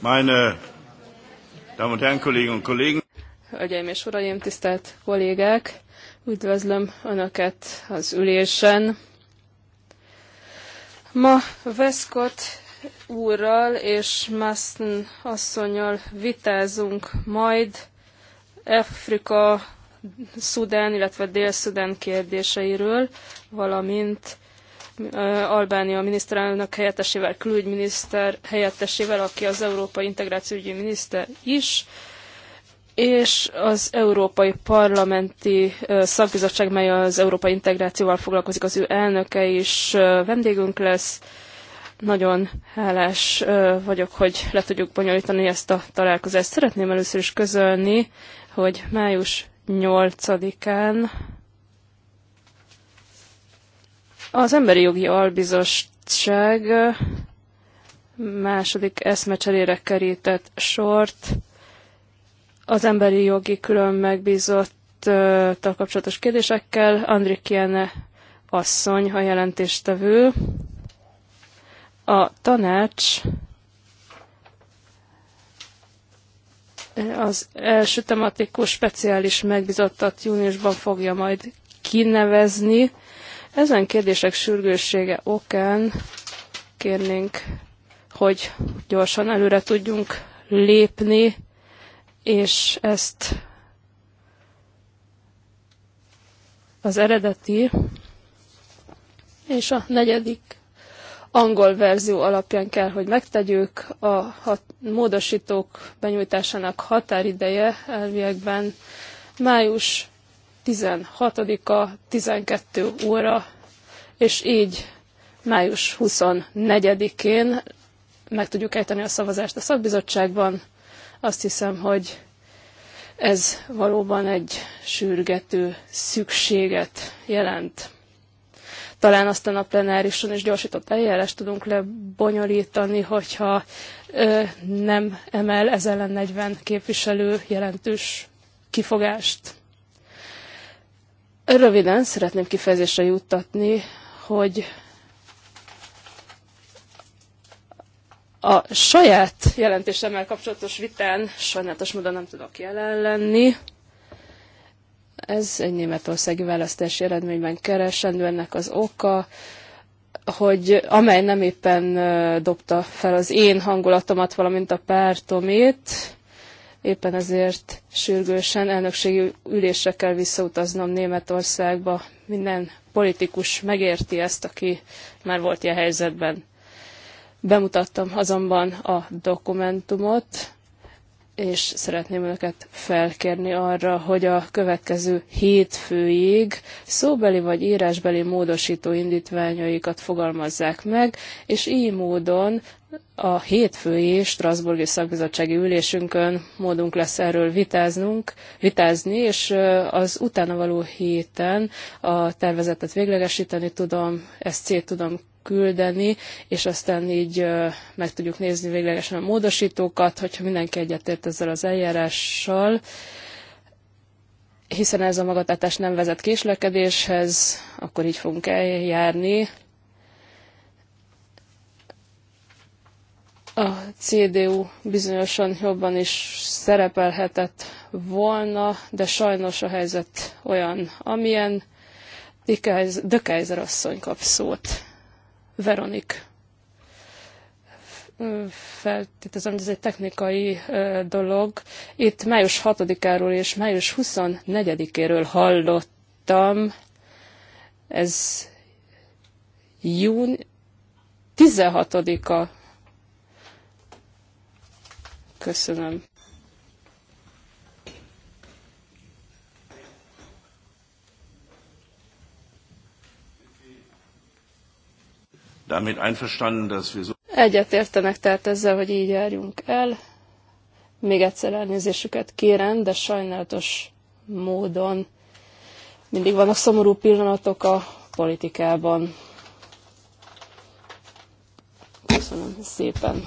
Meine Damen und Herren, Kolleginnen und Kollegen! Hölgyeim és Uraim, tisztelt kollégák! Üdvözlöm Önöket az ülésen. Ma Veszkot úrral és Maston asszonyjal vitázunk majd Afrika, Szudán, illetve Dél-Szudán kérdéseiről, valamint Albánia miniszterelnök helyettesével, külügyminiszter helyettesével, aki az Európai Integrációügyi Miniszter is, és az Európai Parlamenti Szakbizottság, mely az Európai Integrációval foglalkozik, az ő elnöke is vendégünk lesz. Nagyon hálás vagyok, hogy le tudjuk bonyolítani ezt a találkozást. Szeretném először is közölni, hogy május 8-án az Emberi Jogi Albizottság második eszmecserére kerített sort az emberi jogi külön megbízottal kapcsolatos kérdésekkel. Andrik Kiene asszony a jelentéstevő. A tanács az első tematikus speciális megbizottat júniusban fogja majd kinevezni, ezen kérdések sürgőssége okán kérnénk, hogy gyorsan előre tudjunk lépni, és ezt az eredeti és a negyedik angol verzió alapján kell, hogy megtegyük. A hat, módosítók benyújtásának határideje elviekben május 16-a 12 óra, és így május 24-én meg tudjuk ejteni a szavazást a szakbizottságban. Azt hiszem, hogy ez valóban egy sürgető szükséget jelent. Talán aztán a plenárison is gyorsított eljárást tudunk lebonyolítani, hogyha ö, nem emel ez 40 képviselő jelentős kifogást. Röviden szeretném kifejezésre juttatni, hogy a saját jelentésemmel kapcsolatos vitán sajnálatos módon nem tudok jelen lenni. Ez egy németországi választási eredményben keresendő ennek az oka, hogy amely nem éppen dobta fel az én hangulatomat, valamint a pártomét, Éppen ezért sürgősen elnökségi ülésre kell visszautaznom Németországba. Minden politikus megérti ezt, aki már volt ilyen helyzetben. Bemutattam azonban a dokumentumot, és szeretném önöket felkérni arra, hogy a következő hétfőig szóbeli vagy írásbeli módosító indítványaikat fogalmazzák meg, és így módon a hétfői Strasburgi szakbizottsági ülésünkön módunk lesz erről vitáznunk, vitázni, és az utána való héten a tervezetet véglegesíteni tudom, ezt szét tudom küldeni, és aztán így meg tudjuk nézni véglegesen a módosítókat, hogyha mindenki egyetért ezzel az eljárással, hiszen ez a magatartás nem vezet késlekedéshez, akkor így fogunk eljárni. A CDU bizonyosan jobban is szerepelhetett volna, de sajnos a helyzet olyan, amilyen. De Kaiser asszony kap szót. Veronik feltételezem, hogy ez egy technikai dolog. Itt május 6-áról és május 24-éről hallottam. Ez jún 16-a. Köszönöm. damit einverstanden, dass wir so... Egyetértenek tehát ezzel, hogy így járjunk el. Még egyszer elnézésüket kérem, de sajnálatos módon mindig vannak szomorú pillanatok a politikában. Köszönöm szépen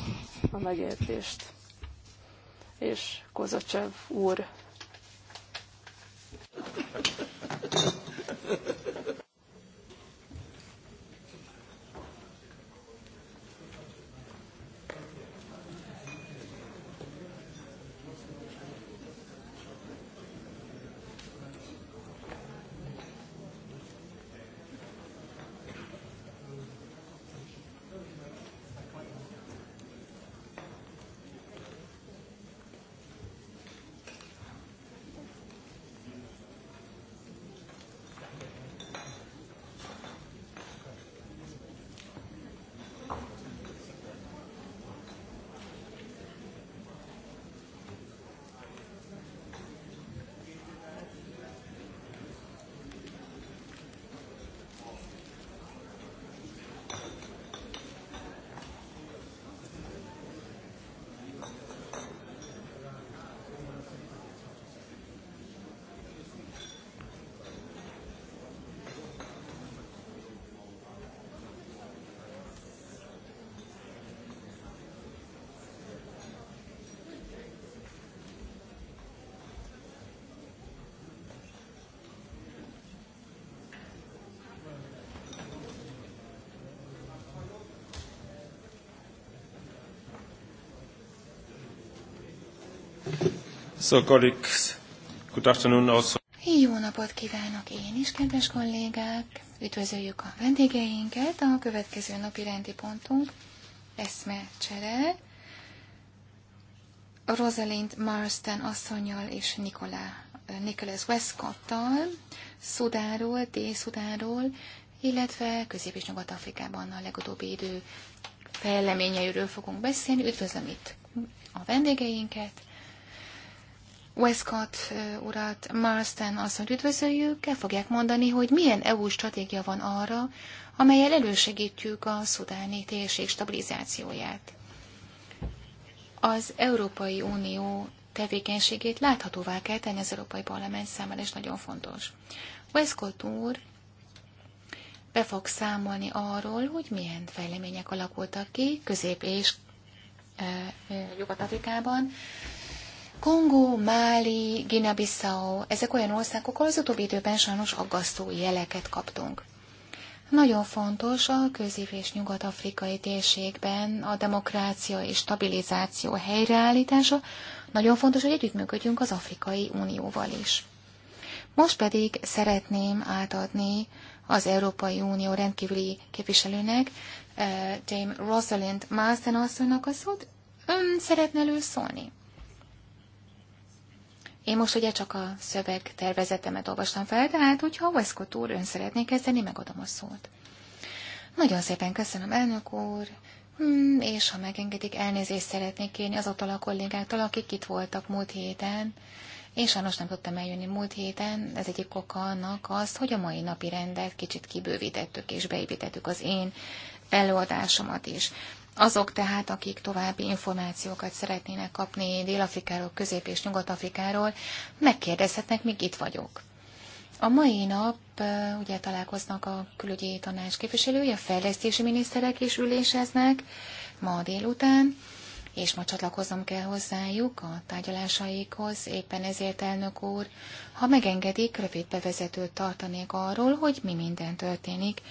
a megértést. És Kozacsev úr. Jó napot kívánok én is, kedves kollégák! Üdvözöljük a vendégeinket. A következő napi rendi pontunk Csere, Rosalind Marston asszonyjal és Nikola, Nicholas Westcott-tal, Szudáról, Dél-Szudáról, illetve Közép- és Nyugat-Afrikában a legutóbbi idő fejleményeiről fogunk beszélni. Üdvözlöm itt a vendégeinket! Westcott urat, Marston asszonyt üdvözöljük, el fogják mondani, hogy milyen EU stratégia van arra, amelyel elősegítjük a szudáni térség stabilizációját. Az Európai Unió tevékenységét láthatóvá kell tenni az Európai Parlament számára, és nagyon fontos. Westcott úr be fog számolni arról, hogy milyen fejlemények alakultak ki Közép- és Nyugat-Afrikában, Kongó, Máli, Guinea-Bissau, ezek olyan országok, ahol az utóbbi időben sajnos aggasztó jeleket kaptunk. Nagyon fontos a közép- és nyugat-afrikai térségben a demokrácia és stabilizáció helyreállítása, nagyon fontos, hogy együttműködjünk az Afrikai Unióval is. Most pedig szeretném átadni az Európai Unió rendkívüli képviselőnek, eh, James Rosalind Marsden asszonynak a szót. Ön szeretne előszólni? Én most ugye csak a szöveg tervezetemet olvastam fel, hát, hogyha Westcott úr ön szeretné kezdeni, megadom a szót. Nagyon szépen köszönöm, elnök úr, hmm, és ha megengedik, elnézést szeretnék kérni azoktól a kollégáktól, akik itt voltak múlt héten. Én sajnos nem tudtam eljönni múlt héten, ez egyik oka annak az, hogy a mai napi rendet kicsit kibővítettük és beépítettük az én előadásomat is. Azok tehát, akik további információkat szeretnének kapni Dél-Afrikáról, Közép- és Nyugat-Afrikáról, megkérdezhetnek, míg itt vagyok. A mai nap ugye találkoznak a külügyi tanács képviselői, a fejlesztési miniszterek is üléseznek ma délután, és ma csatlakoznom kell hozzájuk a tárgyalásaikhoz, éppen ezért elnök úr, ha megengedik, rövid bevezetőt tartanék arról, hogy mi minden történik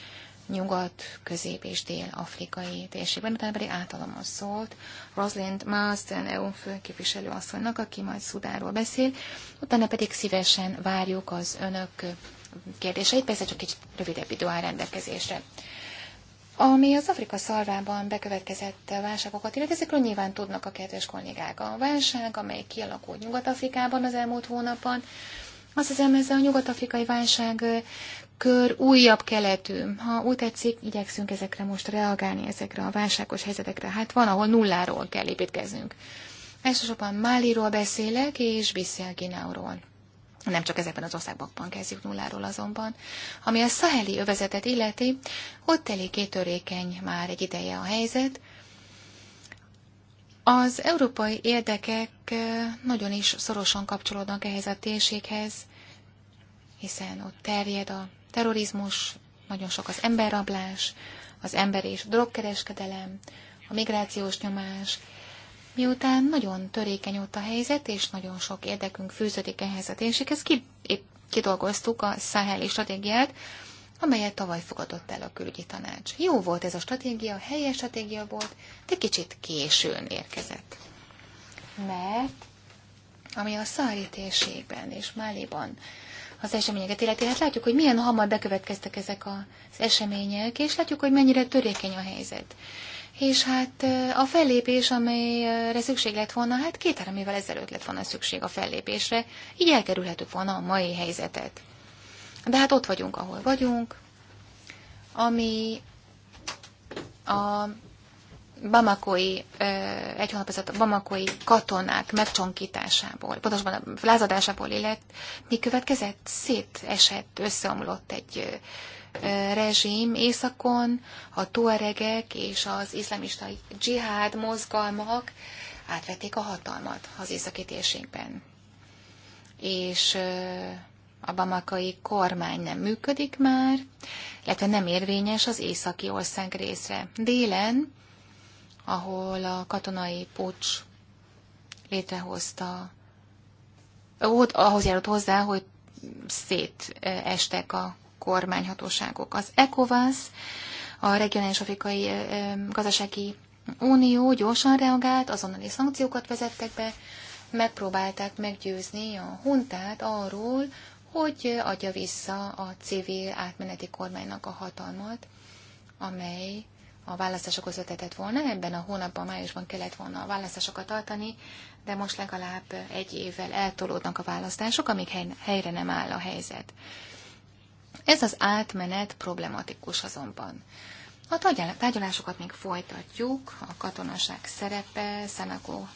nyugat, közép és dél-afrikai térségben, utána pedig átadom a szót Rosalind Marsden EU főképviselő asszonynak, aki majd Szudáról beszél, utána pedig szívesen várjuk az önök kérdéseit, persze csak egy rövidebb idő áll rendelkezésre. Ami az Afrika szarvában bekövetkezett válságokat illetve ezekről nyilván tudnak a kedves kollégák. A válság, amely kialakult Nyugat-Afrikában az elmúlt hónapban, azt hiszem, ez a nyugat-afrikai válság kör újabb keletű. Ha úgy tetszik, igyekszünk ezekre most reagálni, ezekre a válságos helyzetekre. Hát van, ahol nulláról kell építkeznünk. Elsősorban Máliról beszélek, és Bissel Gináról. Nem csak ezekben az országokban kezdjük nulláról azonban. Ami a szaheli övezetet illeti, ott elég törékeny már egy ideje a helyzet. Az európai érdekek nagyon is szorosan kapcsolódnak ehhez a térséghez, hiszen ott terjed a terrorizmus, nagyon sok az emberrablás, az ember és drogkereskedelem, a migrációs nyomás, Miután nagyon törékeny ott a helyzet, és nagyon sok érdekünk fűződik ehhez a térséghez, ki, kidolgoztuk a száheli stratégiát, amelyet tavaly fogadott el a külügyi tanács. Jó volt ez a stratégia, helyes stratégia volt, de kicsit későn érkezett. Mert ami a szári térségben és Máliban az eseményeket illeti. Hát látjuk, hogy milyen hamar bekövetkeztek ezek az események, és látjuk, hogy mennyire törékeny a helyzet. És hát eh, a fellépés, amelyre szükség lett volna, hát két-három évvel ezelőtt lett volna szükség a fellépésre, így elkerülhetük volna a mai helyzetet. De hát ott vagyunk, ahol vagyunk, ami a bamakói, egy hónap ezelőtt a bamakói katonák megcsonkításából, pontosabban a lázadásából élet, mi következett? Szétesett, összeomlott egy rezsim északon, a tuaregek és az iszlamista dzsihád mozgalmak átvették a hatalmat az északi térségben. És a bamakai kormány nem működik már, illetve nem érvényes az északi ország részre. Délen ahol a katonai pucs létrehozta, ott, ahhoz járult hozzá, hogy szétestek a kormányhatóságok. Az ECOWAS, a Regionális Afrikai Gazdasági Unió gyorsan reagált, azonnali szankciókat vezettek be, megpróbálták meggyőzni a huntát arról, hogy adja vissza a civil átmeneti kormánynak a hatalmat, amely a választásokhoz ötetett volna. Ebben a hónapban, májusban kellett volna a választásokat tartani, de most legalább egy évvel eltolódnak a választások, amíg helyre nem áll a helyzet. Ez az átmenet problematikus azonban. A tárgyalásokat még folytatjuk, a katonaság szerepe, Szenakó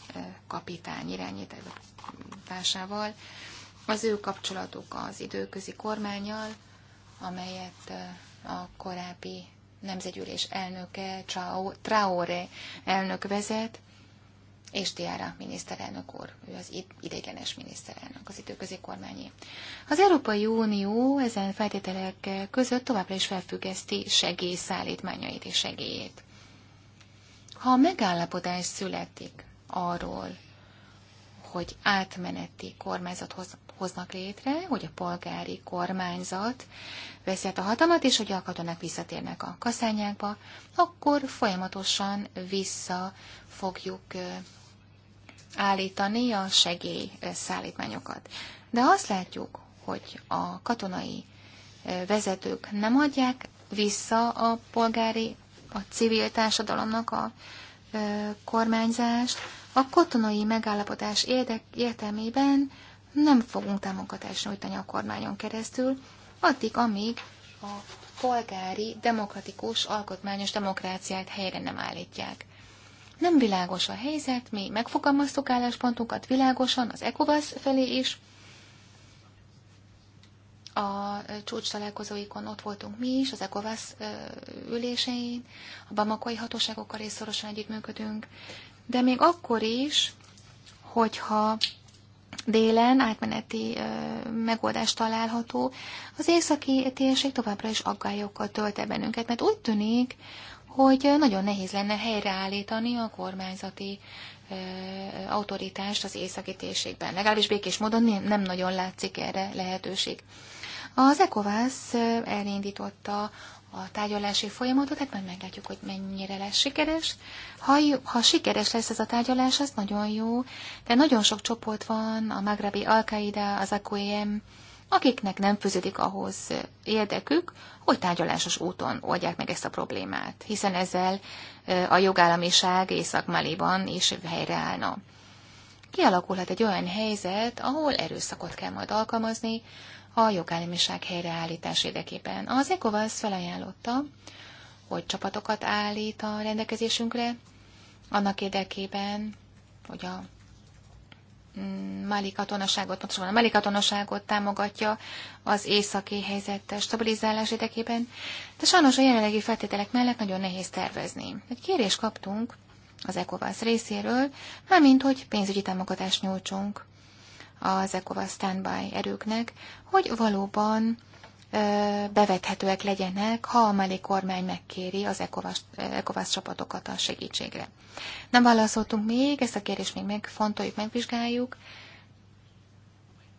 kapitány irányításával, az ő kapcsolatuk az időközi kormányjal, amelyet a korábbi nemzetgyűlés elnöke, Csao, Traore elnök vezet, és Tiára miniszterelnök úr, ő az ideiglenes miniszterelnök, az időközi kormányi. Az Európai Unió ezen feltételek között továbbra is felfüggeszti segélyszállítmányait és segélyét. Ha megállapodás születik arról, hogy átmeneti kormányzathoz hoznak létre, hogy a polgári kormányzat veszi át a hatalmat, és hogy a katonák visszatérnek a kaszányákba, akkor folyamatosan vissza fogjuk állítani a segélyszállítmányokat. De azt látjuk, hogy a katonai vezetők nem adják vissza a polgári, a civil társadalomnak a kormányzást, a katonai megállapodás érdek, értelmében nem fogunk támogatást nyújtani a kormányon keresztül, addig, amíg a polgári, demokratikus, alkotmányos demokráciát helyre nem állítják. Nem világos a helyzet, mi megfogalmaztuk álláspontunkat világosan az ECOVASZ felé is. A csúcs találkozóikon ott voltunk mi is, az ECOVASZ ülésein, a bamakai hatóságokkal is szorosan együttműködünk, de még akkor is, hogyha Délen átmeneti ö, megoldást található. Az északi térség továbbra is aggályokkal tölt -e bennünket, mert úgy tűnik, hogy nagyon nehéz lenne helyreállítani a kormányzati ö, autoritást az északi térségben. Legalábbis békés módon nem, nagyon látszik erre lehetőség. Az ECOVASZ elindította a tárgyalási folyamatot, hát majd meglátjuk, hogy mennyire lesz sikeres. Ha, ha sikeres lesz ez a tárgyalás, az nagyon jó, de nagyon sok csoport van, a Magrabi al qaeda az AQM, akiknek nem fűződik ahhoz érdekük, hogy tárgyalásos úton oldják meg ezt a problémát, hiszen ezzel a jogállamiság Észak-Maliban is helyreállna. Kialakulhat egy olyan helyzet, ahol erőszakot kell majd alkalmazni, a jogállamiság helyreállítás érdekében. Az ECOWAS felajánlotta, hogy csapatokat állít a rendelkezésünkre, annak érdekében, hogy a mm, Mali katonaságot, pontosan a Mali katonaságot támogatja az északi helyzet stabilizálás érdekében, de sajnos a jelenlegi feltételek mellett nagyon nehéz tervezni. Egy kérést kaptunk az ECOVASZ részéről, mármint hogy pénzügyi támogatást nyújtsunk az ECOVA standby erőknek, hogy valóban bevethetőek legyenek, ha a mali kormány megkéri az ECOVAS csapatokat a segítségre. Nem válaszoltunk még, ezt a kérdést még megfontoljuk, megvizsgáljuk.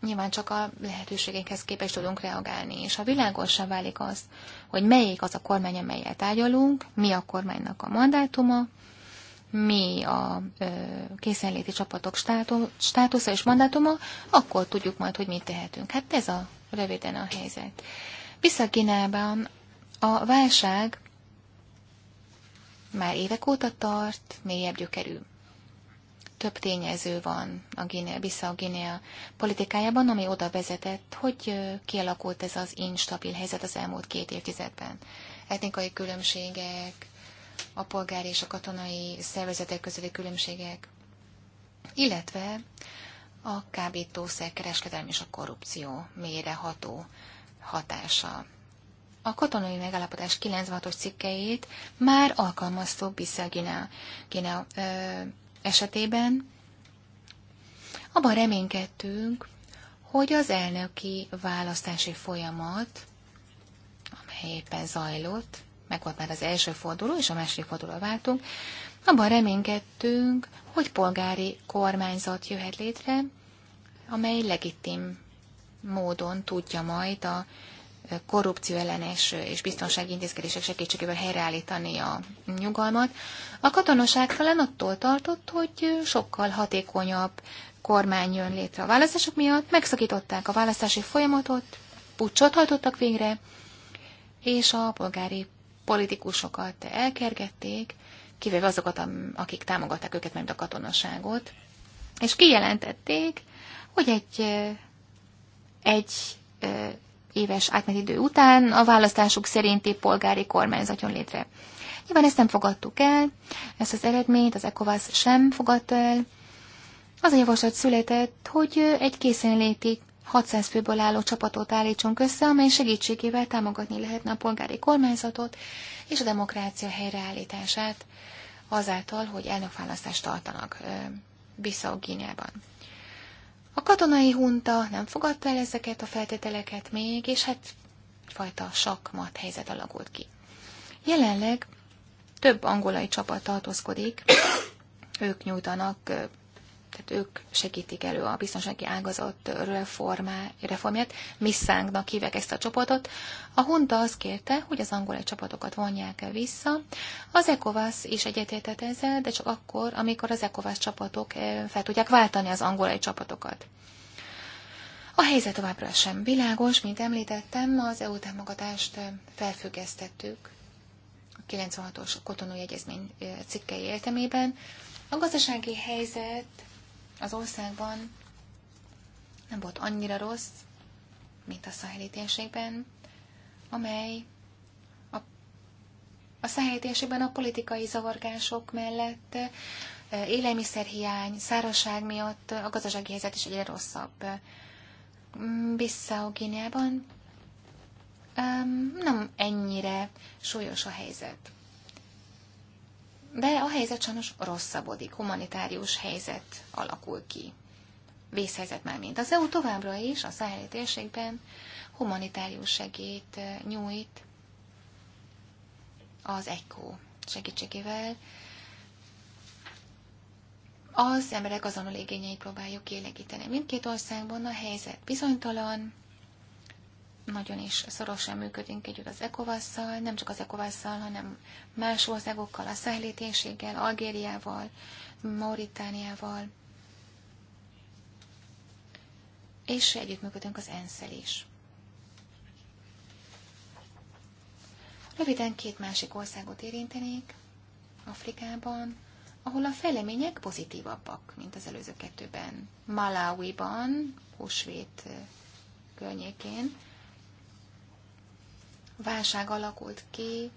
Nyilván csak a lehetőségekhez képest tudunk reagálni, és ha világosá válik az, hogy melyik az a kormány, amelyet tárgyalunk, mi a kormánynak a mandátuma, mi a készenléti csapatok státusza és mandátuma, akkor tudjuk majd, hogy mit tehetünk. Hát ez a röviden a helyzet. Vissza Kínában a válság már évek óta tart, mélyebb gyökerű. Több tényező van a Guinea, vissza a Guinea politikájában, ami oda vezetett, hogy kialakult ez az instabil helyzet az elmúlt két évtizedben. Etnikai különbségek, a polgári és a katonai szervezetek közötti különbségek, illetve a kábítószer kereskedelmi és a korrupció méreható hatása. A katonai megállapodás 96-os cikkeit már alkalmaztuk Bisszel Gina, Gina ö, esetében. Abban reménykedtünk, hogy az elnöki választási folyamat, amely éppen zajlott, meg volt már az első forduló, és a második fordulóra váltunk, abban reménykedtünk, hogy polgári kormányzat jöhet létre, amely legitim módon tudja majd a korrupció ellenes és biztonsági intézkedések segítségével helyreállítani a nyugalmat. A katonaság talán attól tartott, hogy sokkal hatékonyabb kormány jön létre a választások miatt, megszakították a választási folyamatot, pucsot hajtottak végre, és a polgári politikusokat elkergették, kivéve azokat, akik támogatták őket, mert a katonaságot, és kijelentették, hogy egy, egy éves átmeneti idő után a választásuk szerinti polgári kormányzat jön létre. Nyilván ezt nem fogadtuk el, ezt az eredményt az ECOWAS sem fogadta el. Az a javaslat született, hogy egy készenléti 600 főből álló csapatot állítsunk össze, amely segítségével támogatni lehetne a polgári kormányzatot és a demokrácia helyreállítását azáltal, hogy elnökválasztást tartanak Bissau Gíniában. A katonai hunta nem fogadta el ezeket a feltételeket még, és hát fajta sakmat helyzet alakult ki. Jelenleg több angolai csapat tartózkodik, ők nyújtanak tehát ők segítik elő a biztonsági ágazat reformá, reformját, Misszánknak hívják ezt a csoportot. A Hunta azt kérte, hogy az egy csapatokat vonják el vissza. Az ECOVAS is egyetértett ezzel, de csak akkor, amikor az ECOVAS csapatok eh, fel tudják váltani az egy csapatokat. A helyzet továbbra sem világos, mint említettem, az EU támogatást eh, felfüggesztettük a 96-os kotonói egyezmény eh, cikkei értelmében. A gazdasági helyzet az országban nem volt annyira rossz, mint a szaheli térségben, amely a, a szaheli térségben a politikai zavargások mellett eh, élelmiszerhiány, szárazság miatt a gazdasági helyzet is egyre rosszabb. Mm, Bissau Guineában um, nem ennyire súlyos a helyzet. De a helyzet sajnos rosszabbodik, humanitárius helyzet alakul ki. Vészhelyzet már mint. Az EU továbbra is a száheli térségben humanitárius segélyt eh, nyújt az ECO segítségével. Az emberek azonnal igényeit próbáljuk kielégíteni. Mindkét országban a helyzet bizonytalan, nagyon is szorosan működünk együtt az ECOVAS-szal, nem csak az ECOVAS-szal, hanem más országokkal, a Száhli térséggel, Algériával, Mauritániával, és együttműködünk az ensz is. Röviden két másik országot érintenék, Afrikában, ahol a fejlemények pozitívabbak, mint az előző kettőben. Malawiban, Husvét eh, környékén, válság alakult ki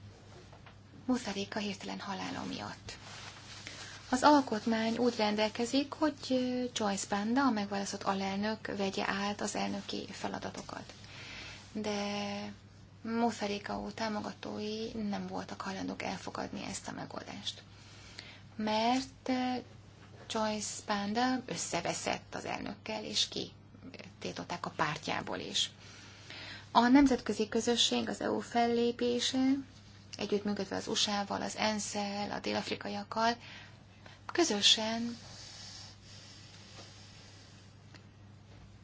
a hirtelen halála miatt. Az alkotmány úgy rendelkezik, hogy Joyce Banda, a megválasztott alelnök vegye át az elnöki feladatokat. De Mutharika támogatói nem voltak hajlandók elfogadni ezt a megoldást. Mert Joyce Banda összeveszett az elnökkel, és ki tétották a pártjából is. A nemzetközi közösség, az EU fellépése, együttműködve az USA-val, az ENSZ-el, a dél-afrikaiakkal, közösen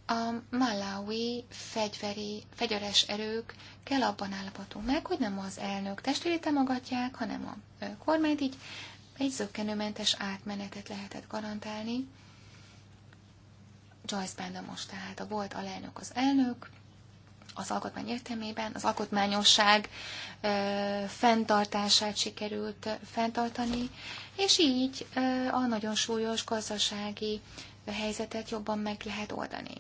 a malawi fegyveri, fegyveres erők kell abban állapotunk meg, hogy nem az elnök testvéri támogatják, hanem a kormányt, így egy zöggenőmentes átmenetet lehetett garantálni. Joyce Banda most tehát a volt alelnök az elnök, az alkotmány értelmében, az alkotmányosság fenntartását sikerült fenntartani, és így a nagyon súlyos gazdasági helyzetet jobban meg lehet oldani.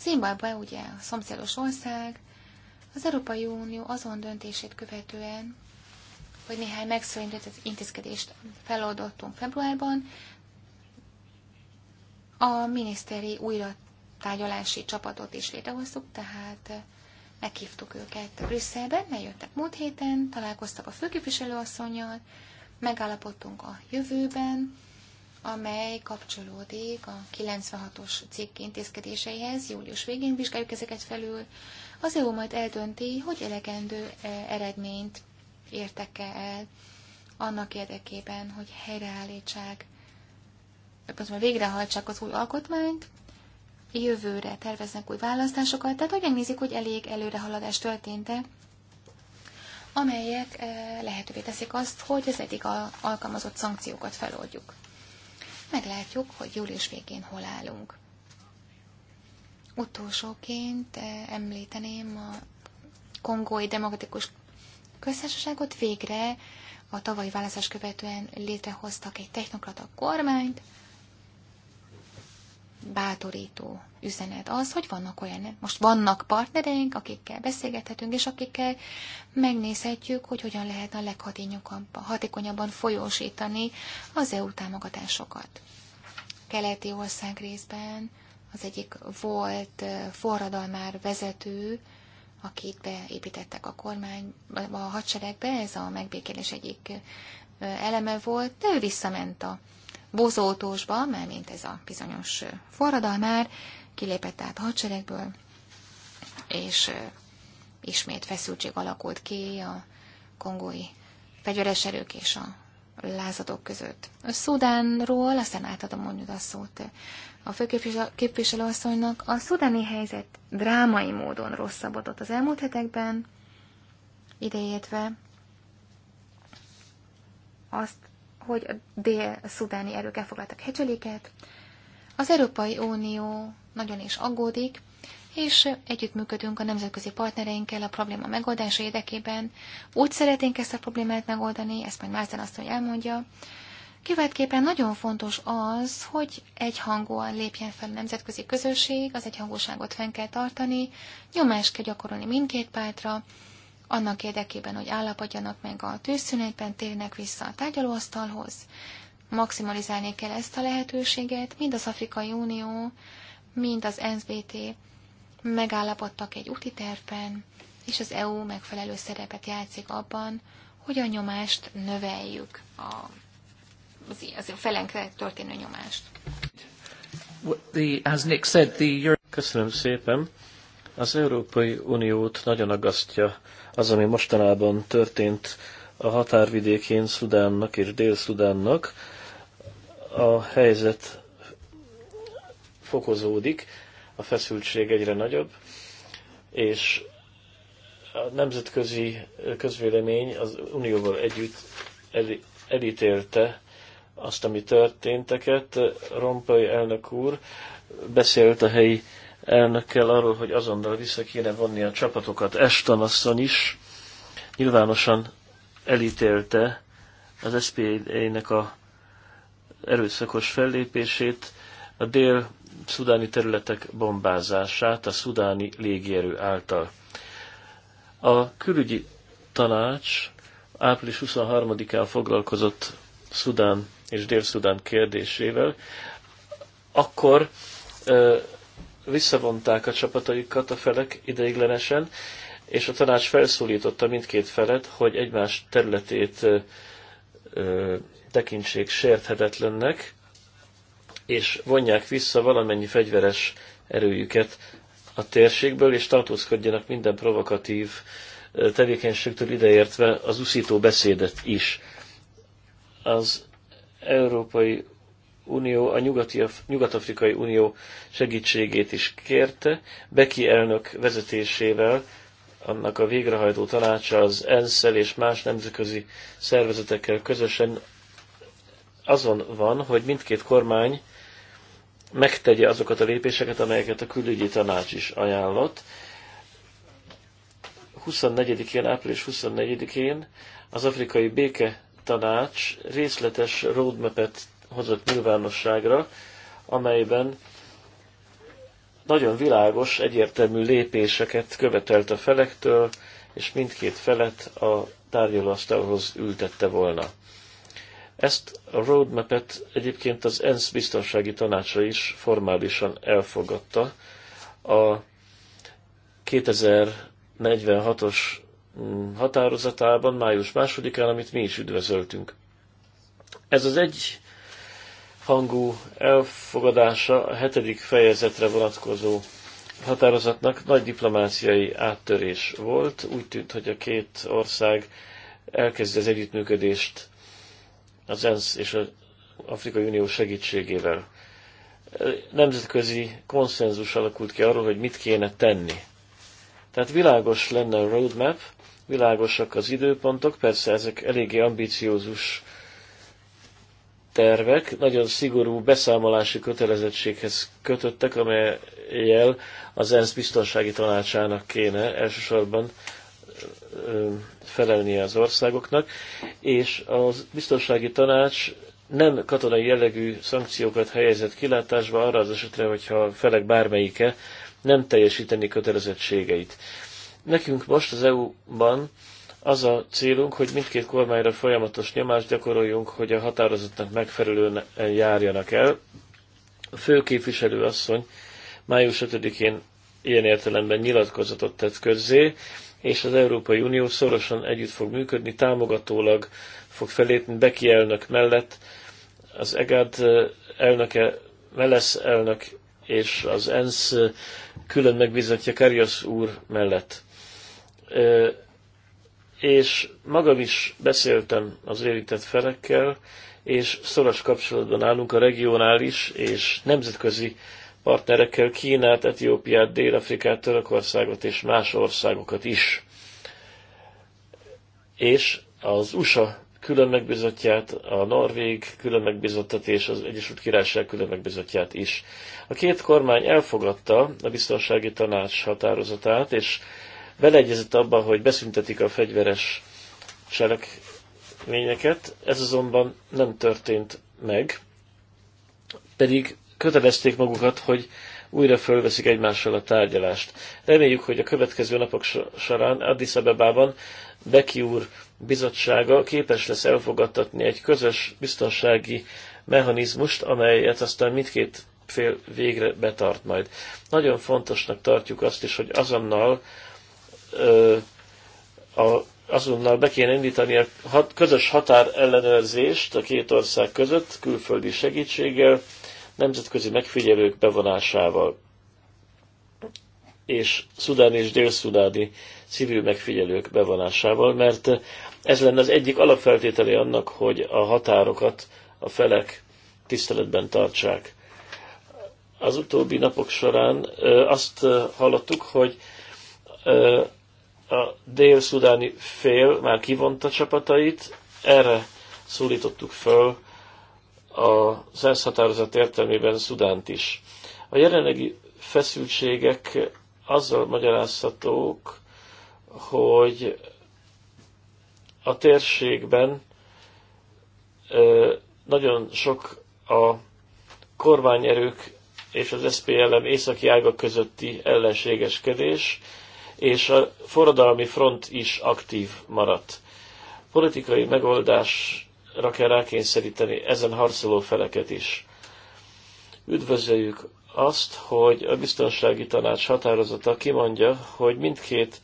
Zimbabwe ugye a szomszédos ország, az Európai Unió azon döntését követően, hogy néhány megszörnyített intézkedést feloldottunk februárban, a miniszteri újra tárgyalási csapatot is létrehoztuk, tehát Meghívtuk őket mert jöttek múlt héten, találkoztak a főképviselőasszonynal, megállapodtunk a jövőben, amely kapcsolódik a 96-os cikk intézkedéseihez. Július végén vizsgáljuk ezeket felül. Az EU majd eldönti, hogy elegendő e, eredményt értek -e el annak érdekében, hogy helyreállítsák, pontosan végrehajtsák az új alkotmányt, jövőre terveznek új választásokat, tehát hogy megnézik, hogy elég előrehaladás történt-e, amelyek eh, lehetővé teszik azt, hogy az eddig alkalmazott szankciókat feloldjuk. Meglátjuk, hogy július végén hol állunk. Utolsóként eh, említeném a Kongói Demokratikus Köztársaságot végre a tavalyi választás követően létrehoztak egy technokrata kormányt, bátorító üzenet az, hogy vannak olyan, most vannak partnereink, akikkel beszélgethetünk, és akikkel megnézhetjük, hogy hogyan lehet a leghatékonyabban folyósítani az EU támogatásokat. Keleti ország részben az egyik volt forradalmár vezető, akit beépítettek a kormány, a hadseregbe, ez a megbékélés egyik eleme volt, de ő visszament a bozótósba, mert mint ez a bizonyos forradalmár, kilépett át a hadseregből, és ismét feszültség alakult ki a kongói fegyveres erők és a lázadók között. A Szudánról aztán átadom mondjuk a szót a főképviselőasszonynak. A szudáni helyzet drámai módon rosszabbodott az elmúlt hetekben, ideértve azt hogy a dél-szudáni erők elfoglaltak hecseléket. Az Európai Unió nagyon is aggódik, és együttműködünk a nemzetközi partnereinkkel a probléma megoldása érdekében. Úgy szeretnénk ezt a problémát megoldani, ezt majd Márten azt, hogy elmondja. Kiváltképpen nagyon fontos az, hogy egyhangúan lépjen fel a nemzetközi közösség, az egyhangúságot fenn kell tartani, nyomást kell gyakorolni mindkét pártra, annak érdekében, hogy állapodjanak meg a tűzszünetben, térnek vissza a tárgyalóasztalhoz. Maximalizálni kell ezt a lehetőséget, mind az Afrikai Unió, mind az NSBT megállapodtak egy úti tervben, és az EU megfelelő szerepet játszik abban, hogy a nyomást növeljük, a, az, az a felenkre történő nyomást. Köszönöm szépen. Az Európai Uniót nagyon agasztja az, ami mostanában történt a határvidékén Szudánnak és Dél-Szudánnak. A helyzet fokozódik, a feszültség egyre nagyobb, és a nemzetközi közvélemény az Unióval együtt elítélte azt, ami történteket. Rompai elnök úr beszélt a helyi elnökkel arról, hogy azonnal vissza kéne vonni a csapatokat. Eston asszony is nyilvánosan elítélte az SPA-nek a erőszakos fellépését, a dél-szudáni területek bombázását a szudáni légierő által. A külügyi tanács április 23-án foglalkozott Szudán és Dél-Szudán kérdésével, akkor visszavonták a csapataikat a felek ideiglenesen, és a tanács felszólította mindkét felet, hogy egymás területét ö, tekintsék sérthetetlennek, és vonják vissza valamennyi fegyveres erőjüket a térségből, és tartózkodjanak minden provokatív tevékenységtől ideértve az uszító beszédet is. Az Európai Unió a Nyugati, Nyugat-Afrikai Unió segítségét is kérte. Beki elnök vezetésével annak a végrehajtó tanácsa az ensz és más nemzetközi szervezetekkel közösen azon van, hogy mindkét kormány megtegye azokat a lépéseket, amelyeket a külügyi tanács is ajánlott. 24-én, április 24-én az Afrikai Béke Tanács részletes roadmap-et hozott nyilvánosságra, amelyben nagyon világos, egyértelmű lépéseket követelt a felektől, és mindkét felet a tárgyalóasztalhoz ültette volna. Ezt a roadmap-et egyébként az ENSZ biztonsági tanácsa is formálisan elfogadta. A 2046-os határozatában, május másodikán, amit mi is üdvözöltünk. Ez az egy hangú elfogadása a hetedik fejezetre vonatkozó határozatnak nagy diplomáciai áttörés volt. Úgy tűnt, hogy a két ország elkezdi az együttműködést az ENSZ és az Afrikai Unió segítségével. Nemzetközi konszenzus alakult ki arról, hogy mit kéne tenni. Tehát világos lenne a roadmap, világosak az időpontok, persze ezek eléggé ambiciózus tervek nagyon szigorú beszámolási kötelezettséghez kötöttek, amelyel az ENSZ biztonsági tanácsának kéne elsősorban felelnie az országoknak, és az biztonsági tanács nem katonai jellegű szankciókat helyezett kilátásba arra az esetre, hogyha a felek bármelyike nem teljesíteni kötelezettségeit. Nekünk most az EU-ban az a célunk, hogy mindkét kormányra folyamatos nyomást gyakoroljunk, hogy a határozatnak megfelelően járjanak el. A főképviselő asszony május 5-én ilyen értelemben nyilatkozatot tett közzé, és az Európai Unió szorosan együtt fog működni, támogatólag fog felépni Beki elnök mellett, az EGAD elnöke, Melesz elnök és az ENSZ külön megbízottja Karius úr mellett és magam is beszéltem az érintett felekkel, és szoros kapcsolatban állunk a regionális és nemzetközi partnerekkel Kínát, Etiópiát, Dél-Afrikát, Törökországot és más országokat is. És az USA külön megbizotját, a Norvég külön megbizottat és az Egyesült Királyság külön megbizotját is. A két kormány elfogadta a biztonsági tanács határozatát, és beleegyezett abba, hogy beszüntetik a fegyveres cselekményeket, ez azonban nem történt meg, pedig kötelezték magukat, hogy újra fölveszik egymással a tárgyalást. Reméljük, hogy a következő napok során Addis Abebában Beki úr bizottsága képes lesz elfogadtatni egy közös biztonsági mechanizmust, amelyet aztán mindkét fél végre betart majd. Nagyon fontosnak tartjuk azt is, hogy azonnal azonnal be kéne indítani a közös határ ellenőrzést a két ország között, külföldi segítséggel, nemzetközi megfigyelők bevonásával és szudáni és dél-szudáni civil megfigyelők bevonásával, mert ez lenne az egyik alapfeltétele annak, hogy a határokat a felek tiszteletben tartsák. Az utóbbi napok során azt hallottuk, hogy a dél-szudáni fél már kivonta csapatait, erre szólítottuk föl a ENSZ határozat értelmében Szudánt is. A jelenlegi feszültségek azzal magyarázhatók, hogy a térségben nagyon sok a kormányerők és az SPLM északi ága közötti ellenségeskedés, és a forradalmi front is aktív maradt. Politikai megoldásra kell rákényszeríteni ezen harcoló feleket is. Üdvözöljük azt, hogy a biztonsági tanács határozata kimondja, hogy mindkét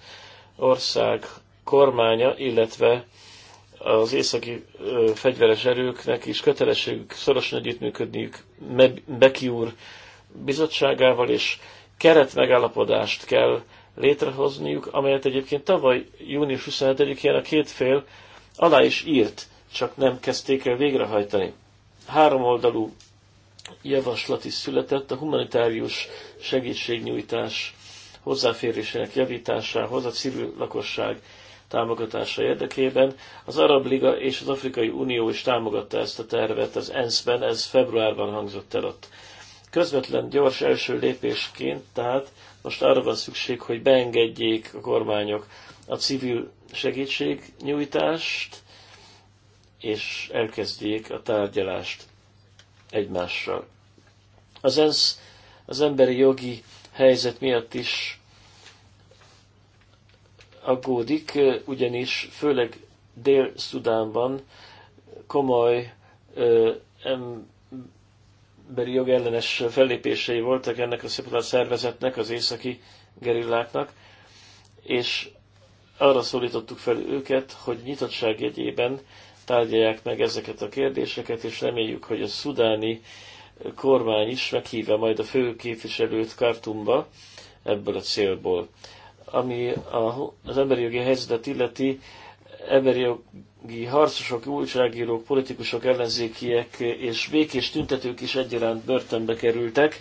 ország kormánya, illetve az északi ö, fegyveres erőknek is kötelességük szorosan együttműködniük Beki úr bizottságával, és keretmegállapodást kell létrehozniuk, amelyet egyébként tavaly június 27-én a két fél alá is írt, csak nem kezdték el végrehajtani. Háromoldalú javaslat is született a humanitárius segítségnyújtás hozzáférésének javításához a civil lakosság támogatása érdekében. Az Arab Liga és az Afrikai Unió is támogatta ezt a tervet az ENSZ-ben, ez februárban hangzott el ott. Közvetlen gyors első lépésként tehát most arra van szükség, hogy beengedjék a kormányok a civil segítségnyújtást, és elkezdjék a tárgyalást egymással. Az ENSZ az emberi jogi helyzet miatt is aggódik, ugyanis főleg Dél-Szudánban komoly ö, em, emberi jogellenes fellépései voltak ennek a Szipulár szervezetnek, az északi gerilláknak, és arra szólítottuk fel őket, hogy nyitottság jegyében tárgyalják meg ezeket a kérdéseket, és reméljük, hogy a szudáni kormány is meghívja majd a fő képviselőt Kartumba ebből a célból. Ami az emberi jogi helyzetet illeti, emberi jogi harcosok, újságírók, politikusok, ellenzékiek és békés tüntetők is egyaránt börtönbe kerültek.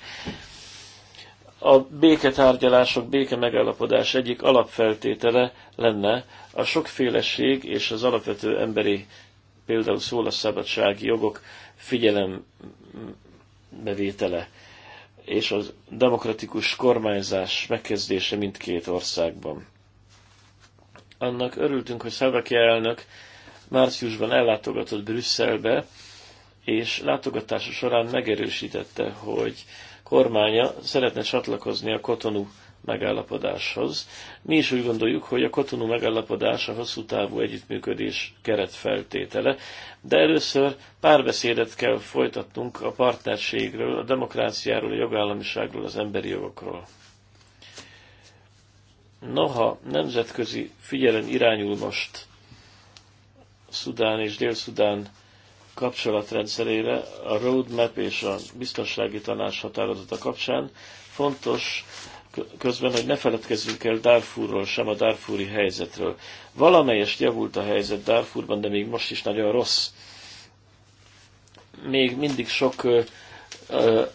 A béketárgyalások, béke megállapodás egyik alapfeltétele lenne a sokféleség és az alapvető emberi, például szólásszabadsági jogok figyelembevétele és a demokratikus kormányzás megkezdése mindkét országban annak örültünk, hogy Szávaki elnök márciusban ellátogatott Brüsszelbe, és látogatása során megerősítette, hogy kormánya szeretne csatlakozni a Kotonú megállapodáshoz. Mi is úgy gondoljuk, hogy a Kotonú megállapodás a hosszú távú együttműködés keretfeltétele, de először párbeszédet kell folytatnunk a partnerségről, a demokráciáról, a jogállamiságról, az emberi jogokról. Noha nemzetközi figyelem irányul most Szudán és Dél-Szudán kapcsolatrendszerére a roadmap és a biztonsági tanács határozata kapcsán fontos közben, hogy ne feledkezzünk el Darfurról sem, a Darfuri helyzetről. Valamelyest javult a helyzet Darfurban, de még most is nagyon rossz. Még mindig sok ö, ö,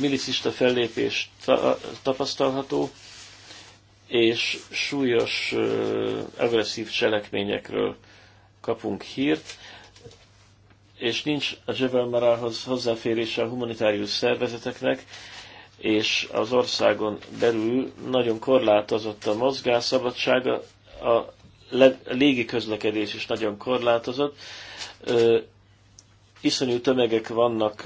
milicista fellépés ta, tapasztalható, és súlyos agresszív cselekményekről kapunk hírt, és nincs a Jebel Marához hozzáférése a humanitárius szervezeteknek, és az országon belül nagyon korlátozott a mozgásszabadsága, a légi közlekedés is nagyon korlátozott. iszonyú tömegek vannak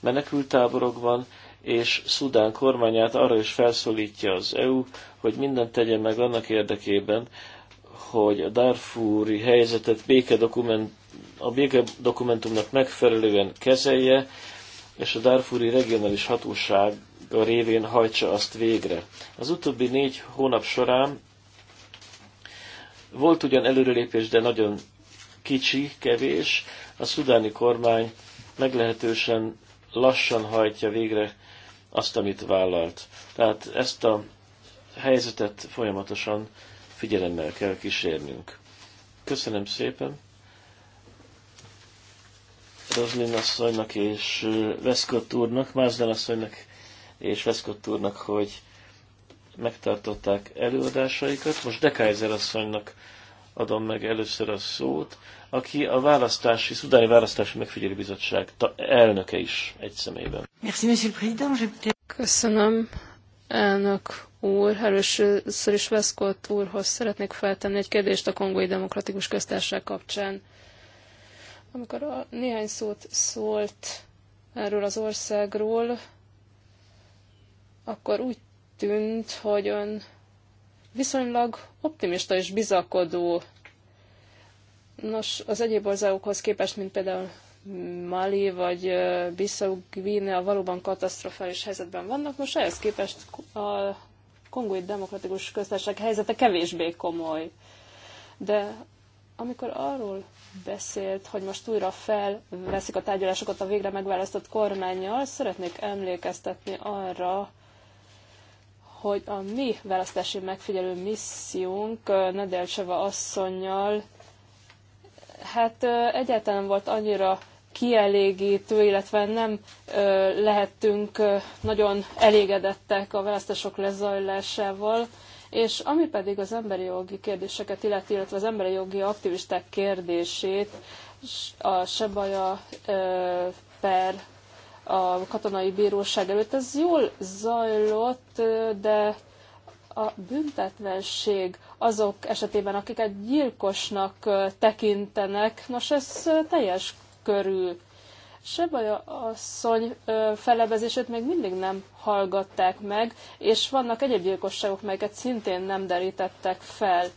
menekültáborokban, és Szudán kormányát arra is felszólítja az EU, hogy mindent tegyen meg annak érdekében, hogy a Darfúri helyzetet béke dokument, a béke dokumentumnak megfelelően kezelje, és a Darfúri regionális hatóság a révén hajtsa azt végre. Az utóbbi négy hónap során volt ugyan előrelépés, de nagyon kicsi, kevés. A szudáni kormány meglehetősen lassan hajtja végre azt, amit vállalt. Tehát ezt a helyzetet folyamatosan figyelemmel kell kísérnünk. Köszönöm szépen Roslin asszonynak és Veszkott úrnak, Mázlen asszonynak és Veszkott úrnak, hogy megtartották előadásaikat. Most Dekájzer asszonynak adom meg először a szót, aki a választási, Szudáni Választási Megfigyelő Bizottság elnöke is egy személyben. Köszönöm, elnök úr. Először is Veszkolt úrhoz szeretnék feltenni egy kérdést a Kongói Demokratikus Köztársaság kapcsán. Amikor a néhány szót szólt erről az országról, akkor úgy tűnt, hogy ön viszonylag optimista és bizakodó. Nos, az egyéb országokhoz képest, mint például Mali vagy Bissau Guinea valóban katasztrofális helyzetben vannak, most ehhez képest a kongói demokratikus köztársaság helyzete kevésbé komoly. De amikor arról beszélt, hogy most újra felveszik a tárgyalásokat a végre megválasztott kormányjal, szeretnék emlékeztetni arra, hogy a mi választási megfigyelő missziónk Nedelcseva asszonynal hát egyáltalán volt annyira kielégítő, illetve nem lehettünk nagyon elégedettek a választások lezajlásával, és ami pedig az emberi jogi kérdéseket illeti, illetve az emberi jogi aktivisták kérdését, a Sebaja per a katonai bíróság előtt. Ez jól zajlott, de a büntetlenség azok esetében, akiket gyilkosnak tekintenek, nos ez teljes körül. a asszony felebezését még mindig nem hallgatták meg, és vannak egyéb gyilkosságok, melyeket szintén nem derítettek fel.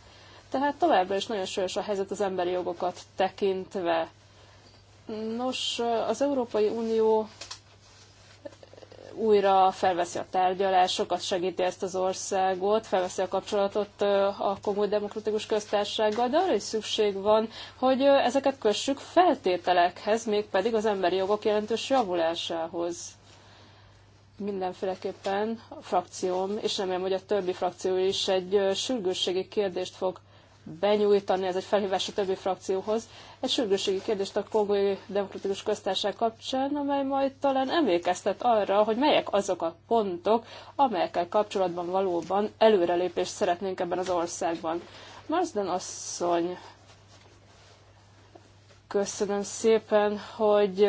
Tehát továbbra is nagyon súlyos a helyzet az emberi jogokat tekintve. Nos, az Európai Unió újra felveszi a tárgyalásokat, segíti ezt az országot, felveszi a kapcsolatot a komoly demokratikus köztársággal, de arra is szükség van, hogy ezeket kössük feltételekhez, mégpedig az emberi jogok jelentős javulásához mindenféleképpen a frakcióm, és remélem, hogy a többi frakció is egy sürgősségi kérdést fog benyújtani, ez egy felhívás a többi frakcióhoz, egy sürgőségi kérdést a Kongói Demokratikus Köztársaság kapcsán, amely majd talán emlékeztet arra, hogy melyek azok a pontok, amelyekkel kapcsolatban valóban előrelépést szeretnénk ebben az országban. Marsden asszony, köszönöm szépen, hogy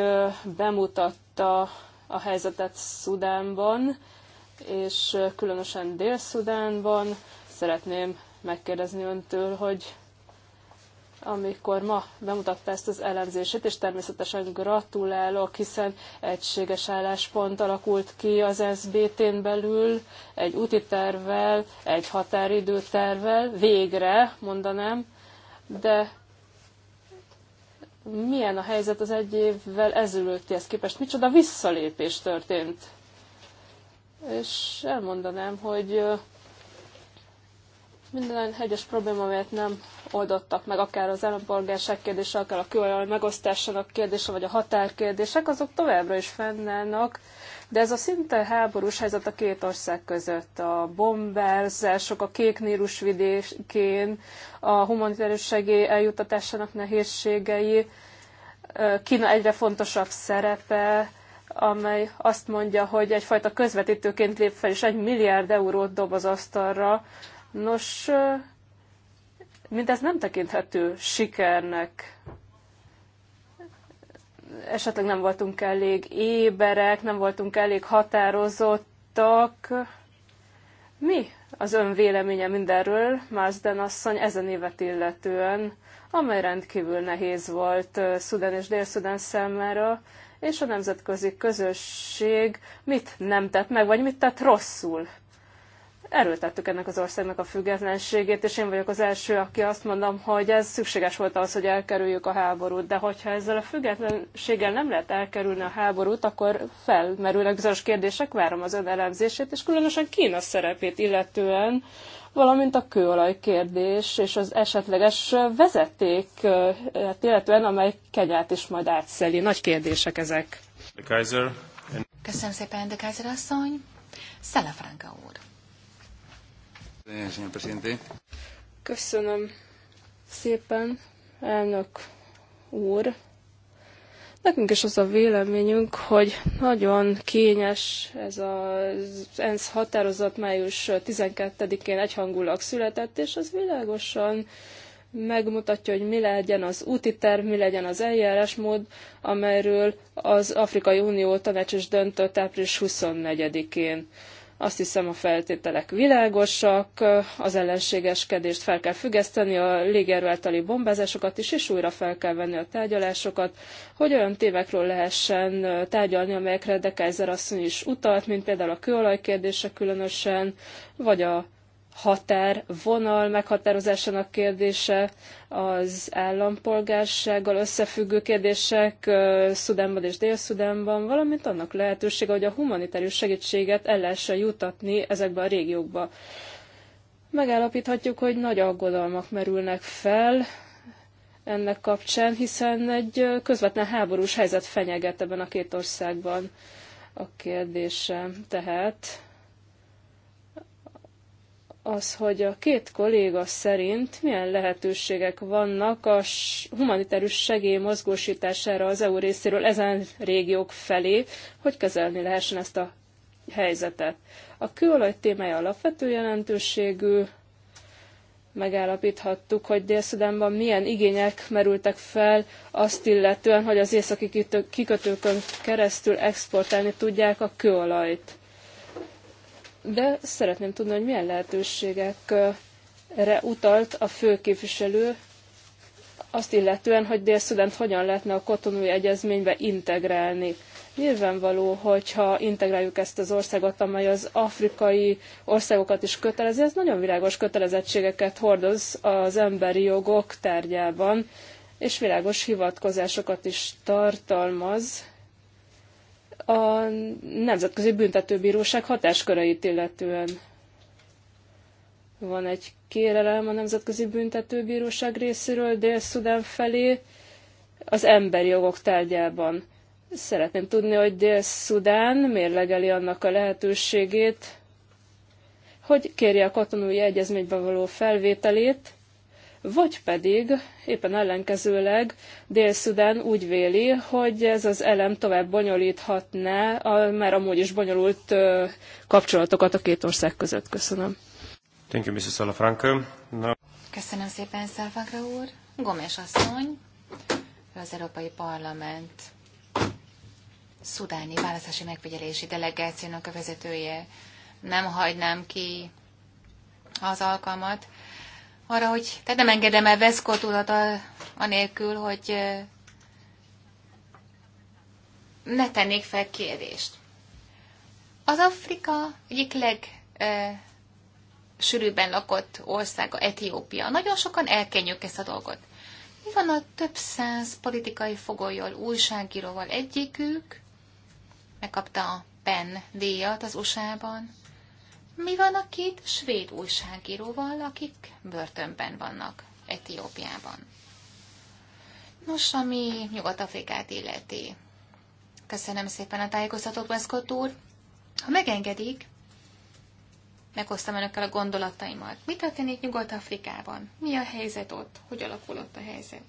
bemutatta a helyzetet Szudánban, és különösen Dél-Szudánban. Szeretném megkérdezni öntől, hogy amikor ma bemutatta ezt az elemzését, és természetesen gratulálok, hiszen egységes álláspont alakult ki az SBT-n belül, egy úti tervvel, egy határidőtervvel, végre mondanám, de milyen a helyzet az egy évvel ezelőttihez képest? Micsoda visszalépés történt? És elmondanám, hogy minden egyes probléma, amelyet nem oldottak meg, akár az állampolgárság kérdése, akár a kőolaj megosztásának kérdése, vagy a határkérdések, azok továbbra is fennállnak, de ez a szinte háborús helyzet a két ország között, a bombázások a Kéknírus vidékén, a humanitárius segély eljutatásának nehézségei, Kína egyre fontosabb szerepe, amely azt mondja, hogy egyfajta közvetítőként lép fel, és egy milliárd eurót dob az asztalra, Nos, mindez nem tekinthető sikernek. Esetleg nem voltunk elég éberek, nem voltunk elég határozottak. Mi az ön véleménye mindenről, Mászden asszony, ezen évet illetően, amely rendkívül nehéz volt Szudán és Dél-Szudán számára, és a nemzetközi közösség mit nem tett meg, vagy mit tett rosszul erőltettük ennek az országnak a függetlenségét, és én vagyok az első, aki azt mondom, hogy ez szükséges volt az, hogy elkerüljük a háborút, de hogyha ezzel a függetlenséggel nem lehet elkerülni a háborút, akkor felmerülnek bizonyos kérdések, várom az ön elemzését, és különösen Kína szerepét illetően, valamint a kőolaj kérdés és az esetleges vezeték, hát illetően amely kegyát is majd átszeli. Nagy kérdések ezek. De Kaiser. Köszönöm szépen, de Kaiser asszony. Szelefránka úr. Eh, Köszönöm szépen, elnök úr. Nekünk is az a véleményünk, hogy nagyon kényes ez az ENSZ határozat május 12-én egyhangulag született, és az világosan megmutatja, hogy mi legyen az úti terv, mi legyen az eljárásmód, amelyről az Afrikai Unió tanács is döntött április 24-én. Azt hiszem a feltételek világosak, az ellenségeskedést fel kell függeszteni, a légerő általi bombázásokat is, és újra fel kell venni a tárgyalásokat, hogy olyan tévekről lehessen tárgyalni, amelyekre de Kaiser asszony is utalt, mint például a kőolaj kérdése különösen, vagy a határ vonal meghatározásának kérdése, az állampolgársággal összefüggő kérdések Szudánban és Dél-Szudánban, valamint annak lehetősége, hogy a humanitárius segítséget el lehessen jutatni ezekbe a régiókba. Megállapíthatjuk, hogy nagy aggodalmak merülnek fel ennek kapcsán, hiszen egy közvetlen háborús helyzet fenyeget ebben a két országban a kérdése. Tehát az, hogy a két kolléga szerint milyen lehetőségek vannak a humanitárius segély mozgósítására az EU részéről ezen régiók felé, hogy kezelni lehessen ezt a helyzetet. A kőolaj témája alapvető jelentőségű, megállapíthattuk, hogy dél milyen igények merültek fel azt illetően, hogy az északi kikötőkön keresztül exportálni tudják a kőolajt de szeretném tudni, hogy milyen lehetőségekre utalt a főképviselő azt illetően, hogy dél hogyan lehetne a kotonúi egyezménybe integrálni. Nyilvánvaló, hogyha integráljuk ezt az országot, amely az afrikai országokat is kötelezi, ez nagyon világos kötelezettségeket hordoz az emberi jogok tárgyában, és világos hivatkozásokat is tartalmaz a Nemzetközi Büntetőbíróság hatásköreit illetően. Van egy kérelem a Nemzetközi Büntetőbíróság részéről Dél-Szudán felé az emberi jogok tárgyában. Szeretném tudni, hogy Dél-Szudán mérlegeli annak a lehetőségét, hogy kérje a katonai egyezménybe való felvételét, vagy pedig éppen ellenkezőleg Dél-Szudán úgy véli, hogy ez az elem tovább bonyolíthatná a már amúgy is bonyolult kapcsolatokat a két ország között. Köszönöm. Thank you, Mrs. Salafranca. No. Köszönöm szépen, Salafranca úr. Gomes asszony, az Európai Parlament szudáni választási megfigyelési delegációnak a vezetője. Nem hagynám ki az alkalmat, arra, hogy te nem engedem el Veszkot a anélkül, hogy ne tennék fel kérdést. Az Afrika egyik leg sűrűbben lakott országa, Etiópia. Nagyon sokan elkenjük ezt a dolgot. Mi van a több száz politikai fogolyjal, újságíróval egyikük? Megkapta a PEN díjat az USA-ban. Mi van a két svéd újságíróval, akik börtönben vannak Etiópiában? Nos, ami Nyugat-Afrikát illeti. Köszönöm szépen a tájékoztatót, Veszkott úr. Ha megengedik, meghoztam önökkel a gondolataimat. Mi történik Nyugat-Afrikában? Mi a helyzet ott? Hogy alakul ott a helyzet?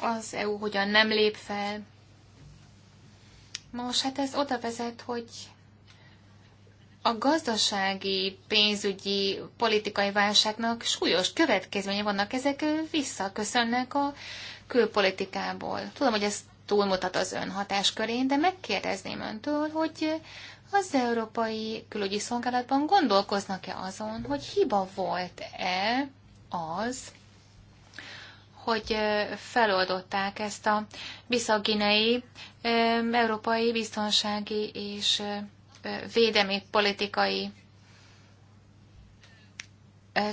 Az EU hogyan nem lép fel? Most hát ez oda vezet, hogy a gazdasági, pénzügyi, politikai válságnak súlyos következménye vannak, ezek visszaköszönnek a külpolitikából. Tudom, hogy ez túlmutat az ön hatáskörén, de megkérdezném öntől, hogy az Európai Külügyi Szolgálatban gondolkoznak-e azon, hogy hiba volt-e az, hogy feloldották ezt a visszaginei európai biztonsági és védelmi politikai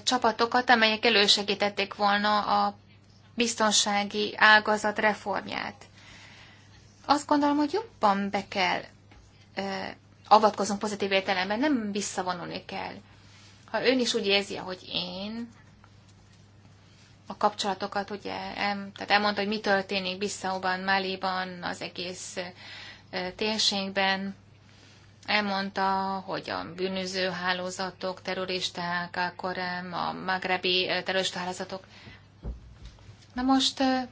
csapatokat, amelyek elősegítették volna a biztonsági ágazat reformját. Azt gondolom, hogy jobban be kell avatkozunk pozitív értelemben, nem visszavonulni kell. Ha ön is úgy érzi, ahogy én, a kapcsolatokat, ugye, em, tehát elmondta, hogy mi történik Bissauban, Máliban, az egész térségben, elmondta, hogy a bűnöző hálózatok, terroristák, akkor a magrebi eh, terrorista hálózatok. Na most eh,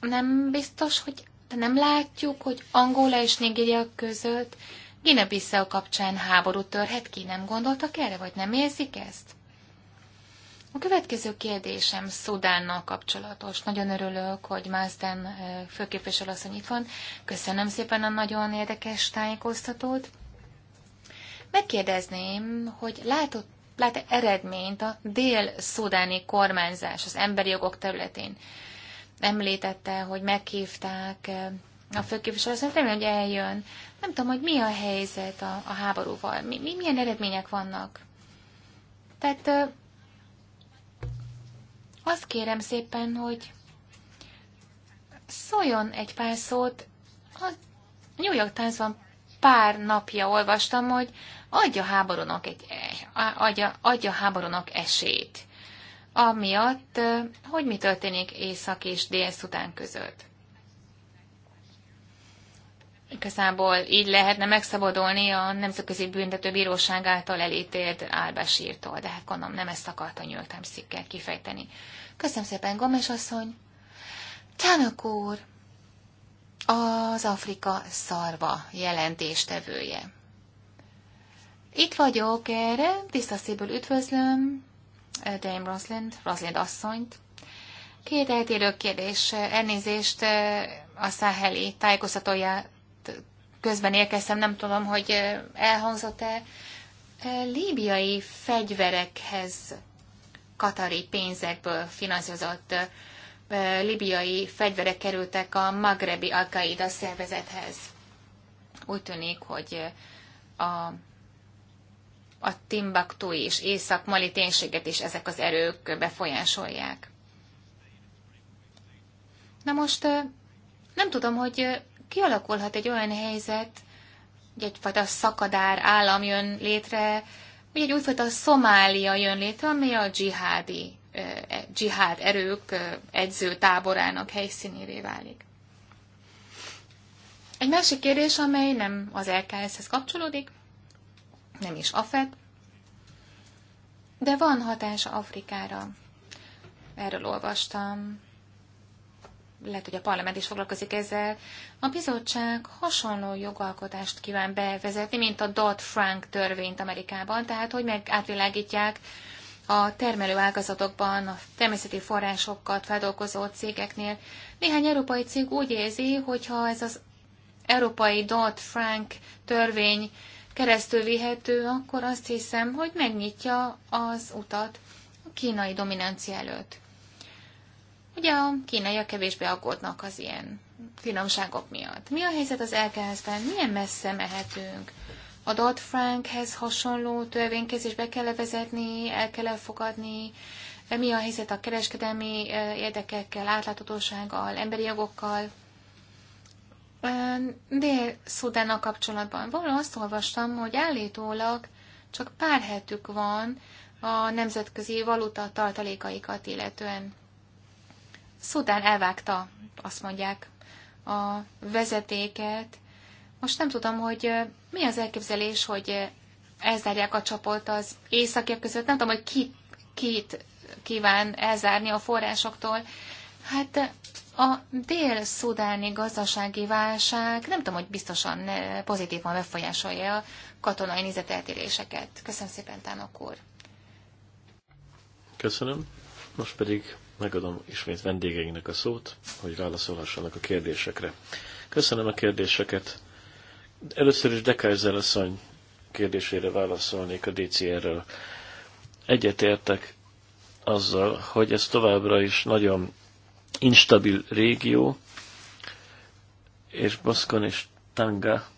nem biztos, hogy de nem látjuk, hogy Angola és Nigéria között Guinea-Bissau kapcsán háború törhet ki. Nem gondoltak erre, vagy nem érzik ezt? A következő kérdésem Szudánnal kapcsolatos. Nagyon örülök, hogy Mászden főképviselő asszony itt van. Köszönöm szépen a nagyon érdekes tájékoztatót. Megkérdezném, hogy látott lát -e eredményt a dél-szudáni kormányzás az emberi jogok területén? Említette, hogy meghívták a főképviselő, azt remélem, hogy eljön. Nem tudom, hogy mi a helyzet a, a háborúval, mi, mi, milyen eredmények vannak. Tehát azt kérem szépen, hogy szóljon egy pár szót. A New York times pár napja olvastam, hogy adja háborúnak, egy, e, adja, adja háborúnak esélyt, amiatt, hogy mi történik észak és dél szután között igazából így lehetne megszabadulni a Nemzetközi Büntetőbíróság által elítélt Álbásírtól, de hát gondolom nem ezt akarta nyíltem szikkel kifejteni. Köszönöm szépen, Gomes asszony! Tának úr! Az Afrika szarva jelentéstevője. Itt vagyok erre, tiszta szívből üdvözlöm eh, Dame Rosalind, Rosalind asszonyt. Két eltérő kérdés, eh, elnézést eh, a száheli tájékoztatója közben érkeztem, nem tudom, hogy elhangzott-e, líbiai fegyverekhez katari pénzekből finanszírozott líbiai fegyverek kerültek a magrebi al szervezethez. Úgy tűnik, hogy a, a Timbuktu és Észak-Mali ténységet is ezek az erők befolyásolják. Na most nem tudom, hogy kialakulhat egy olyan helyzet, hogy egyfajta szakadár állam jön létre, vagy egy újfajta Szomália jön létre, ami a dzsihádi, e, dzsihád erők edző táborának helyszínévé válik. Egy másik kérdés, amely nem az LKS-hez kapcsolódik, nem is AFED, de van hatása Afrikára. Erről olvastam lehet, hogy a parlament is foglalkozik ezzel, a bizottság hasonló jogalkotást kíván bevezetni, mint a Dodd-Frank törvényt Amerikában, tehát hogy meg átvilágítják a termelő ágazatokban, a természeti forrásokat feldolgozó cégeknél. Néhány európai cég úgy érzi, hogyha ez az európai Dodd-Frank törvény keresztül vihető, akkor azt hiszem, hogy megnyitja az utat a kínai dominancia előtt. Ugye a kínaiak kevésbé aggódnak az ilyen finomságok miatt. Mi a helyzet az elgázben? Milyen messze mehetünk? A Dodd-Frankhez hasonló törvénykezésbe kell vezetni, el kell elfogadni? Mi a helyzet a kereskedelmi érdekekkel, átláthatósággal, emberi jogokkal? Dél-Szudánnal kapcsolatban való azt olvastam, hogy állítólag csak pár hetük van a nemzetközi valuta tartalékaikat illetően. Szudán elvágta, azt mondják, a vezetéket. Most nem tudom, hogy mi az elképzelés, hogy elzárják a csapot az északiak között. Nem tudom, hogy ki, kit kíván elzárni a forrásoktól. Hát a dél-szudáni gazdasági válság nem tudom, hogy biztosan pozitívan befolyásolja a katonai nézeteltéréseket. Köszönöm szépen, Tánok úr. Köszönöm. Most pedig megadom ismét vendégeinknek a szót, hogy válaszolhassanak a kérdésekre. Köszönöm a kérdéseket. Először is Dekájzer asszony kérdésére válaszolnék a DCR-ről. Egyetértek azzal, hogy ez továbbra is nagyon instabil régió, és Boszkon és Tanga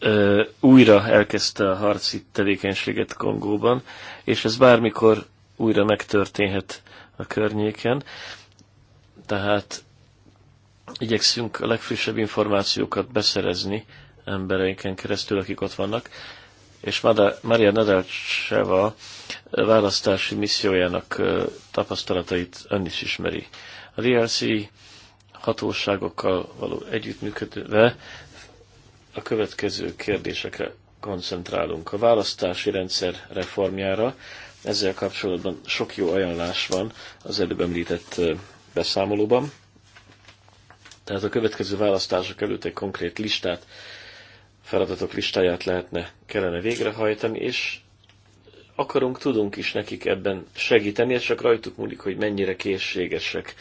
uh, újra elkezdte a harci tevékenységet Kongóban, és ez bármikor újra megtörténhet a környéken. Tehát igyekszünk a legfrissebb információkat beszerezni embereinken keresztül, akik ott vannak, és Maria Nedelcseva választási missziójának tapasztalatait ön is ismeri. A DLC hatóságokkal való együttműködve a következő kérdésekre koncentrálunk. A választási rendszer reformjára ezzel kapcsolatban sok jó ajánlás van az előbb említett beszámolóban. Tehát a következő választások előtt egy konkrét listát, feladatok listáját lehetne, kellene végrehajtani, és akarunk, tudunk is nekik ebben segíteni, és csak rajtuk múlik, hogy mennyire készségesek.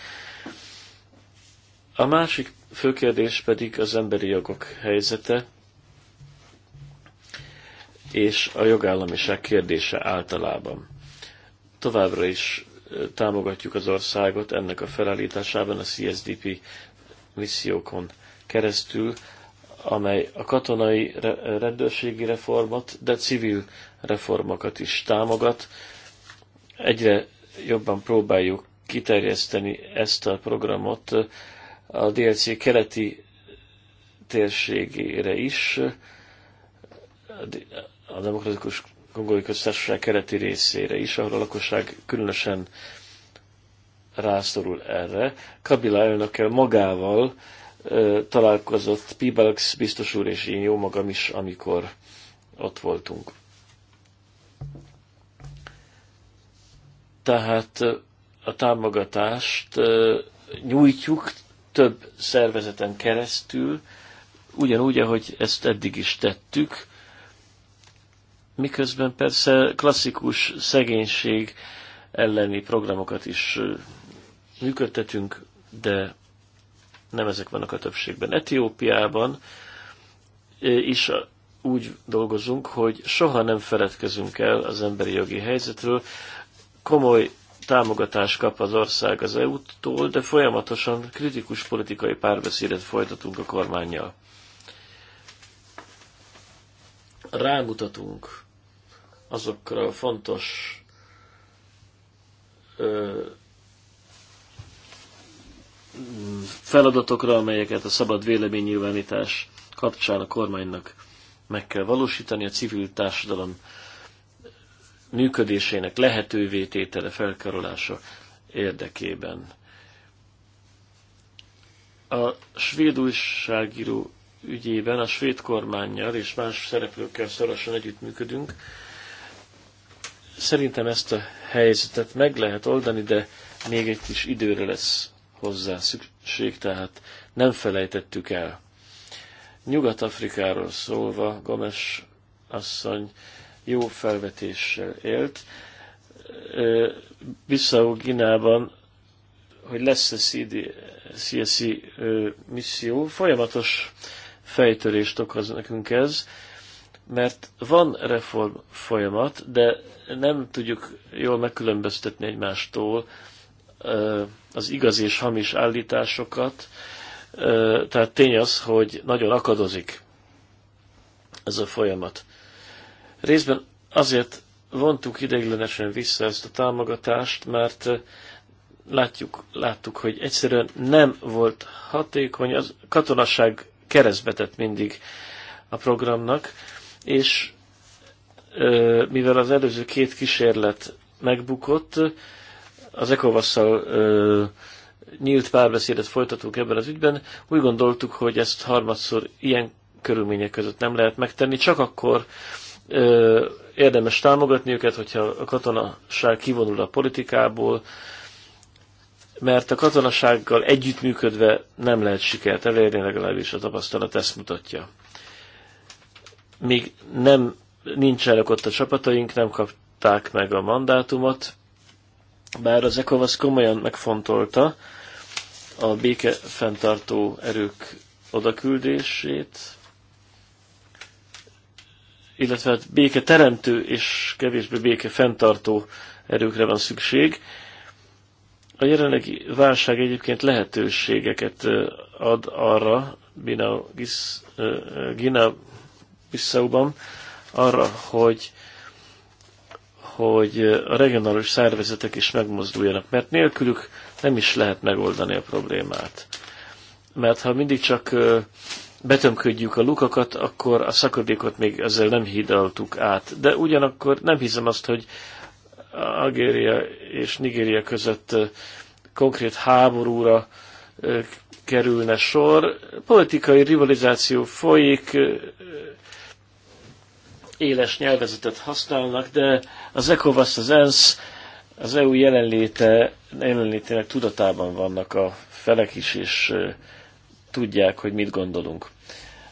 A másik fő kérdés pedig az emberi jogok helyzete és a jogállamiság kérdése általában. Továbbra is támogatjuk az országot ennek a felállításában a CSDP missziókon keresztül, amely a katonai rendőrségi reformot, de civil reformokat is támogat. Egyre jobban próbáljuk kiterjeszteni ezt a programot a DLC keleti térségére is, a Demokratikus Kongói Köztársaság keleti részére is, ahol a lakosság különösen rászorul erre. Kabila elnökkel magával ö, találkozott Pibalx biztos úr és én jó magam is, amikor ott voltunk. Tehát a támogatást nyújtjuk, több szervezeten keresztül, ugyanúgy, ahogy ezt eddig is tettük, miközben persze klasszikus szegénység elleni programokat is működtetünk, de nem ezek vannak a többségben. Etiópiában is úgy dolgozunk, hogy soha nem feledkezünk el az emberi jogi helyzetről, komoly támogatást kap az ország az EU-tól, de folyamatosan kritikus politikai párbeszédet folytatunk a kormányjal. Rámutatunk azokra a fontos feladatokra, amelyeket a szabad véleménynyilvánítás kapcsán a kormánynak meg kell valósítani, a civil társadalom működésének lehetővé tétele, felkarolása érdekében. A svéd újságíró ügyében a svéd kormányjal és más szereplőkkel szorosan együttműködünk. Szerintem ezt a helyzetet meg lehet oldani, de még egy kis időre lesz hozzá szükség, tehát nem felejtettük el. Nyugat-Afrikáról szólva Gomes asszony jó felvetéssel élt. Bissau Ginában, hogy lesz-e CSI misszió, folyamatos fejtörést okoz nekünk ez, mert van reform folyamat, de nem tudjuk jól megkülönböztetni egymástól az igaz és hamis állításokat. Tehát tény az, hogy nagyon akadozik ez a folyamat. Részben azért vontuk ideiglenesen vissza ezt a támogatást, mert eh, látjuk, láttuk, hogy egyszerűen nem volt hatékony, az katonasság keresztbetett mindig a programnak, és eh, mivel az előző két kísérlet megbukott, az ECOWAS-szal eh, nyílt párbeszédet folytatunk ebben az ügyben, úgy gondoltuk, hogy ezt harmadszor ilyen körülmények között nem lehet megtenni, csak akkor érdemes támogatni őket, hogyha a katonaság kivonul a politikából, mert a katonasággal együttműködve nem lehet sikert elérni, legalábbis a tapasztalat ezt mutatja. Még nem nincsenek ott a csapataink, nem kapták meg a mandátumot, bár az ECOWAS komolyan megfontolta a békefenntartó fenntartó erők odaküldését, illetve hát béke teremtő és kevésbé béke fenntartó erőkre van szükség. A jelenlegi válság egyébként lehetőségeket ad arra, Bina, Gis, Gina Bissauban, arra, hogy, hogy a regionális szervezetek is megmozduljanak, mert nélkülük nem is lehet megoldani a problémát. Mert ha mindig csak betömködjük a lukakat, akkor a szakadékot még ezzel nem hidaltuk át. De ugyanakkor nem hiszem azt, hogy Algéria és Nigéria között eh, konkrét háborúra eh, kerülne sor. Politikai rivalizáció folyik, eh, éles nyelvezetet használnak, de az ECOWAS, az ENSZ, az EU jelenléte, jelenlétének tudatában vannak a felek is, és tudják, hogy mit gondolunk.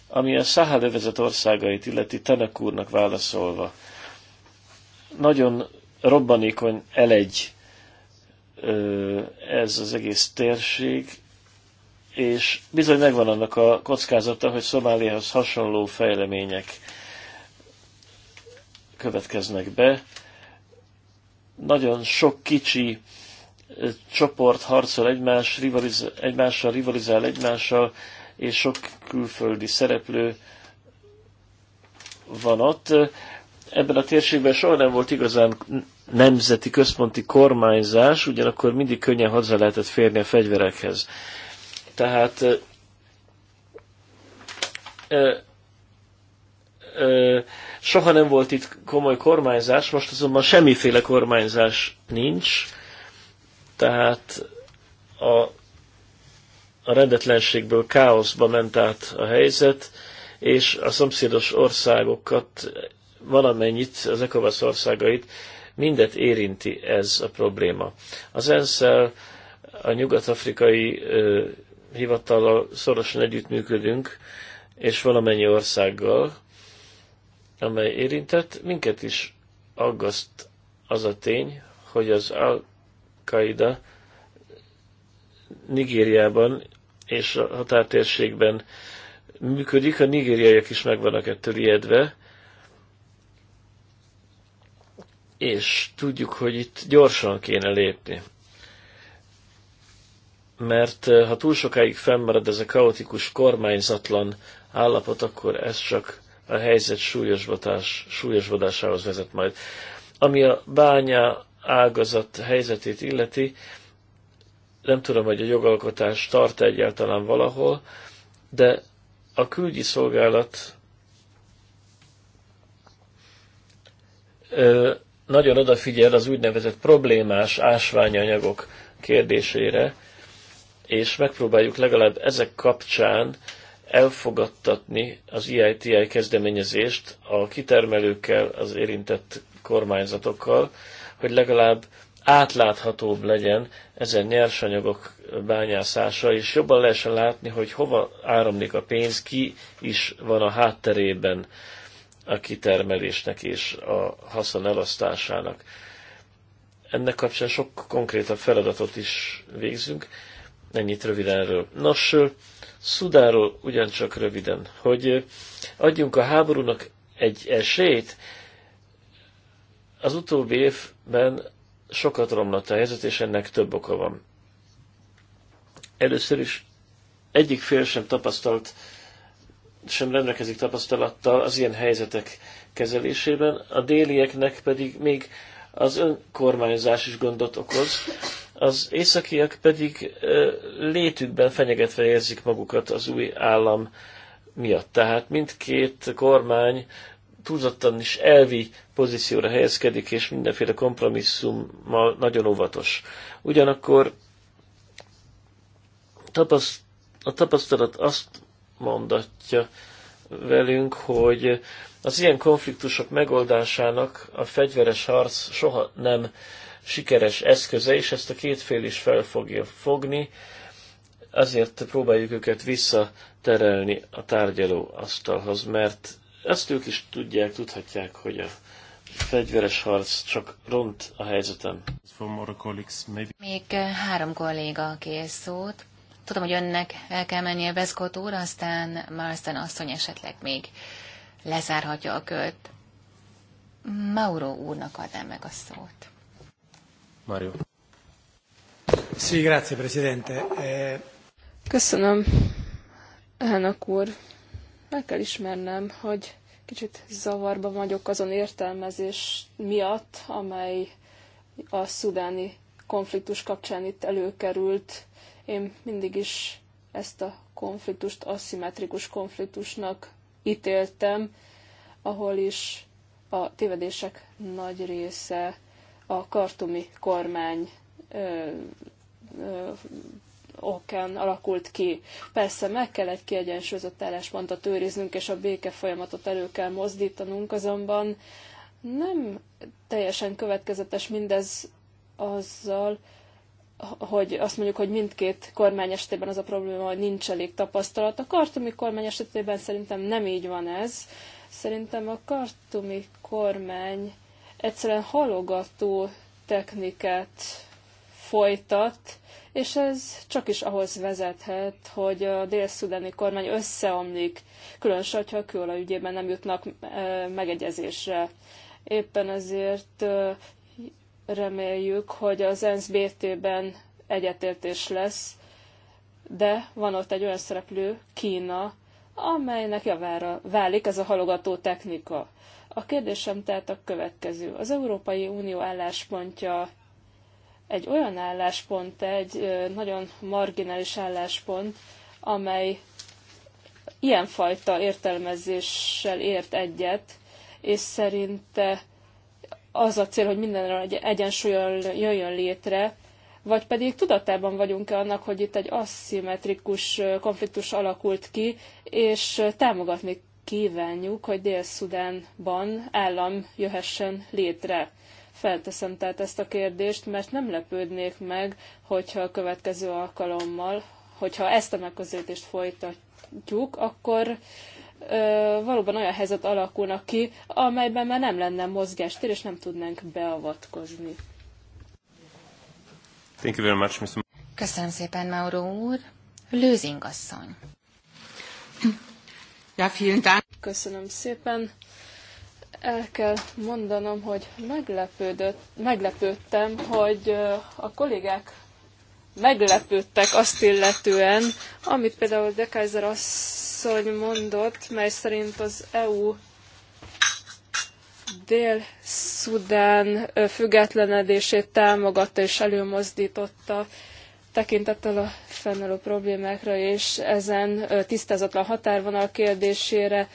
Ami a Szahel övezet országait illeti Tanak úrnak válaszolva, nagyon robbanékony elegy ez az egész térség, és bizony megvan annak a kockázata, hogy Szomáliához hasonló fejlemények következnek be. Nagyon sok kicsi csoport harcol egymás, rivaliz, egymással, rivalizál egymással, és sok külföldi szereplő van ott. Ebben a térségben soha nem volt igazán nemzeti központi kormányzás, ugyanakkor mindig könnyen haza lehetett férni a fegyverekhez. Tehát ö, ö, soha nem volt itt komoly kormányzás, most azonban semmiféle kormányzás nincs tehát a, a rendetlenségből káoszba ment át a helyzet, és a szomszédos országokat, valamennyit, az ECOWAS országait, mindet érinti ez a probléma. Az ensz a nyugat-afrikai hivatallal szorosan együttműködünk, és valamennyi országgal, amely érintett, minket is aggaszt az a tény, hogy az al Nigériában és a határtérségben működik, a nigériaiak is meg vannak ettől ijedve, és tudjuk, hogy itt gyorsan kéne lépni. Mert eh, ha túl sokáig fennmarad ez a kaotikus, kormányzatlan állapot, akkor ez csak a helyzet súlyosbodás, súlyosbodásához vezet majd. Ami a bánya ágazat helyzetét illeti, nem tudom, hogy a jogalkotás tart egyáltalán valahol, de a külügyi szolgálat nagyon odafigyel az úgynevezett problémás ásványanyagok kérdésére, és megpróbáljuk legalább ezek kapcsán elfogadtatni az EITI kezdeményezést a kitermelőkkel, az érintett kormányzatokkal, hogy legalább átláthatóbb legyen ezen nyersanyagok bányászása, és jobban lehessen látni, hogy hova áramlik a pénz, ki is van a hátterében a kitermelésnek és a haszon elosztásának. Ennek kapcsán sok konkrétabb feladatot is végzünk. Ennyit röviden erről. Nos, Szudáról ugyancsak röviden, hogy adjunk a háborúnak egy esélyt, az utóbbi évben sokat romlott a helyzet, és ennek több oka van. Először is egyik fél sem tapasztalt, sem rendelkezik tapasztalattal az ilyen helyzetek kezelésében, a délieknek pedig még az önkormányzás is gondot okoz, az északiak pedig létükben fenyegetve érzik magukat az új állam miatt. Tehát mindkét kormány túlzottan is elvi pozícióra helyezkedik, és mindenféle kompromisszummal nagyon óvatos. Ugyanakkor a tapasztalat azt mondatja velünk, hogy az ilyen konfliktusok megoldásának a fegyveres harc soha nem sikeres eszköze, és ezt a két fél is fel fogja fogni, azért próbáljuk őket visszaterelni a tárgyaló asztalhoz, mert ezt ők is tudják, tudhatják, hogy a fegyveres harc csak ront a helyzetem. Még eh, három kolléga kész szót. Tudom, hogy önnek el kell mennie Beszkot úr, aztán Marston asszony esetleg még lezárhatja a költ. Mauro úrnak adnám meg a szót. Mario. Sí, grazie, Presidente. Eh, Köszönöm, elnök úr. Meg kell ismernem, hogy kicsit zavarba vagyok azon értelmezés miatt, amely a szudáni konfliktus kapcsán itt előkerült. Én mindig is ezt a konfliktust aszimmetrikus konfliktusnak ítéltem, ahol is a tévedések nagy része a kartumi kormány ö, ö, okán alakult ki. Persze meg kell egy kiegyensúlyozott álláspontot őriznünk, és a béke folyamatot elő kell mozdítanunk, azonban nem teljesen következetes mindez azzal, hogy azt mondjuk, hogy mindkét kormány esetében az a probléma, hogy nincs elég tapasztalat. A kartumi kormány esetében szerintem nem így van ez. Szerintem a kartumi kormány egyszerűen halogató technikát folytat, és ez csak is ahhoz vezethet, hogy a dél-szudáni kormány összeomlik, különösen, hogyha a külolajügyében nem jutnak megegyezésre. Éppen ezért reméljük, hogy az ENSZ BT-ben egyetértés lesz, de van ott egy olyan szereplő, Kína, amelynek javára válik ez a halogató technika. A kérdésem tehát a következő. Az Európai Unió álláspontja egy olyan álláspont, egy nagyon marginális álláspont, amely ilyenfajta értelmezéssel ért egyet, és szerinte az a cél, hogy mindenről egy egyensúly jöjjön létre, vagy pedig tudatában vagyunk-e annak, hogy itt egy aszimmetrikus konfliktus alakult ki, és támogatni kívánjuk, hogy Dél-Szudánban állam jöhessen létre. Felteszem tehát ezt a kérdést, mert nem lepődnék meg, hogyha a következő alkalommal, hogyha ezt a megközelítést folytatjuk, akkor ö, valóban olyan helyzet alakulna ki, amelyben már nem lenne mozgástér, és nem tudnánk beavatkozni. Thank you very much, Mr. Köszönöm szépen, Mauro úr. Lőzing asszony. Ja, vielen Dank. Köszönöm szépen el kell mondanom, hogy meglepődött, meglepődtem, hogy a kollégák meglepődtek azt illetően, amit például De Kaiser asszony mondott, mely szerint az EU Dél-Szudán függetlenedését támogatta és előmozdította tekintettel a fennálló problémákra és ezen tisztázatlan határvonal kérdésére,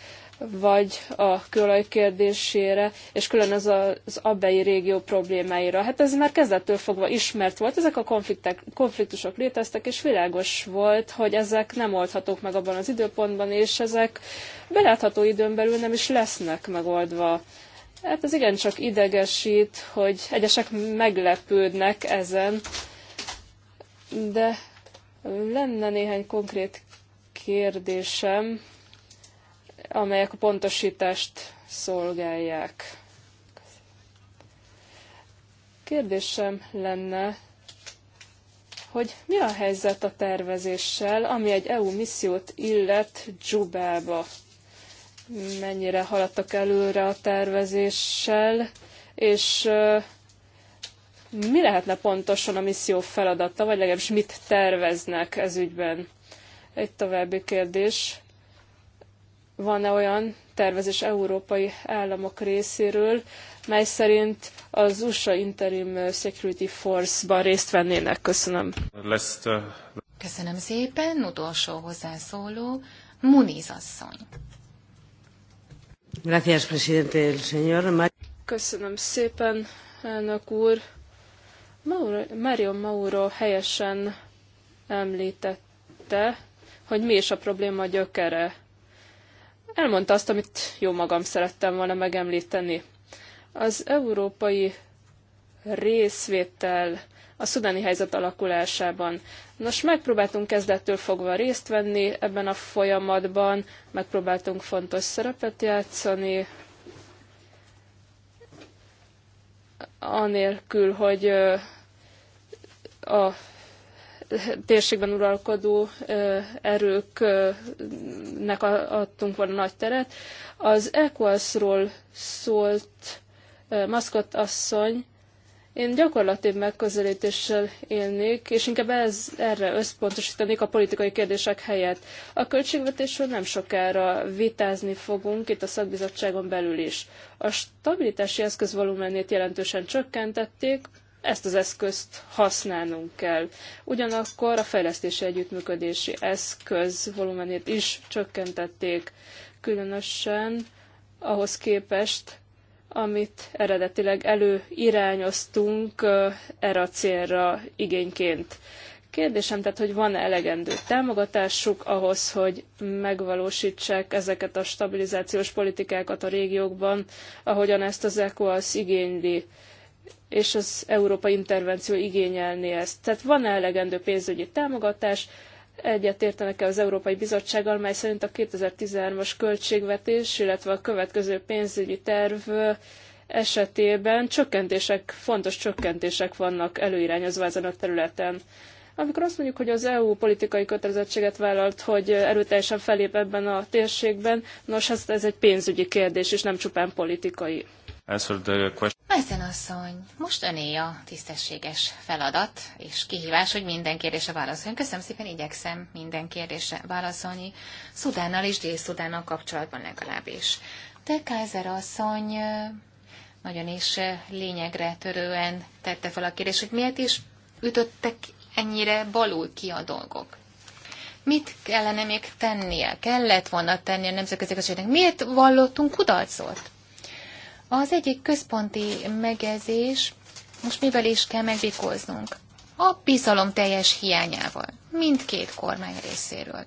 vagy a kőolaj kérdésére, és külön az az abbei régió problémáira. Hát ez már kezdettől fogva ismert volt, ezek a konfliktusok léteztek, és világos volt, hogy ezek nem oldhatók meg abban az időpontban, és ezek belátható időn belül nem is lesznek megoldva. Hát ez igencsak idegesít, hogy egyesek meglepődnek ezen, de lenne néhány konkrét kérdésem amelyek a pontosítást szolgálják. Kérdésem lenne, hogy mi a helyzet a tervezéssel, ami egy EU missziót illet Dzsubába? Mennyire haladtak előre a tervezéssel, és mi lehetne pontosan a misszió feladata, vagy legalábbis mit terveznek ez ügyben? Egy további kérdés van-e olyan tervezés európai államok részéről, mely szerint az USA Interim Security Force-ban részt vennének. Köszönöm. Köszönöm szépen. Utolsó hozzászóló, Muniz asszony. Köszönöm szépen, elnök úr. Mauro, Mario Mauro helyesen említette, hogy mi is a probléma gyökere elmondta azt, amit jó magam szerettem volna megemlíteni. Az európai részvétel a szudáni helyzet alakulásában. Nos, megpróbáltunk kezdettől fogva részt venni ebben a folyamatban, megpróbáltunk fontos szerepet játszani, anélkül, hogy a térségben uralkodó erőknek adtunk volna nagy teret. Az ECOWAS-ról szólt Maszkott asszony, én gyakorlatibb megközelítéssel élnék, és inkább ez, erre összpontosítanék a politikai kérdések helyett. A költségvetésről nem sokára vitázni fogunk itt a szakbizottságon belül is. A stabilitási eszköz volumenét jelentősen csökkentették, ezt az eszközt használnunk kell. Ugyanakkor a fejlesztési együttműködési eszköz volumenét is csökkentették, különösen ahhoz képest, amit eredetileg előirányoztunk erre a célra igényként. Kérdésem tehát, hogy van-e elegendő támogatásuk ahhoz, hogy megvalósítsák ezeket a stabilizációs politikákat a régiókban, ahogyan ezt az ECOWAS igényli és az európai intervenció igényelni ezt. Tehát van -e elegendő pénzügyi támogatás, egyetértenek-e az Európai Bizottsággal, mely szerint a 2013-as költségvetés, illetve a következő pénzügyi terv esetében csökkentések, fontos csökkentések vannak előirányozva ezen a területen. Amikor azt mondjuk, hogy az EU politikai kötelezettséget vállalt, hogy erőteljesen felép ebben a térségben, nos, ez, hát ez egy pénzügyi kérdés, és nem csupán politikai. As asszony, most öné a tisztességes feladat és kihívás, hogy minden kérdése válaszoljon. Köszönöm szépen, igyekszem minden kérdésre válaszolni, Szudánnal és Dél-Szudánnal kapcsolatban legalábbis. Te, Kaiser asszony nagyon is lényegre törően tette fel a kérdést, hogy miért is ütöttek ennyire balul ki a dolgok. Mit kellene még tennie? Kellett volna tenni a nemzetközi közösségnek? Miért vallottunk kudarcot? Az egyik központi megezés, most mivel is kell megvikoznunk? A bizalom teljes hiányával, mindkét kormány részéről.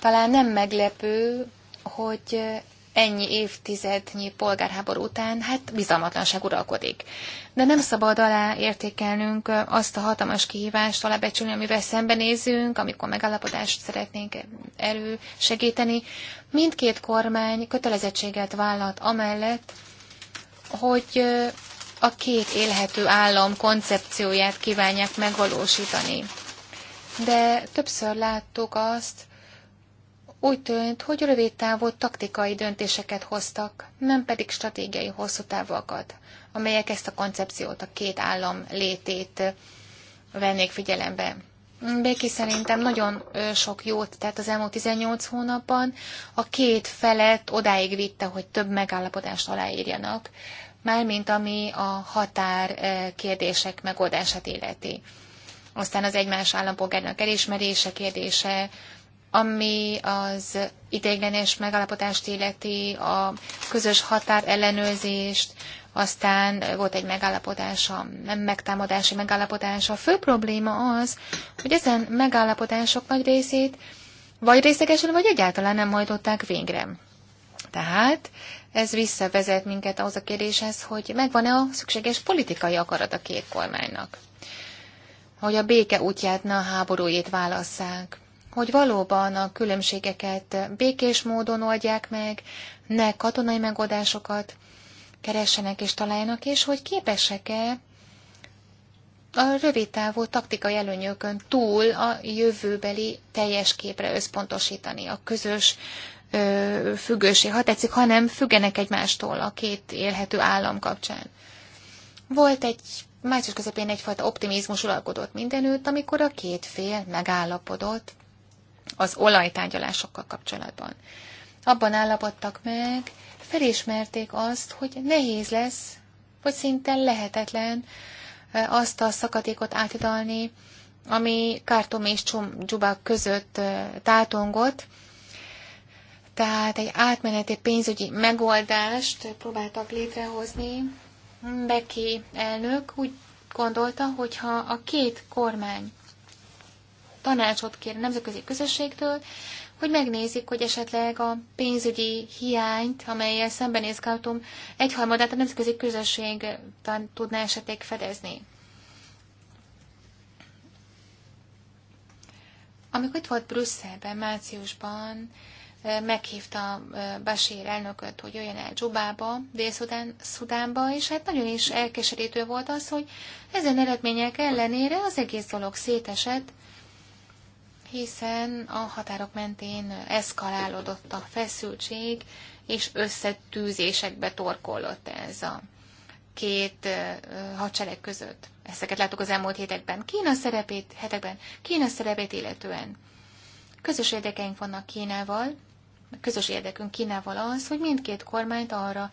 Talán nem meglepő, hogy ennyi évtizednyi polgárháború után, hát bizalmatlanság uralkodik. De nem szabad alá értékelnünk azt a hatalmas kihívást, alábecsülni, amivel szembenézünk, amikor megállapodást szeretnénk erő segíteni. Mindkét kormány kötelezettséget vállalt amellett, hogy a két élhető állam koncepcióját kívánják megvalósítani. De többször láttuk azt, úgy tűnt, hogy rövid távú taktikai döntéseket hoztak, nem pedig stratégiai hosszú távokat, amelyek ezt a koncepciót, a két állam létét vennék figyelembe. Béki szerintem nagyon sok jót tett az elmúlt 18 hónapban. A két felet odáig vitte, hogy több megállapodást aláírjanak, mármint ami a határ kérdések megoldását illeti. Aztán az egymás állampolgárnak elismerése kérdése, ami az ideiglenes megállapodást illeti, a közös határ ellenőrzést, aztán volt egy megállapodás, a nem megtámadási megállapodás. A fő probléma az, hogy ezen megállapodások nagy részét vagy részlegesen, vagy egyáltalán nem hajtották végre. Tehát ez visszavezet minket ahhoz a kérdéshez, hogy megvan-e a szükséges politikai akarat a két kormánynak. Hogy a béke útját, ne a háborújét válasszák hogy valóban a különbségeket békés módon oldják meg, ne katonai megoldásokat keressenek és találjanak, és hogy képesek-e a rövid távú taktikai előnyökön túl a jövőbeli teljes képre összpontosítani a közös ö, függőség, ha tetszik, hanem függenek egymástól a két élhető állam kapcsán. Volt egy március közepén egyfajta optimizmus uralkodott mindenütt, amikor a két fél megállapodott az olajtárgyalásokkal kapcsolatban. Abban állapodtak meg, felismerték azt, hogy nehéz lesz, vagy szinte lehetetlen azt a szakadékot átidalni, ami Kártom és Csubák között tátongott, tehát egy átmeneti pénzügyi megoldást próbáltak létrehozni. Beki elnök úgy gondolta, hogy ha a két kormány tanácsot kér a nemzetközi közösségtől, hogy megnézik, hogy esetleg a pénzügyi hiányt, amelyel szembenéz Khartoum, egyharmadát a nemzetközi közösség tudná esetleg fedezni. Amikor itt volt Brüsszelben, márciusban, meghívta Basír elnököt, hogy jöjjön el Dzsubába, Dél-Szudánba, és hát nagyon is elkeserítő volt az, hogy ezen eredmények ellenére az egész dolog szétesett, hiszen a határok mentén eszkalálódott a feszültség, és összetűzésekbe torkollott ez a két hadsereg között. Ezeket láttuk az elmúlt hétekben. Kína szerepét, hetekben, Kína szerepét illetően. Közös érdekeink vannak Kínával, közös érdekünk Kínával az, hogy mindkét kormányt arra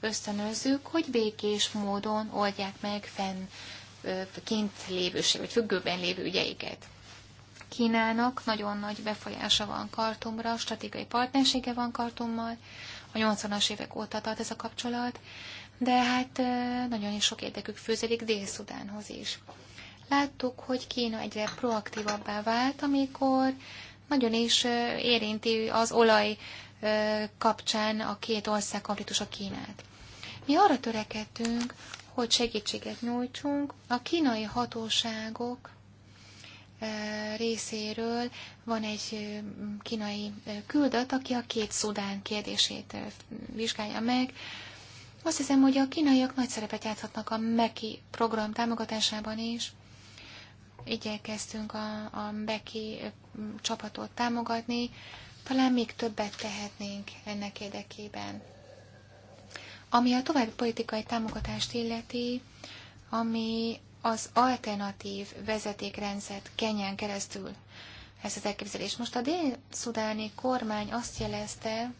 ösztönözzük, hogy békés módon oldják meg fenn kint lévőség, vagy függőben lévő ügyeiket. Kínának nagyon nagy befolyása van Kartumra, stratégiai partnersége van Kartummal, a 80-as évek óta tart ez a kapcsolat, de hát nagyon is sok érdekük főződik Dél-Szudánhoz is. Láttuk, hogy Kína egyre proaktívabbá vált, amikor nagyon is érinti az olaj kapcsán a két ország a Kínát. Mi arra törekedtünk, hogy segítséget nyújtsunk a kínai hatóságok részéről van egy kínai küldött, aki a két Szudán kérdését vizsgálja meg. Azt hiszem, hogy a kínaiak nagy szerepet játszhatnak a MEKI program támogatásában is. Igyekeztünk a, a MEKI csapatot támogatni, talán még többet tehetnénk ennek érdekében. Ami a további politikai támogatást illeti, ami az alternatív vezetékrendszert kenyen keresztül ez az elképzelés. Most a dél-szudáni kormány azt jelezte,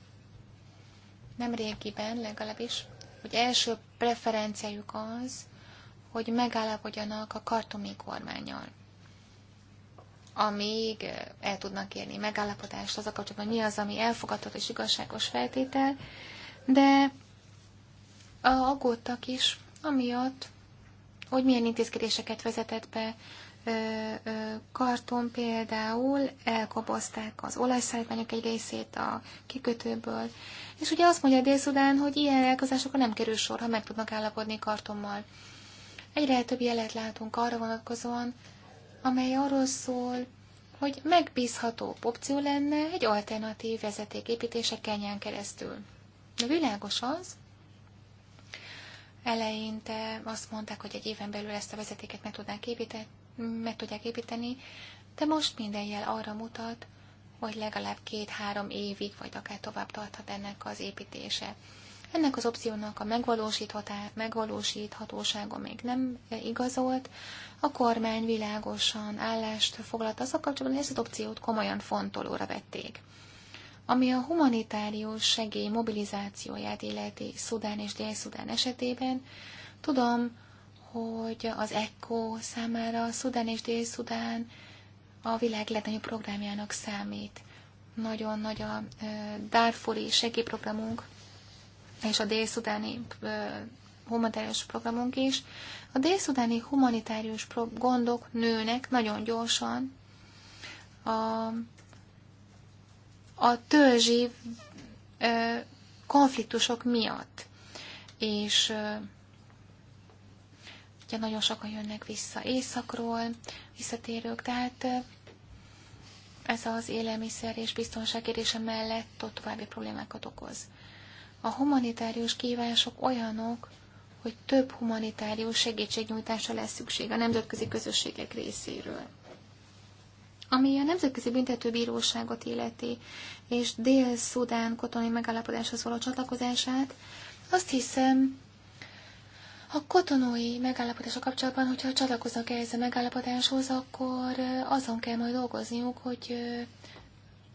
nem régiben legalábbis, hogy első preferenciájuk az, hogy megállapodjanak a kartumi kormányjal. Amíg eh, el tudnak érni megállapodást az a kapcsolatban, mi az, ami elfogadható és igazságos feltétel, de aggódtak is, amiatt, hogy milyen intézkedéseket vezetett be. Karton például elkobozták az olajszállítmányok egy részét a kikötőből, és ugye azt mondja Dél-Szudán, hogy ilyen elkozásokra nem kerül sor, ha meg tudnak állapodni kartommal. Egyre több jelet látunk arra vonatkozóan, amely arról szól, hogy megbízható opció lenne egy alternatív vezetéképítése Kenyán keresztül. De világos az, Eleinte azt mondták, hogy egy éven belül ezt a vezetéket meg, tudnánk építeni, meg tudják építeni, de most minden jel arra mutat, hogy legalább két-három évig, vagy akár tovább tarthat ennek az építése. Ennek az opciónak a megvalósíthatósága még nem igazolt. A kormány világosan állást foglalt az kapcsolatban, hogy ezt az opciót komolyan fontolóra vették. Ami a humanitárius segély mobilizációját illeti Szudán és Dél-Szudán esetében, tudom, hogy az ECO számára Szudán és Dél-Szudán a világ legnagyobb programjának számít. Nagyon nagy a Darfuri segélyprogramunk, és a dél-szudáni humanitárius programunk is. A dél-szudáni humanitárius gondok nőnek nagyon gyorsan. A a törzsi konfliktusok miatt. És ugye nagyon sokan jönnek vissza északról, visszatérők, tehát ez az élelmiszer és biztonság kérdése mellett ott további problémákat okoz. A humanitárius kívások olyanok, hogy több humanitárius segítségnyújtásra lesz szükség a nemzetközi közösségek részéről ami a Nemzetközi Büntetőbíróságot illeti, és Dél-Szudán katonai megállapodáshoz való csatlakozását, azt hiszem, a katonai megállapodása kapcsolatban, hogyha csatlakoznak ehhez a megállapodáshoz, akkor azon kell majd dolgozniuk, hogy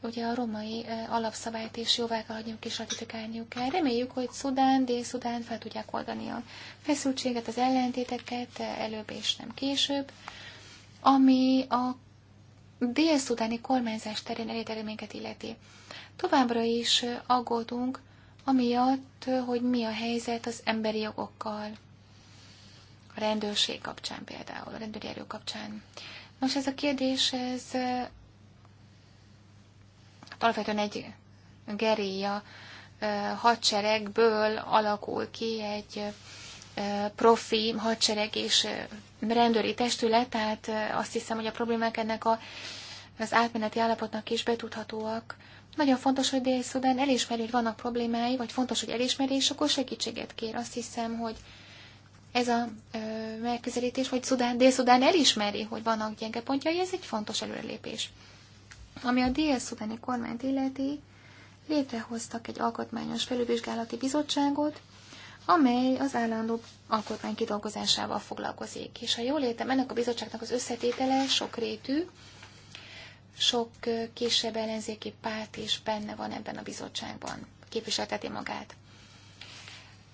ugye a romai alapszabályt is jóvá kell hagyniuk és ratifikálniuk kell. Reméljük, hogy Szudán, Dél-Szudán fel tudják oldani a feszültséget, az ellentéteket előbb és nem később. Ami a dél-szudáni kormányzás terén elért eredményeket illeti. Továbbra is aggódunk, amiatt, hogy mi a helyzet az emberi jogokkal. A rendőrség kapcsán például, a rendőri erő kapcsán. Nos, ez a kérdés, ez hát alapvetően egy geréja eh, hadseregből alakul ki egy profi hadsereg és rendőri testület, tehát azt hiszem, hogy a problémák ennek a, az átmeneti állapotnak is betudhatóak. Nagyon fontos, hogy Dél-Szudán elismeri, hogy vannak problémái, vagy fontos, hogy elismeri, és akkor segítséget kér. Azt hiszem, hogy ez a ö, megközelítés, hogy Szudán, Dél-Szudán elismeri, hogy vannak gyenge pontjai, ez egy fontos előrelépés. Ami a Dél-Szudáni kormányt illeti, létrehoztak egy alkotmányos felülvizsgálati bizottságot, amely az állandó alkotmány kidolgozásával foglalkozik. És ha jól értem, ennek a bizottságnak az összetétele sokrétű, sok kisebb ellenzéki párt is benne van ebben a bizottságban, képviselteti magát.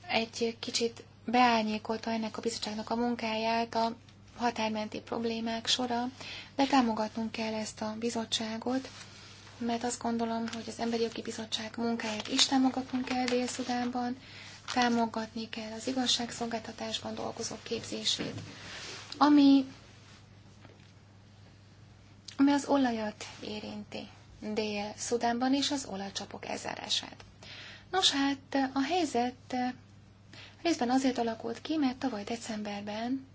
Egy kicsit beányékolta ennek a bizottságnak a munkáját a határmenti problémák sora, de támogatnunk kell ezt a bizottságot, mert azt gondolom, hogy az Emberi Jogi Bizottság munkáját is támogatnunk kell Dél-Szudánban, támogatni kell az igazságszolgáltatásban dolgozók képzését, ami, ami az olajat érinti Dél-Szudánban és az olajcsapok elzárását. Nos hát, a helyzet részben azért alakult ki, mert tavaly decemberben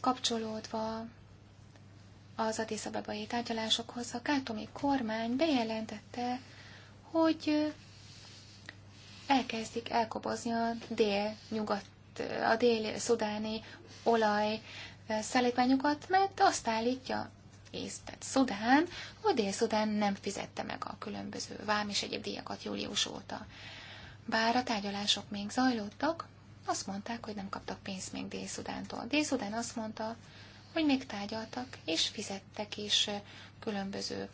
kapcsolódva az Addis Abebai tárgyalásokhoz a kátomi kormány bejelentette, hogy elkezdik elkobozni a dél-nyugat, a dél-szudáni olaj eh, szállítmányokat, mert azt állítja ész, tehát Szudán, hogy Dél-Szudán nem fizette meg a különböző vám és egyéb díjakat július óta. Bár a tárgyalások még zajlottak, azt mondták, hogy nem kaptak pénzt még Dél-Szudántól. Dél-Szudán azt mondta, hogy még tárgyaltak, és fizettek is eh, különböző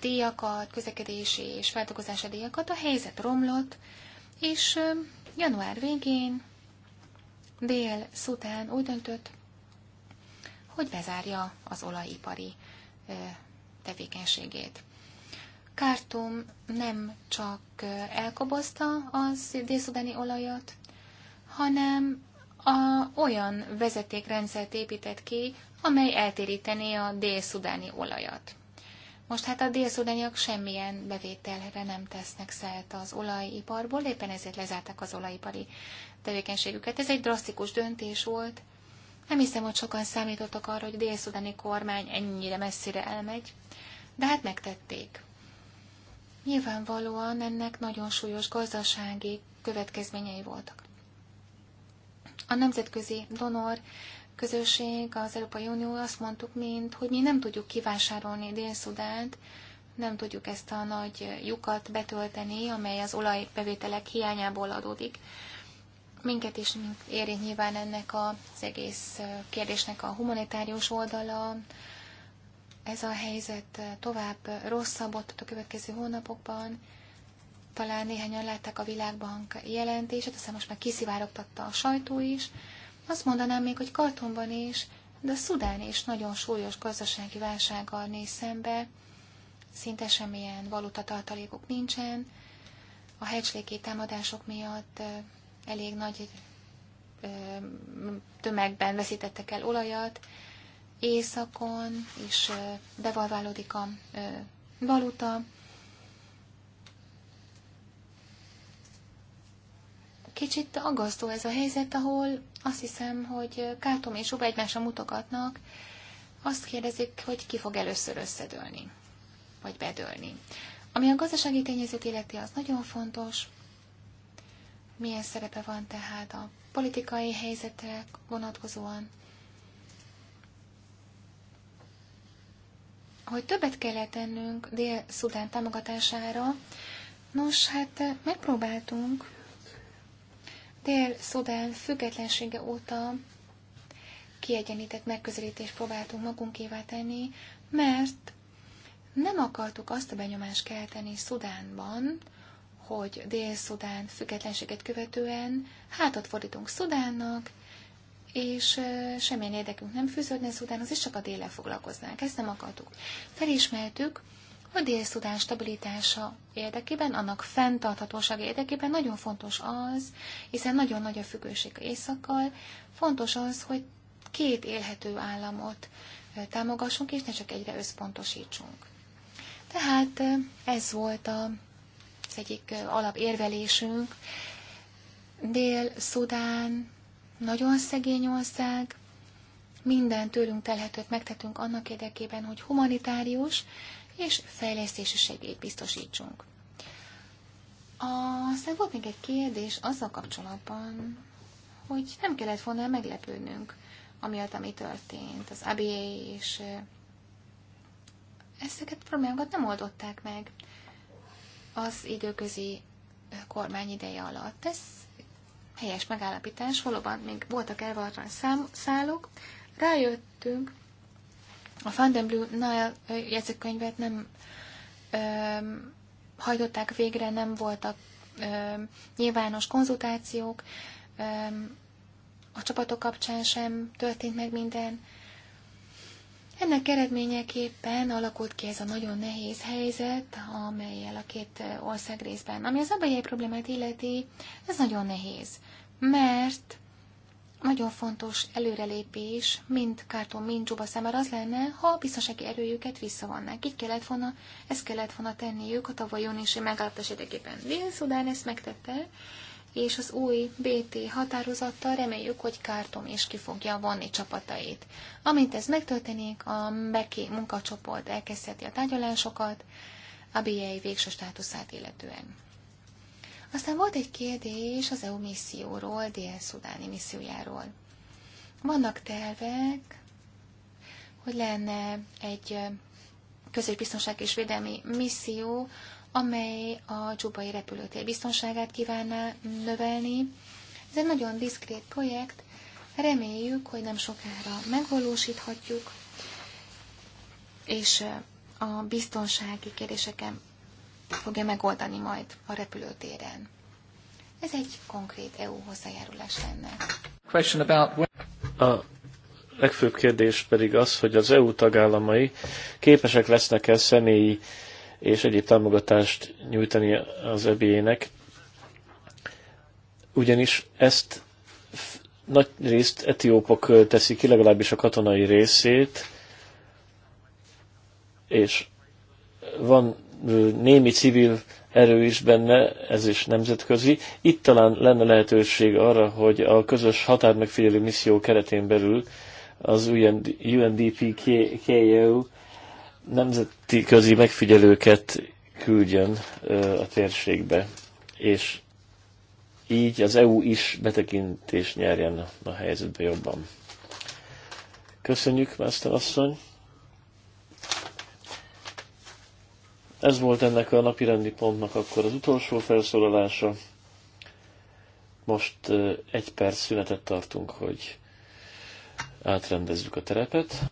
díjakat, közlekedési és feldolgozási díjakat, a helyzet romlott, és január végén Dél-Szután úgy döntött, hogy bezárja az olajipari tevékenységét. Kártum nem csak elkobozta az délszudáni olajat, hanem a, olyan vezetékrendszert épített ki, amely eltérítené a délszudáni olajat. Most hát a délszudaniak semmilyen bevételre nem tesznek szert az olajiparból, éppen ezért lezárták az olajipari tevékenységüket. Ez egy drasztikus döntés volt. Nem hiszem, hogy sokan számítottak arra, hogy a délszudáni kormány ennyire messzire elmegy, de hát megtették. Nyilvánvalóan ennek nagyon súlyos gazdasági következményei voltak. A nemzetközi donor közösség, az Európai Unió azt mondtuk mind, hogy mi nem tudjuk kivásárolni Dél-Szudánt, nem tudjuk ezt a nagy lyukat betölteni, amely az olajbevételek hiányából adódik. Minket is érint nyilván ennek az egész kérdésnek a humanitárius oldala. Ez a helyzet tovább rosszabbodott a következő hónapokban. Talán néhányan látták a Világbank jelentését, aztán most már kiszivárogtatta a sajtó is. Azt mondanám még, hogy Kartonban is, de Szudán is nagyon súlyos gazdasági válsággal néz szembe, szinte semmilyen valutatartalékok nincsen, a hegységi támadások miatt elég nagy tömegben veszítettek el olajat, északon is devalválódik a valuta, Kicsit aggasztó ez a helyzet, ahol azt hiszem, hogy Kátom és Uba egymásra mutogatnak, azt kérdezik, hogy ki fog először összedőlni, vagy bedőlni. Ami a gazdasági tényezőt illeti, az nagyon fontos. Milyen szerepe van tehát a politikai helyzetre vonatkozóan? Hogy többet kellett tennünk Dél-Szudán támogatására, nos, hát megpróbáltunk Dél-Szudán függetlensége óta kiegyenített megközelítést próbáltunk magunkévá tenni, mert nem akartuk azt a benyomást kelteni Szudánban, hogy Dél-Szudán függetlenséget követően hátat fordítunk Szudánnak, és semmilyen érdekünk nem fűződne Szudánhoz, és csak a déle foglalkoznánk. Ezt nem akartuk. Felismertük, a dél stabilitása érdekében, annak fenntarthatósága érdekében nagyon fontos az, hiszen nagyon nagy a függőség éjszakkal, fontos az, hogy két élhető államot támogassunk, és ne csak egyre összpontosítsunk. Tehát ez volt a, az egyik alapérvelésünk. Dél-Szudán nagyon szegény ország, minden tőlünk telhetőt megtetünk annak érdekében, hogy humanitárius és fejlesztési segélyt biztosítsunk. Aztán volt még egy kérdés azzal kapcsolatban, hogy nem kellett volna meglepődnünk, amiatt, ami történt, az ABA és ezeket a problémákat nem oldották meg az időközi kormány ideje alatt. Ez helyes megállapítás, valóban még voltak elvaratlan szám, szálok. Rájöttünk, a Van den Blue Nile jegyzőkönyvet nem ö, hajtották végre, nem voltak ö, nyilvános konzultációk, ö, a csapatok kapcsán sem történt meg minden. Ennek eredményeképpen alakult ki ez a nagyon nehéz helyzet, amelyel a két ország részben. Ami az abalyai problémát illeti, ez nagyon nehéz, mert nagyon fontos előrelépés, mind Kárton, mind Csuba számára az lenne, ha a biztonsági erőjüket visszavannák. Így kellett volna, ezt kellett volna tenniük a tavaly júniusi megállapodás érdekében. Dél-Szudán ezt megtette, és az új BT határozattal reméljük, hogy Kártom is ki fogja vonni csapatait. Amint ez megtörténik, a Beki munkacsoport elkezdheti a tárgyalásokat, a BIA végső státuszát illetően. Aztán volt egy kérdés az EU misszióról, Dél-Szudáni missziójáról. Vannak tervek, hogy lenne egy közös biztonság és védelmi misszió, amely a csubai repülőtér biztonságát kívánná növelni. Ez egy nagyon diszkrét projekt, reméljük, hogy nem sokára megvalósíthatjuk, és a biztonsági kérdéseken fogja megoldani majd a repülőtéren. Ez egy konkrét EU hozzájárulás lenne. A legfőbb kérdés pedig az, hogy az EU tagállamai képesek lesznek-e személyi és egyéb támogatást nyújtani az EBA-nek, ugyanis ezt nagy részt etiópok teszik ki, legalábbis a katonai részét, és van némi civil erő is benne, ez is nemzetközi. Itt talán lenne lehetőség arra, hogy a közös határmegfigyelő misszió keretén belül az UNDP KU e nemzeti közi megfigyelőket küldjön a térségbe, és így az EU is betekintést nyerjen a helyzetbe jobban. Köszönjük, Mester asszony! Ez volt ennek a napirendi pontnak akkor az utolsó felszólalása. Most egy perc szünetet tartunk, hogy átrendezzük a terepet.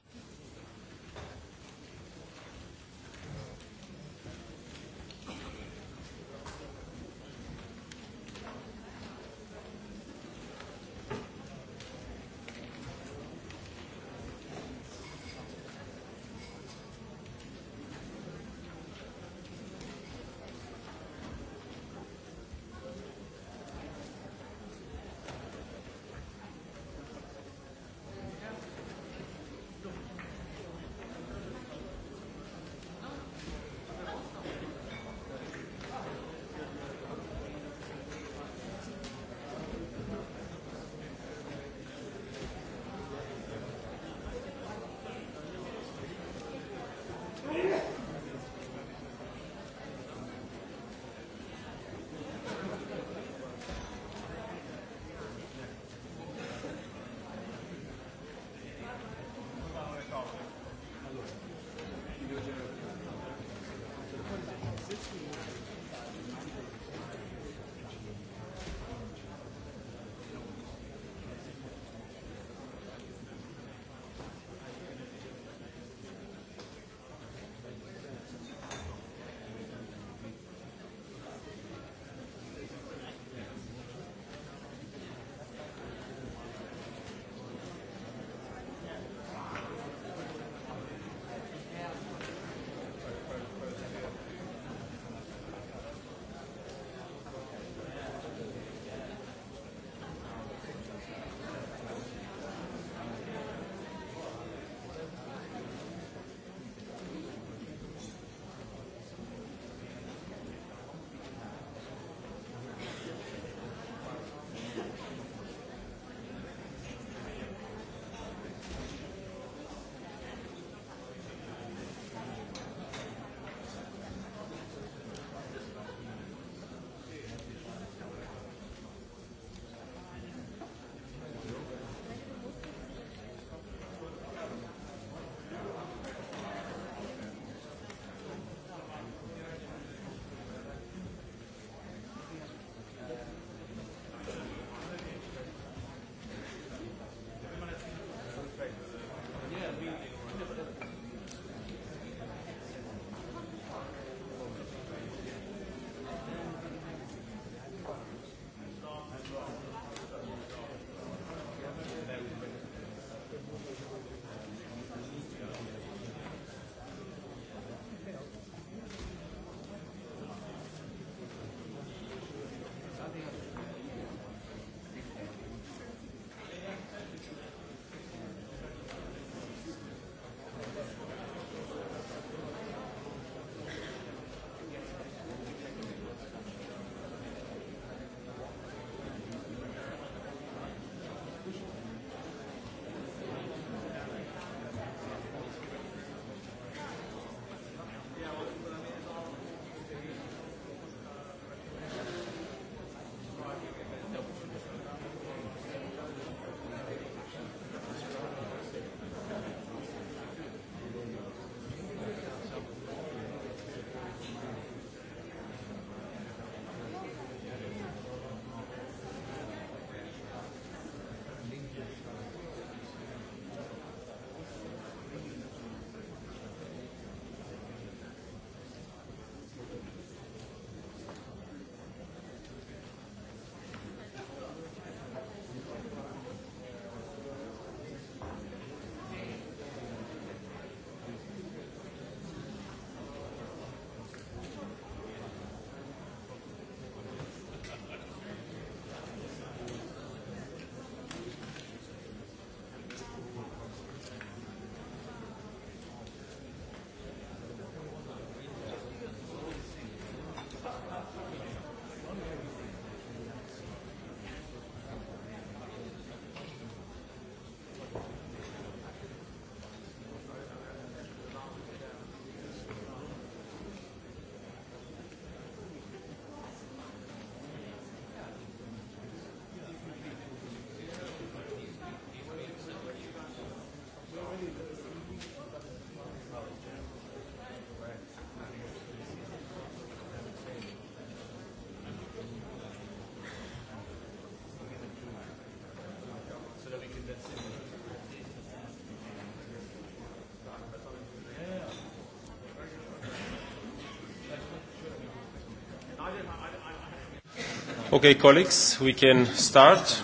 Okay, colleagues, we can start.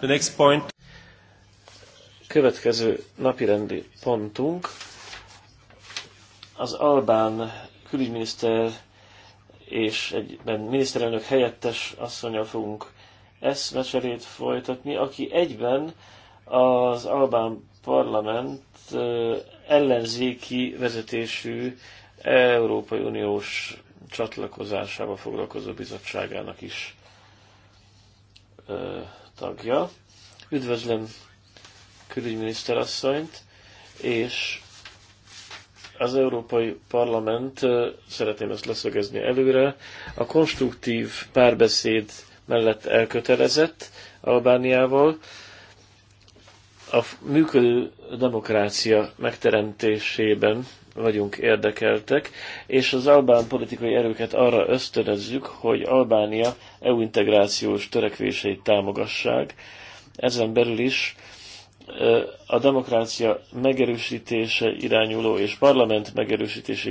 The next point. Következő napirendi pontunk az Albán külügyminiszter és egyben miniszterelnök helyettes asszonyal fogunk eszmecserét folytatni, aki egyben az Albán parlament ellenzéki vezetésű Európai Uniós csatlakozásával foglalkozó bizottságának is ö, tagja. Üdvözlöm külügyminiszter asszonyt, és az Európai Parlament, szeretném ezt leszögezni előre, a konstruktív párbeszéd mellett elkötelezett Albániával, a működő demokrácia megteremtésében vagyunk érdekeltek, és az albán politikai erőket arra ösztönözzük, hogy Albánia EU integrációs törekvéseit támogassák. Ezen belül is a demokrácia megerősítése irányuló és parlament megerősítése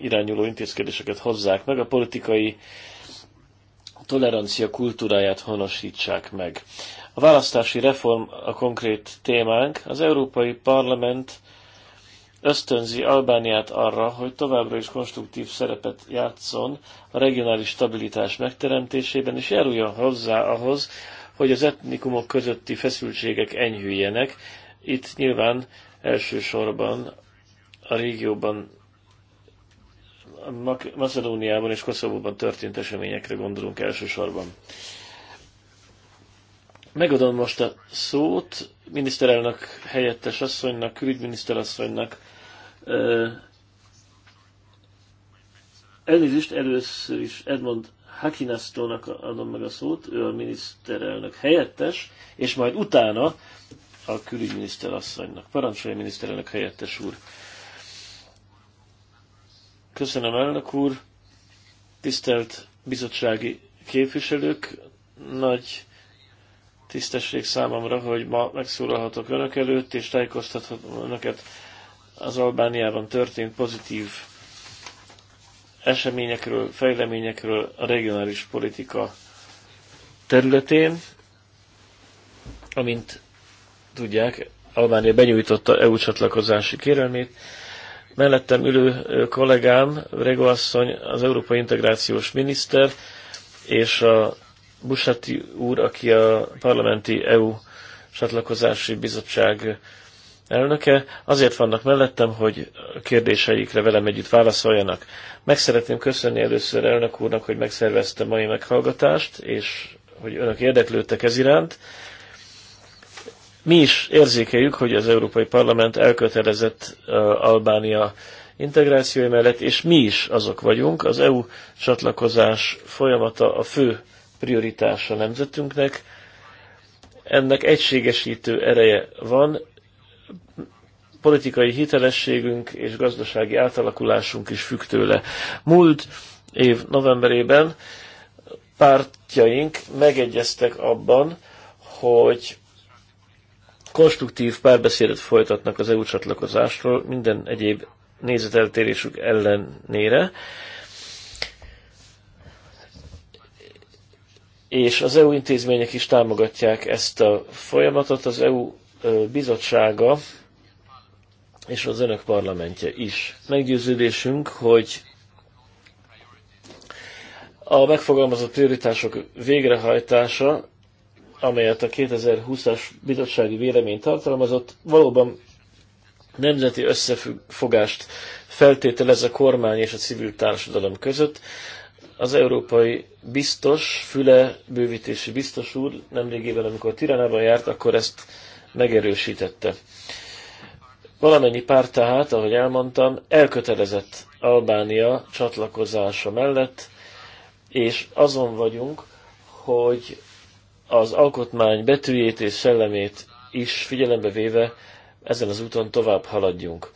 irányuló, intézkedéseket hozzák meg, a politikai tolerancia kultúráját honosítsák meg. A választási reform a konkrét témánk. Az Európai Parlament ösztönzi Albániát arra, hogy továbbra is konstruktív szerepet játszon a regionális stabilitás megteremtésében, és járuljon hozzá ahhoz, hogy az etnikumok közötti feszültségek enyhüljenek. Itt nyilván elsősorban a régióban, Macedóniában és Koszovóban történt eseményekre gondolunk elsősorban. Megadom most a szót miniszterelnök helyettes asszonynak, külügyminiszter asszonynak. Elnézést először is Edmond Hakinasztónak adom meg a szót, ő a miniszterelnök helyettes, és majd utána a külügyminiszter asszonynak. Parancsolja miniszterelnök helyettes úr. Köszönöm, elnök úr. Tisztelt bizottsági képviselők, nagy tisztesség számomra, hogy ma megszólalhatok önök előtt, és tájékoztathatom önöket az Albániában történt pozitív eseményekről, fejleményekről a regionális politika területén. Amint tudják, Albánia benyújtotta EU csatlakozási kérelmét. Mellettem ülő kollégám, Rego asszony, az Európai Integrációs Miniszter, és a Busati úr, aki a parlamenti EU csatlakozási bizottság elnöke, azért vannak mellettem, hogy a kérdéseikre velem együtt válaszoljanak. Meg szeretném köszönni először elnök úrnak, hogy megszervezte mai meghallgatást, és hogy önök érdeklődtek ez iránt. Mi is érzékeljük, hogy az Európai Parlament elkötelezett Albánia integrációja mellett, és mi is azok vagyunk. Az EU csatlakozás folyamata a fő Prioritása nemzetünknek. Ennek egységesítő ereje van, politikai hitelességünk és gazdasági átalakulásunk is függ tőle. Múlt év novemberében pártjaink megegyeztek abban, hogy konstruktív párbeszédet folytatnak az EU csatlakozásról minden egyéb nézeteltérésük ellenére, és az EU intézmények is támogatják ezt a folyamatot, az EU bizottsága és az önök parlamentje is. Meggyőződésünk, hogy a megfogalmazott prioritások végrehajtása, amelyet a 2020-as bizottsági vélemény tartalmazott, valóban nemzeti összefogást feltételez a kormány és a civil társadalom között, az európai biztos, Füle bővítési biztos úr nemrégében, amikor Tiranában járt, akkor ezt megerősítette. Valamennyi párt tehát, ahogy elmondtam, elkötelezett Albánia csatlakozása mellett, és azon vagyunk, hogy az alkotmány betűjét és szellemét is figyelembe véve ezen az úton tovább haladjunk.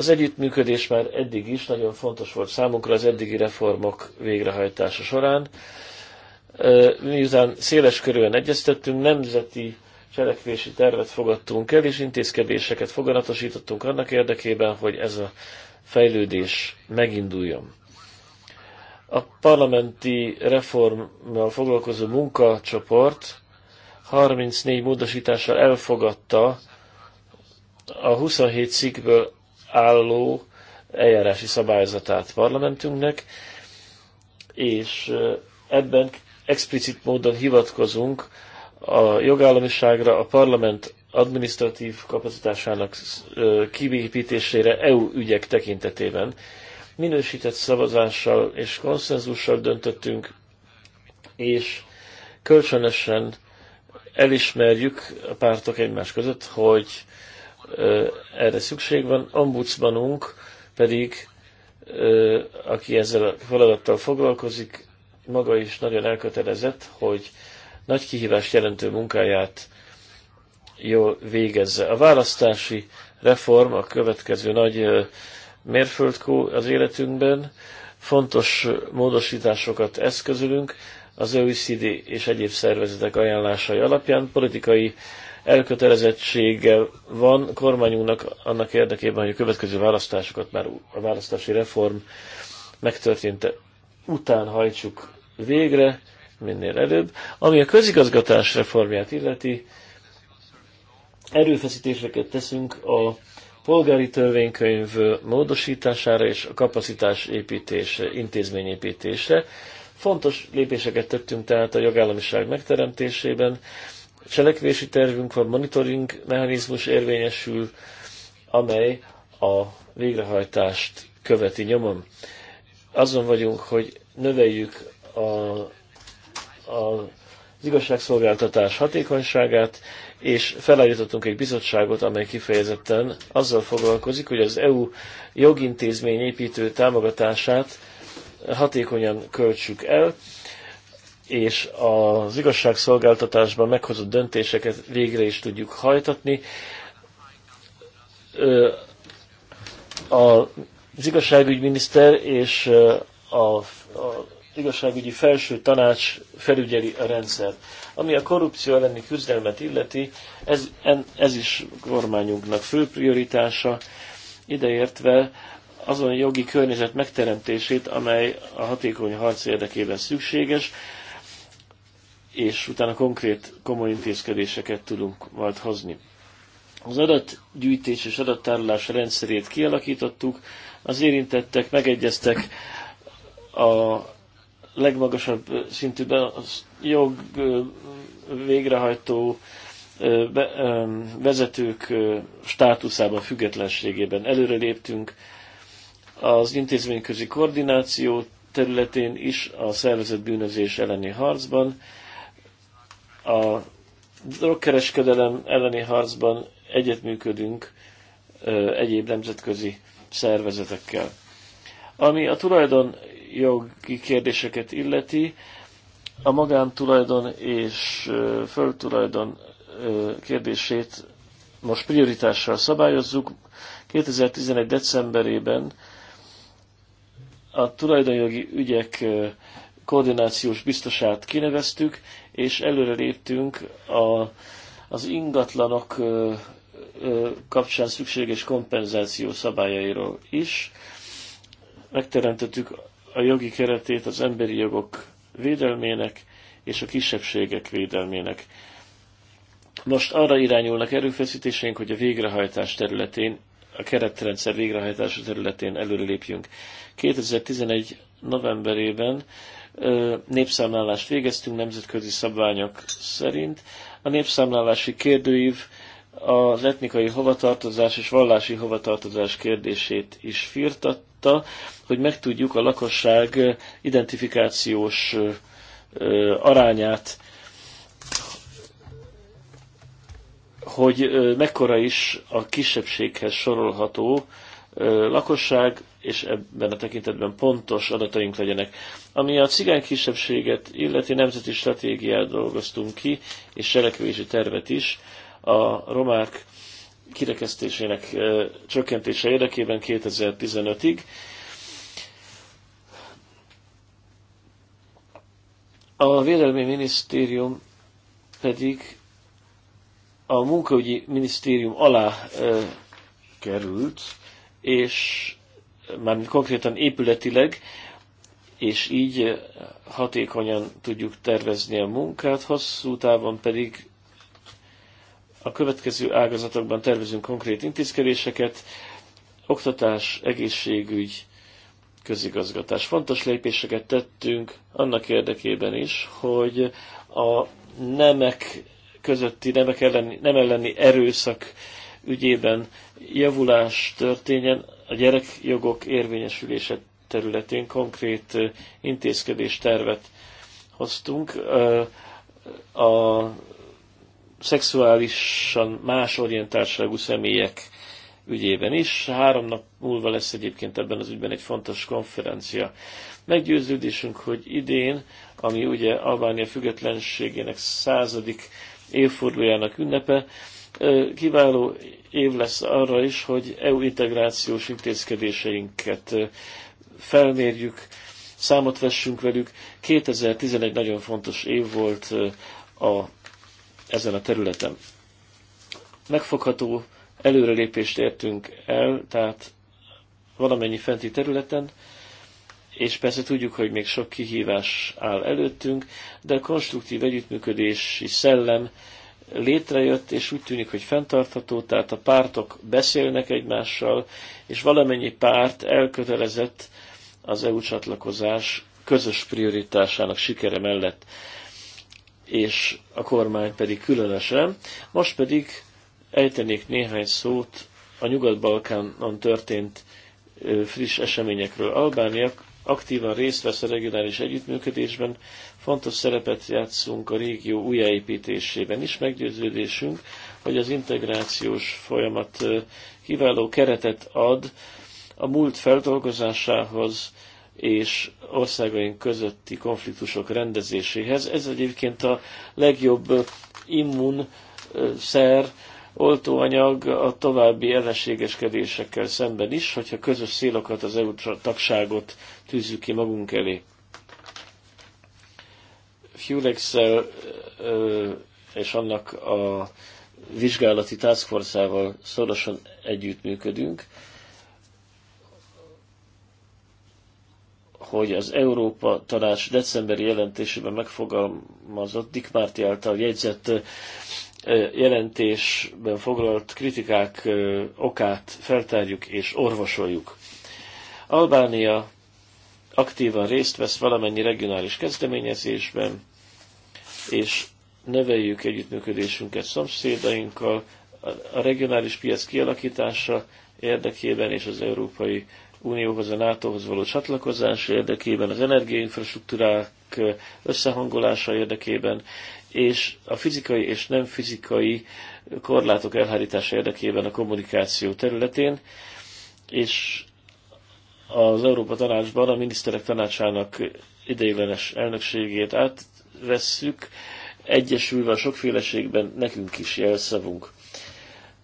Az együttműködés már eddig is nagyon fontos volt számunkra az eddigi reformok végrehajtása során. Miután széles körülön egyeztettünk, nemzeti cselekvési tervet fogadtunk el, és intézkedéseket foganatosítottunk annak érdekében, hogy ez a fejlődés meginduljon. A parlamenti reformmal foglalkozó munkacsoport 34 módosítással elfogadta a 27 cikkből álló eljárási szabályzatát parlamentünknek, és ebben explicit módon hivatkozunk a jogállamiságra, a parlament adminisztratív kapacitásának kivépítésére EU ügyek tekintetében. Minősített szavazással és konszenzussal döntöttünk, és kölcsönösen elismerjük a pártok egymás között, hogy erre szükség van. Ombudsmanunk pedig, aki ezzel a feladattal foglalkozik, maga is nagyon elkötelezett, hogy nagy kihívást jelentő munkáját jól végezze. A választási reform a következő nagy mérföldkó az életünkben. Fontos módosításokat eszközülünk az OECD és egyéb szervezetek ajánlásai alapján. Politikai elkötelezettsége van kormányunknak annak érdekében, hogy a következő választásokat már a választási reform megtörténte után hajtsuk végre, minél előbb. Ami a közigazgatás reformját illeti, erőfeszítéseket teszünk a polgári törvénykönyv módosítására és a kapacitás építése, intézményépítése. Fontos lépéseket tettünk tehát a jogállamiság megteremtésében, cselekvési tervünk van, monitoring mechanizmus érvényesül, amely a végrehajtást követi nyomon. Azon vagyunk, hogy növeljük a, a az igazságszolgáltatás hatékonyságát, és felállítottunk egy bizottságot, amely kifejezetten azzal foglalkozik, hogy az EU jogintézmény építő támogatását hatékonyan költsük el, és az igazságszolgáltatásban meghozott döntéseket végre is tudjuk hajtatni. Az igazságügyminiszter és az igazságügyi felső tanács felügyeli a rendszer. Ami a korrupció elleni küzdelmet illeti, ez, ez is kormányunknak fő prioritása, ideértve azon jogi környezet megteremtését, amely a hatékony harc érdekében szükséges, és utána konkrét komoly intézkedéseket tudunk majd hozni. Az adatgyűjtés és adattárolás rendszerét kialakítottuk, az érintettek megegyeztek a legmagasabb be, az jog végrehajtó vezetők státuszában, függetlenségében léptünk. Az intézményközi koordináció területén is a szervezett bűnözés elleni harcban, a drogkereskedelem elleni harcban egyetműködünk egyéb nemzetközi szervezetekkel. Ami a tulajdonjogi kérdéseket illeti, a magántulajdon és földtulajdon kérdését most prioritással szabályozzuk. 2011. decemberében a tulajdonjogi ügyek koordinációs biztosát kineveztük, és előre léptünk a, az ingatlanok ö, ö, kapcsán szükséges kompenzáció szabályairól is. Megteremtettük a jogi keretét az emberi jogok védelmének és a kisebbségek védelmének. Most arra irányulnak erőfeszítéseink, hogy a végrehajtás területén, a keretrendszer végrehajtása területén előrelépjünk. 2011. novemberében Népszámlálást végeztünk nemzetközi szabványok szerint. A népszámlálási kérdőív az etnikai hovatartozás és vallási hovatartozás kérdését is firtatta, hogy megtudjuk a lakosság identifikációs arányát, hogy mekkora is a kisebbséghez sorolható lakosság, és ebben a tekintetben pontos adataink legyenek. Ami a cigány kisebbséget illeti nemzeti stratégiát dolgoztunk ki, és selekvési tervet is, a romák kirekesztésének csökkentése érdekében 2015-ig. A Védelmi Minisztérium pedig a munkaügyi minisztérium alá került, és mármint konkrétan épületileg, és így eh, hatékonyan tudjuk tervezni a munkát, hosszú távon pedig a következő ágazatokban tervezünk konkrét intézkedéseket, oktatás, egészségügy, közigazgatás. Fontos lépéseket tettünk annak érdekében is, hogy a nemek közötti, nemek elleni, nem elleni erőszak ügyében javulás történjen, a gyerekjogok érvényesülése területén konkrét intézkedés tervet hoztunk. A szexuálisan más orientáltságú személyek ügyében is. Három nap múlva lesz egyébként ebben az ügyben egy fontos konferencia. Meggyőződésünk, hogy idén, ami ugye Albánia függetlenségének századik évfordulójának ünnepe, Kiváló év lesz arra is, hogy EU integrációs intézkedéseinket felmérjük, számot vessünk velük. 2011 nagyon fontos év volt a, ezen a területen. Megfogható előrelépést értünk el, tehát valamennyi fenti területen, és persze tudjuk, hogy még sok kihívás áll előttünk, de a konstruktív együttműködési szellem létrejött, és úgy tűnik, hogy fenntartható, tehát a pártok beszélnek egymással, és valamennyi párt elkötelezett az EU csatlakozás közös prioritásának sikere mellett, és a kormány pedig különösen. Most pedig ejtenék néhány szót a Nyugat-Balkánon történt friss eseményekről. Albánia aktívan részt vesz a regionális együttműködésben, fontos szerepet játszunk a régió újjáépítésében is. Meggyőződésünk, hogy az integrációs folyamat kiváló keretet ad a múlt feldolgozásához és országaink közötti konfliktusok rendezéséhez. Ez egyébként a legjobb immunszer, oltóanyag a további ellenségeskedésekkel szemben is, hogyha közös célokat, az EU tagságot tűzzük ki magunk elé. fulex és annak a vizsgálati taskforce szorosan együttműködünk, hogy az Európa Tanács decemberi jelentésében megfogalmazott Dick Márti által jegyzett jelentésben foglalt kritikák okát feltárjuk és orvosoljuk. Albánia aktívan részt vesz valamennyi regionális kezdeményezésben, és növeljük együttműködésünket szomszédainkkal, a regionális piac kialakítása érdekében és az Európai Unióhoz, a NATO-hoz való csatlakozás érdekében, az energiainfrastruktúrák összehangolása érdekében, és a fizikai és nem fizikai korlátok elhárítása érdekében a kommunikáció területén, és az Európa Tanácsban a miniszterek tanácsának ideiglenes elnökségét átvesszük, egyesülve a sokféleségben nekünk is jelszavunk.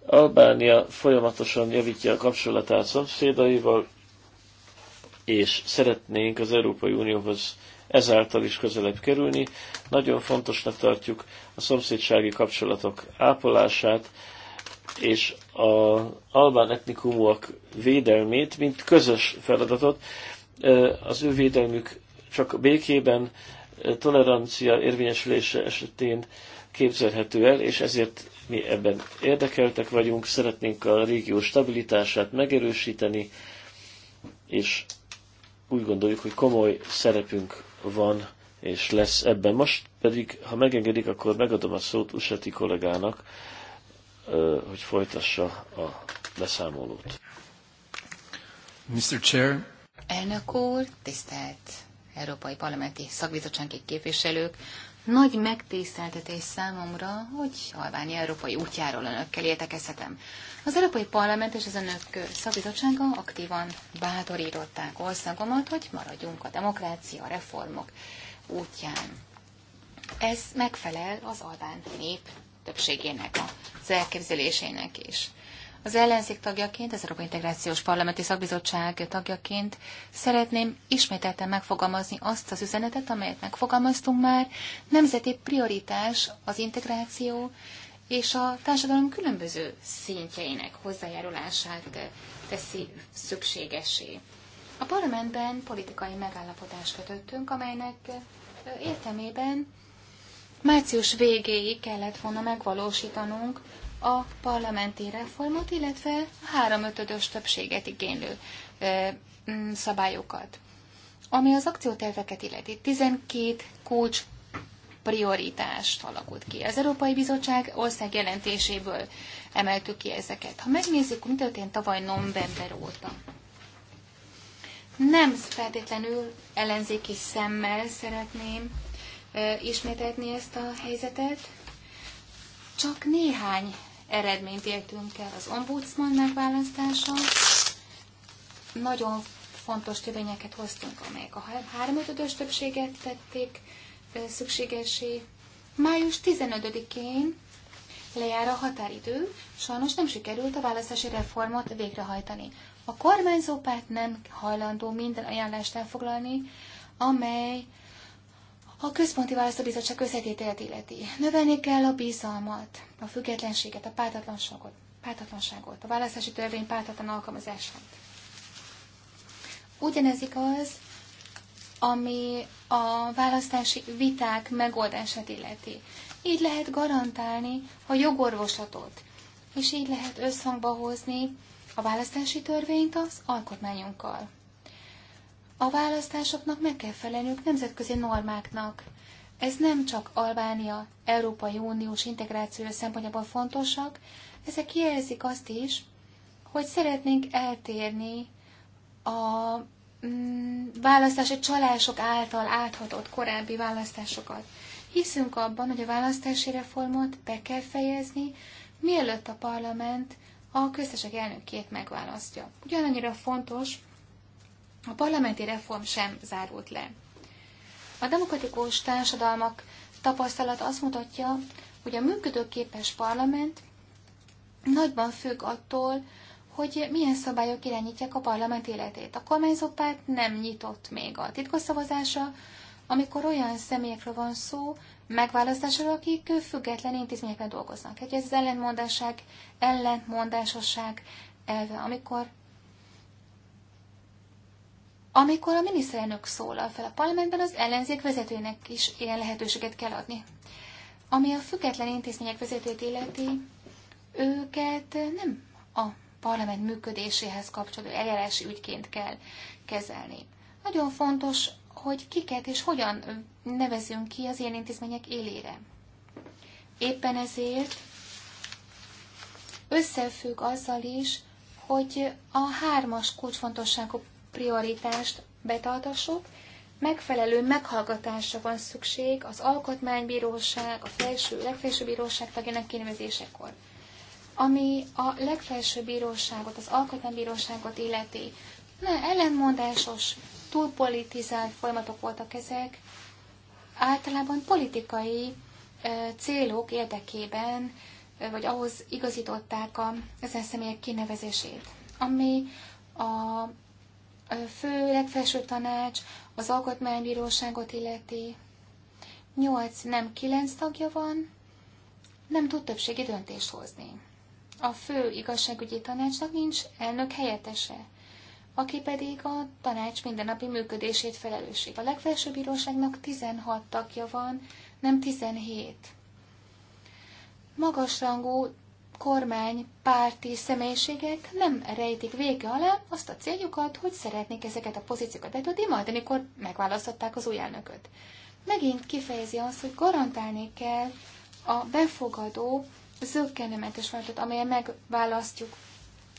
Albánia folyamatosan javítja a kapcsolatát szomszédaival, és szeretnénk az Európai Unióhoz ezáltal is közelebb kerülni. Nagyon fontosnak tartjuk a szomszédsági kapcsolatok ápolását és az albán etnikumok védelmét, mint közös feladatot. Az ő védelmük csak békében, tolerancia érvényesülése esetén képzelhető el, és ezért mi ebben érdekeltek vagyunk, szeretnénk a régió stabilitását megerősíteni, és úgy gondoljuk, hogy komoly szerepünk van és lesz ebben. Most pedig, ha megengedik, akkor megadom a szót Useti kollégának, hogy folytassa a beszámolót. Mr. Chair. Elnök úr, tisztelt Európai Parlamenti Szakbizottsági képviselők, nagy megtiszteltetés számomra, hogy halvány európai útjáról önökkel értekezhetem. Az Európai Parlament és az önök szabizottsága aktívan bátorították országomat, hogy maradjunk a demokrácia, a reformok útján. Ez megfelel az albán nép többségének az elképzelésének is. Az ellenzék tagjaként, az Európai Integrációs Parlamenti Szakbizottság tagjaként szeretném ismételten megfogalmazni azt az üzenetet, amelyet megfogalmaztunk már. Nemzeti prioritás az integráció és a társadalom különböző szintjeinek hozzájárulását teszi szükségesé. A parlamentben politikai megállapodást kötöttünk, amelynek értelmében március végéig kellett volna megvalósítanunk a parlamenti reformot, illetve a háromötödös többséget igénylő ö, mm, szabályokat. Ami az akcióterveket illeti, 12 kulcs prioritást alakult ki. Az Európai Bizottság ország jelentéséből emeltük ki ezeket. Ha megnézzük, mi történt tavaly november óta. Nem feltétlenül ellenzéki szemmel szeretném ismételni ezt a helyzetet, csak néhány eredményt értünk el. Az ombudsman megválasztása, nagyon fontos törvényeket hoztunk, amelyek a háromötödös többséget tették szükségesé. Május 15-én lejár a határidő, sajnos nem sikerült a választási reformot végrehajtani. A kormányzópárt nem hajlandó minden ajánlást elfoglalni, amely a központi választóbizottság összetételt illeti. Növelni kell a bizalmat, a függetlenséget, a pártatlanságot, pártatlanságot a választási törvény pártatlan alkalmazását. Ugyanez igaz, ami a választási viták megoldását illeti. Így lehet garantálni a jogorvoslatot, és így lehet összhangba hozni a választási törvényt az alkotmányunkkal. A választásoknak meg kell felelniük nemzetközi normáknak. Ez nem csak Albánia Európai Uniós integrációja szempontjából fontosak, ezek jelzik azt is, hogy szeretnénk eltérni a mm, választási csalások által áthatott korábbi választásokat. Hiszünk abban, hogy a választási reformot be kell fejezni, mielőtt a parlament a köztesek elnökét megválasztja. Ugyanannyira fontos, a parlamenti reform sem zárult le. A demokratikus társadalmak tapasztalat azt mutatja, hogy a működőképes parlament nagyban függ attól, hogy milyen szabályok irányítják a parlament életét. A kormányzópárt nem nyitott még a titkosszavazása, amikor olyan személyekről van szó, megválasztásról, akik független intézményekben dolgoznak. Egy ez az ellentmondásság, ellentmondásosság elve, amikor amikor a miniszterelnök szólal fel a parlamentben, az ellenzék vezetőjének is ilyen lehetőséget kell adni. Ami a független intézmények vezetőt illeti, őket nem a parlament működéséhez kapcsolódó eljárási ügyként kell kezelni. Nagyon fontos, hogy kiket és hogyan nevezünk ki az ilyen intézmények élére. Éppen ezért összefügg azzal is, hogy a hármas kulcsfontosságú prioritást betartassuk, megfelelő meghallgatásra van szükség az alkotmánybíróság, a felső, legfelső bíróság tagjának kinevezésekor. Ami a legfelső bíróságot, az alkotmánybíróságot illeti, ne ellenmondásos, túlpolitizált folyamatok voltak ezek, általában politikai célok érdekében, vagy ahhoz igazították a, ezen személyek kinevezését, ami a a fő legfelső tanács az alkotmánybíróságot illeti. Nyolc, nem kilenc tagja van, nem tud többségi döntést hozni. A fő igazságügyi tanácsnak nincs elnök helyettese, aki pedig a tanács mindennapi működését felelősség. A legfelső bíróságnak 16 tagja van, nem 17. Magasrangú kormány párti személyiségek nem rejtik vége alá azt a céljukat, hogy szeretnék ezeket a pozíciókat betölteni, majd amikor megválasztották az új elnököt. Megint kifejezi azt, hogy garantálni kell a befogadó zöggenőmentes feladatot, amelyen megválasztjuk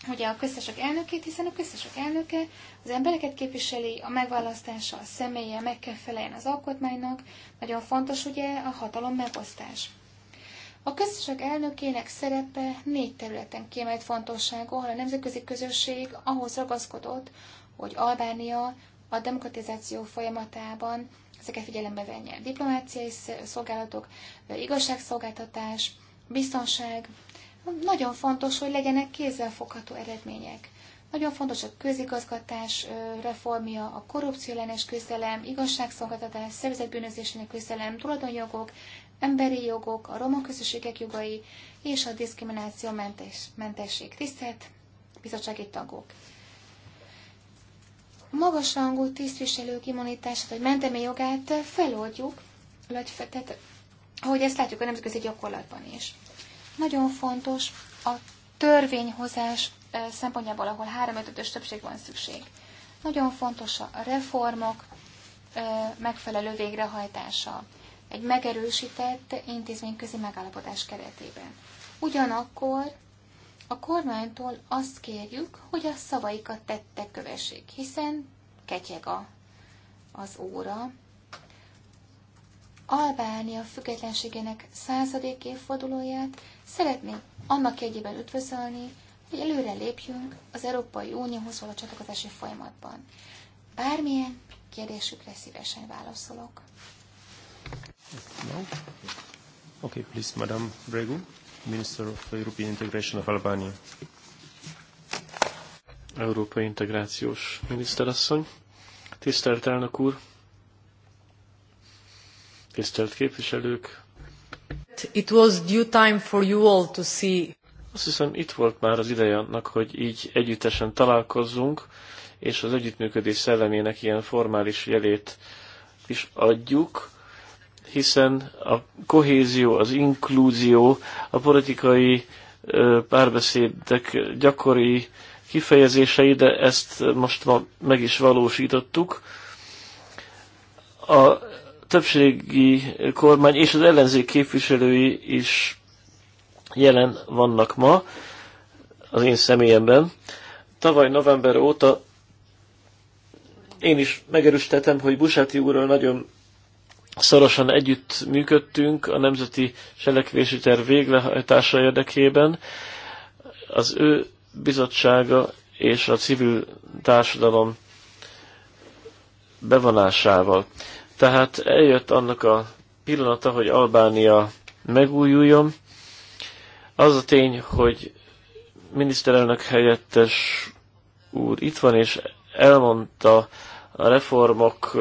ugye a köztesek elnökét, hiszen a köztesek elnöke az embereket képviseli, a megválasztása a személye meg kell feleljen az alkotmánynak. Nagyon fontos ugye a hatalom megosztás. A közösség elnökének szerepe négy területen kiemelt fontosságú, ahol a nemzetközi közösség ahhoz ragaszkodott, hogy Albánia a demokratizáció folyamatában ezeket figyelembe venje. Diplomáciai szolgálatok, igazságszolgáltatás, biztonság. Nagyon fontos, hogy legyenek kézzelfogható eredmények. Nagyon fontos a közigazgatás reformja, a ellenes küzdelem, igazságszolgáltatás, szervezetbűnözésének küzdelem, tulajdonjogok, emberi jogok, a roma közösségek jogai és a diszkrimináció mentes, mentesség. Tisztelt bizottsági tagok! magasrangú tisztviselők immunitását, vagy mentemi jogát feloldjuk, vagy, tehát, ahogy ezt látjuk a nemzetközi gyakorlatban is. Nagyon fontos a törvényhozás szempontjából, ahol 3 5 többség van szükség. Nagyon fontos a reformok megfelelő végrehajtása egy megerősített intézményközi megállapodás keretében. Ugyanakkor a kormánytól azt kérjük, hogy a szavaikat tettek kövessék, hiszen ketyeg a, az óra. Albánia függetlenségének századék évfordulóját szeretnék annak jegyében üdvözölni, hogy előre lépjünk az Európai Unióhoz való csatlakozási folyamatban. Bármilyen kérdésükre szívesen válaszolok. No? Okay, please, Madame Bregu, Minister of European Integration of Albania. Európai Integrációs Miniszterasszony, tisztelt elnök úr, tisztelt képviselők. It was due time for you all to see. Azt hiszem, itt volt már az ideje annak, hogy így együttesen találkozzunk, és az együttműködés szellemének ilyen formális jelét is adjuk hiszen a kohézió, az inklúzió, a politikai párbeszédek gyakori kifejezései, de ezt most ma meg is valósítottuk. A többségi kormány és az ellenzék képviselői is jelen vannak ma, az én személyemben. Tavaly november óta én is megerősítettem, hogy Busáti úrral nagyon Szorosan együtt működtünk a Nemzeti Selekvési Terv végrehajtása érdekében. Az ő bizottsága és a civil társadalom bevonásával. Tehát eljött annak a pillanata, hogy Albánia megújuljon. Az a tény, hogy miniszterelnök helyettes úr itt van, és elmondta a reformok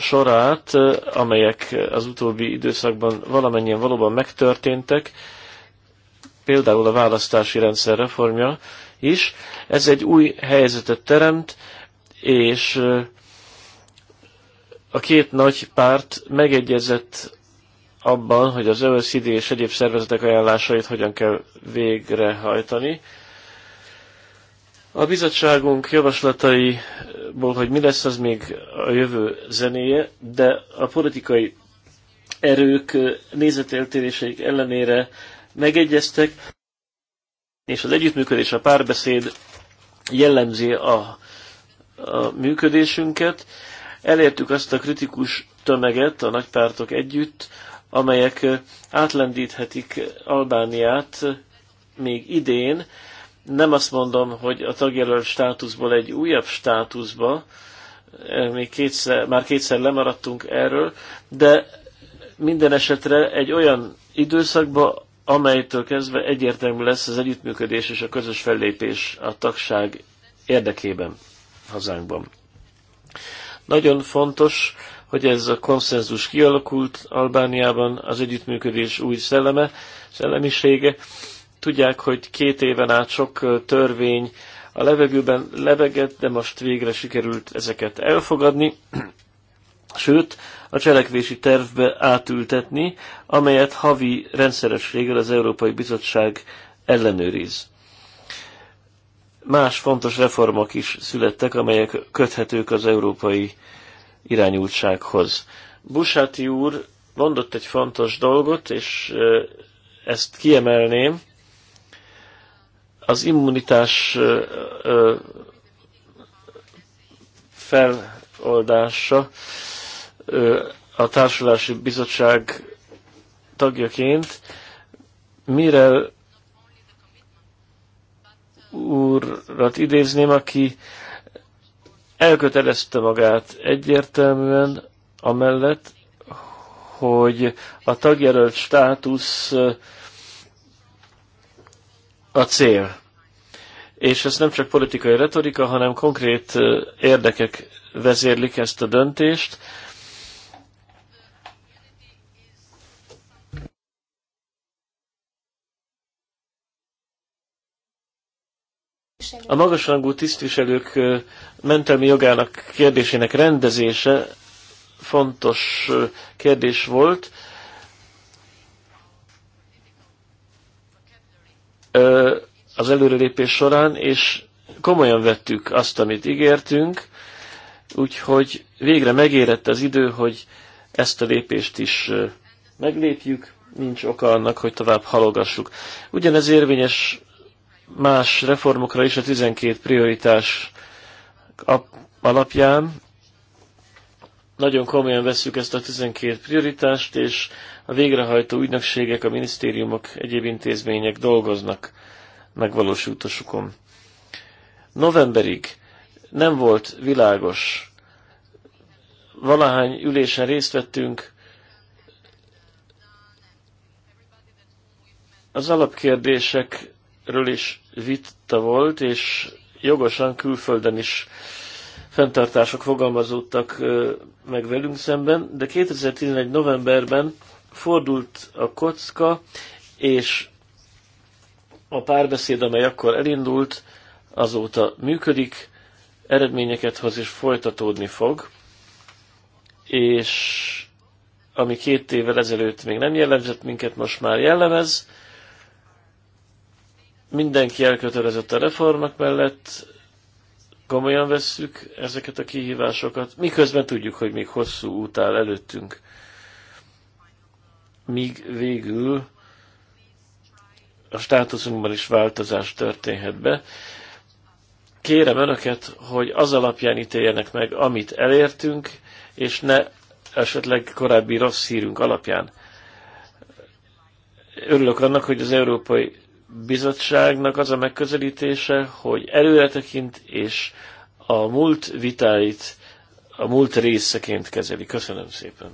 sorát, eh, amelyek az utóbbi időszakban valamennyien valóban megtörténtek, például a választási rendszer reformja is. Ez egy új helyzetet teremt, és eh, a két nagy párt megegyezett abban, hogy az OECD és egyéb szervezetek ajánlásait hogyan kell végrehajtani. A bizottságunk javaslatai Bolt, hogy mi lesz, az még a jövő zenéje, de a politikai erők nézeteltéréseik ellenére megegyeztek, és az együttműködés, a párbeszéd jellemzi a, a működésünket. Elértük azt a kritikus tömeget a nagypártok együtt, amelyek átlendíthetik Albániát még idén, nem azt mondom, hogy a tagjelölt státuszból egy újabb státuszba, eh, mi kétszer, már kétszer lemaradtunk erről, de minden esetre egy olyan időszakba, amelytől kezdve egyértelmű lesz az együttműködés és a közös fellépés a tagság érdekében hazánkban. Nagyon fontos, hogy ez a konszenzus kialakult Albániában, az együttműködés új szelleme, szellemisége, Tudják, hogy két éven át sok törvény a levegőben leveget, de most végre sikerült ezeket elfogadni, sőt, a cselekvési tervbe átültetni, amelyet havi rendszerességgel az Európai Bizottság ellenőriz. Más fontos reformok is születtek, amelyek köthetők az európai irányultsághoz. Busáti úr mondott egy fontos dolgot, és ezt kiemelném, az immunitás feloldása a társulási bizottság tagjaként, mire úrat idézném, aki elkötelezte magát egyértelműen amellett, hogy a tagjelölt státusz a cél. És ez nem csak politikai retorika, hanem konkrét érdekek vezérlik ezt a döntést. A magasrangú tisztviselők mentelmi jogának kérdésének rendezése fontos kérdés volt, az előrelépés során, és komolyan vettük azt, amit ígértünk, úgyhogy végre megérett az idő, hogy ezt a lépést is meglépjük, nincs oka annak, hogy tovább halogassuk. Ugyanez érvényes más reformokra is a 12 prioritás alapján, nagyon komolyan vesszük ezt a 12 prioritást, és a végrehajtó ügynökségek, a minisztériumok, egyéb intézmények dolgoznak megvalósításukon. Novemberig nem volt világos. Valahány ülésen részt vettünk. Az alapkérdésekről is vitta volt, és jogosan külföldön is fenntartások fogalmazódtak meg velünk szemben, de 2011. novemberben fordult a kocka, és a párbeszéd, amely akkor elindult, azóta működik, eredményeket hoz és folytatódni fog, és ami két évvel ezelőtt még nem jellemzett minket, most már jellemez. Mindenki elkötelezett a reformak mellett, komolyan vesszük ezeket a kihívásokat, miközben tudjuk, hogy még hosszú út áll előttünk, míg végül a státuszunkban is változás történhet be. Kérem Önöket, hogy az alapján ítéljenek meg, amit elértünk, és ne esetleg korábbi rossz hírünk alapján. Örülök annak, hogy az Európai bizottságnak az a megközelítése, hogy előre tekint és a múlt vitáit a múlt részeként kezeli. Köszönöm szépen.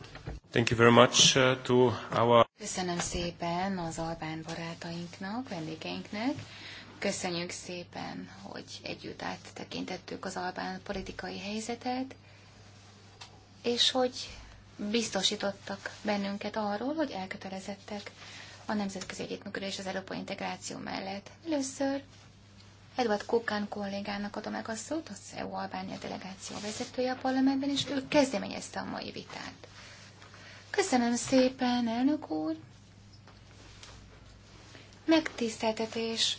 Thank you very much uh, to our... Köszönöm szépen az albán barátainknak, vendégeinknek. Köszönjük szépen, hogy együtt áttekintettük az albán politikai helyzetet, és hogy biztosítottak bennünket arról, hogy elkötelezettek a nemzetközi együttműködés az Európai Integráció mellett. Először Edward Kukán kollégának adom meg a szót, az EU Albánia delegáció vezetője a parlamentben, és ő kezdeményezte a mai vitát. Köszönöm szépen, elnök úr! Megtiszteltetés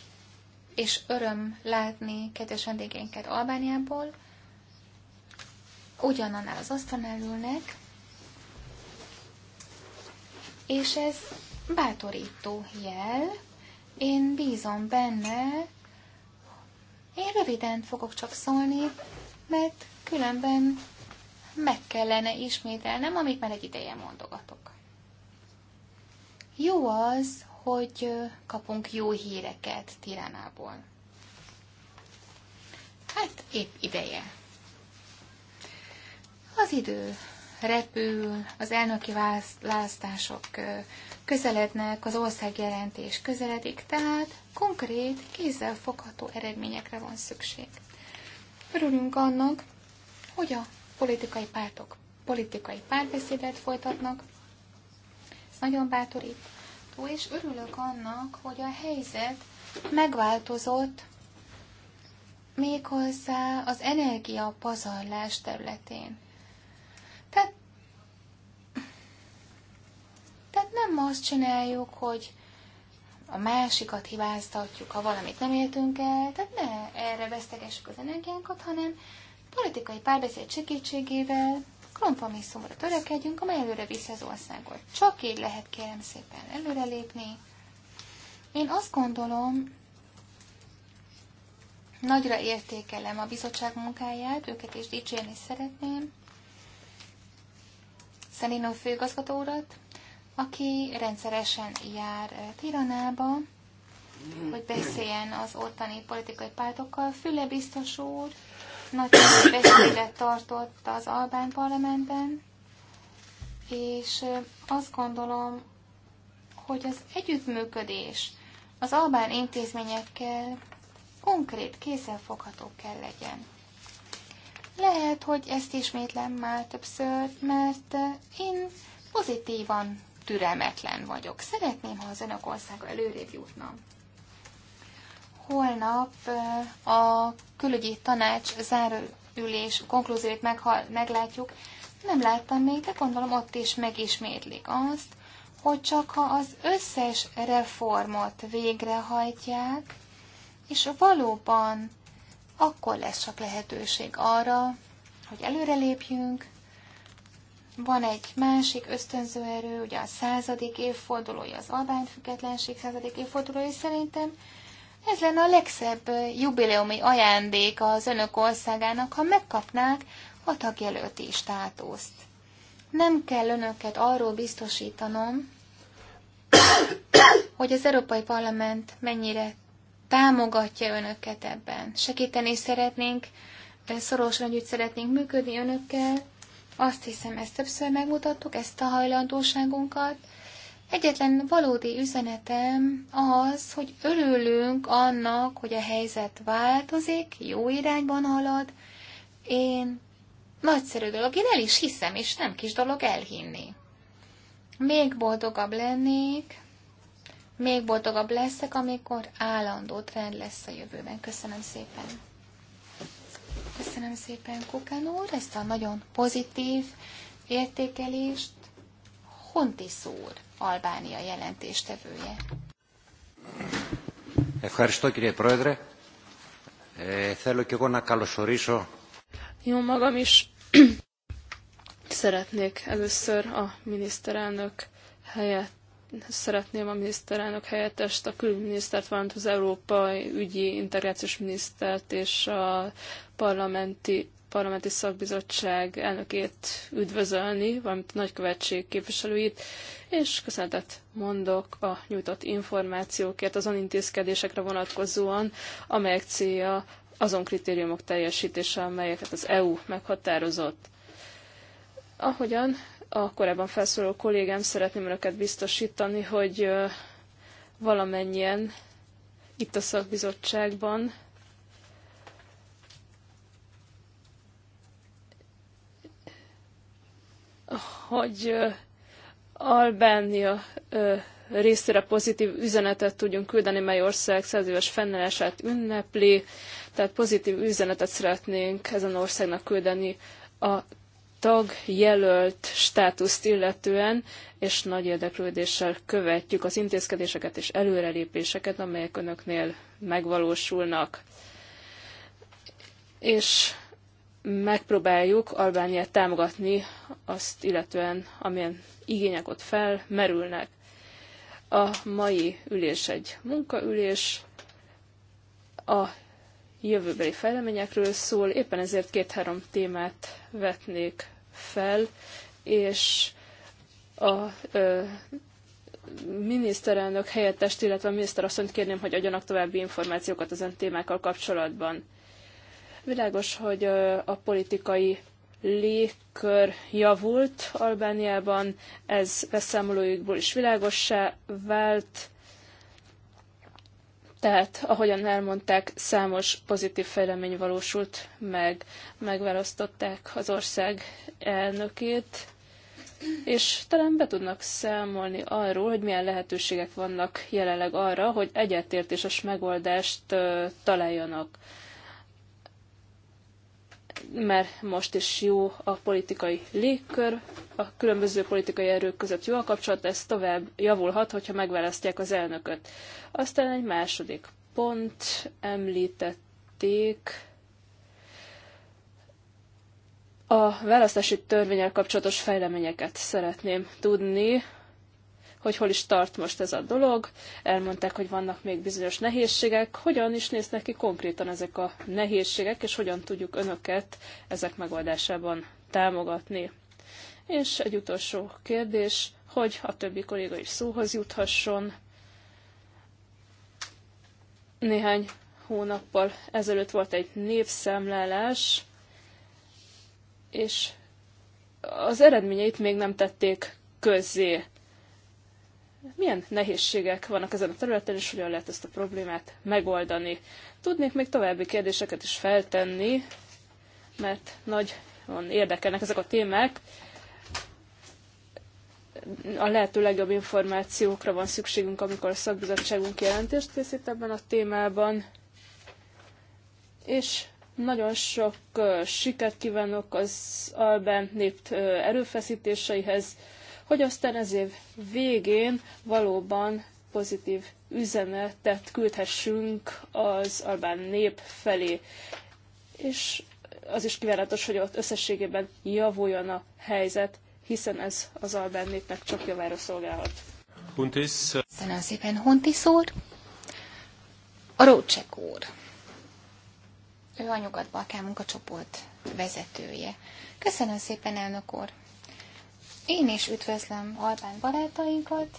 és öröm látni kedves vendégeinket Albániából. Ugyanannál az asztalnál ülnek, és ez bátorító jel. Én bízom benne. Én röviden fogok csak szólni, mert különben meg kellene ismételnem, amit már egy ideje mondogatok. Jó az, hogy kapunk jó híreket Tiránából. Hát épp ideje. Az idő repül, az elnöki választások közelednek, az országjelentés közeledik, tehát konkrét, fogható eredményekre van szükség. Örülünk annak, hogy a politikai pártok politikai párbeszédet folytatnak. Ez nagyon bátorító, és örülök annak, hogy a helyzet megváltozott méghozzá az energia pazarlás területén. Tehát, tehát nem azt csináljuk, hogy a másikat hibáztatjuk, ha valamit nem értünk. el, tehát ne erre vesztegessük az energiánkat, hanem politikai párbeszéd segítségével kompromisszumra törekedjünk, amely előre viszi az országot. Csak így lehet kérem szépen előrelépni. Én azt gondolom, nagyra értékelem a bizottság munkáját, őket is dicsérni szeretném. Szelino főgazgató urat, aki rendszeresen jár eh, Tiranába, hogy beszéljen az ottani politikai pártokkal. Füle biztos úr nagy beszédet tartott az Albán parlamentben, és eh, azt gondolom, hogy az együttműködés az albán intézményekkel konkrét, kézzelfogható kell legyen. Lehet, hogy ezt ismétlem már többször, mert én pozitívan türelmetlen vagyok. Szeretném, ha az önök országa előrébb jutna. Holnap eh, a külügyi tanács zárülés konklúzióit meglátjuk. Nem láttam még, de gondolom ott is megismétlik azt, hogy csak ha az összes reformot végrehajtják, és valóban akkor lesz csak lehetőség arra, hogy előrelépjünk. Van egy másik ösztönző erő, ugye a századik évfordulója, az albányfüggetlenség századik évfordulója, szerintem ez lenne a legszebb jubileumi ajándék az önök országának, ha megkapnák a tagjelölti státuszt. Nem kell önöket arról biztosítanom, hogy az Európai Parlament mennyire támogatja önöket ebben. Segíteni szeretnénk, szorosan együtt szeretnénk működni önökkel. Azt hiszem, ezt többször megmutattuk, ezt a hajlandóságunkat. Egyetlen valódi üzenetem az, hogy örülünk annak, hogy a helyzet változik, jó irányban halad. Én nagyszerű dolog, én el is hiszem, és nem kis dolog elhinni. Még boldogabb lennék, még boldogabb leszek, amikor állandó trend lesz a jövőben. Köszönöm szépen! Köszönöm szépen, Kukán úr, ezt a nagyon pozitív értékelést. Honti szúr, Albánia jelentéstevője. Ευχαριστώ κύριε Πρόεδρε. Ε, θέλω και εγώ να καλωσορίσω. Jó magam is szeretnék először a miniszterelnök helyett szeretném a miniszterelnök helyettest, a külügyminisztert, valamint az Európai Ügyi Integrációs Minisztert és a parlamenti, parlamenti szakbizottság elnökét üdvözölni, valamint a nagykövetség képviselőit, és köszönetet mondok a nyújtott információkért azon intézkedésekre vonatkozóan, amelyek célja azon kritériumok teljesítése, amelyeket az EU meghatározott. Ahogyan a korábban felszóló kollégám szeretném önöket biztosítani, hogy valamennyien itt a szakbizottságban hogy Albánia részére pozitív üzenetet tudjunk küldeni, mely ország száz éves fennállását ünnepli, tehát pozitív üzenetet szeretnénk ezen országnak küldeni a tagjelölt státuszt illetően, és nagy érdeklődéssel követjük az intézkedéseket és előrelépéseket, amelyek önöknél megvalósulnak. És megpróbáljuk Albániát támogatni azt illetően, amilyen igények ott felmerülnek. A mai ülés egy munkaülés, a jövőbeli fejleményekről szól, éppen ezért két-három témát vetnék fel, és a ö, miniszterelnök helyettest, illetve a miniszterasszonyt kérném, hogy adjanak további információkat ezen témákkal kapcsolatban. Világos, hogy a politikai légkör javult Albániában, ez beszámolóikból is világossá vált, tehát, ahogyan elmondták, számos pozitív fejlemény valósult meg. Megválasztották az ország elnökét, és talán be tudnak számolni arról, hogy milyen lehetőségek vannak jelenleg arra, hogy egyetértéses megoldást találjanak mert most is jó a politikai légkör, a különböző politikai erők között jó a kapcsolat, ez tovább javulhat, hogyha megválasztják az elnököt. Aztán egy második pont említették a választási törvényel kapcsolatos fejleményeket szeretném tudni, hogy hol is tart most ez a dolog. Elmondták, hogy vannak még bizonyos nehézségek. Hogyan is néznek ki konkrétan ezek a nehézségek, és hogyan tudjuk önöket ezek megoldásában támogatni? És egy utolsó kérdés, hogy a többi kolléga is szóhoz juthasson. Néhány hónappal ezelőtt volt egy népszámlálás, és az eredményeit még nem tették közzé milyen nehézségek vannak ezen a területen, és hogyan lehet ezt a problémát megoldani. Tudnék még további kérdéseket is feltenni, mert nagyon érdekelnek ezek a témák. A lehető legjobb információkra van szükségünk, amikor a szakbizottságunk jelentést készít ebben a témában. És nagyon sok sikert kívánok az Albán nép erőfeszítéseihez, hogy aztán ez év végén valóban pozitív üzenetet küldhessünk az albán nép felé. És az is kívánatos, hogy ott összességében javuljon a helyzet, hiszen ez az albán népnek csak javára szolgálhat. Köszönöm szépen, Huntis úr. A Rócsek úr. Ő a Nyugat-Balkán munkacsoport vezetője. Köszönöm szépen, elnök úr. Én is üdvözlöm Albán barátainkat.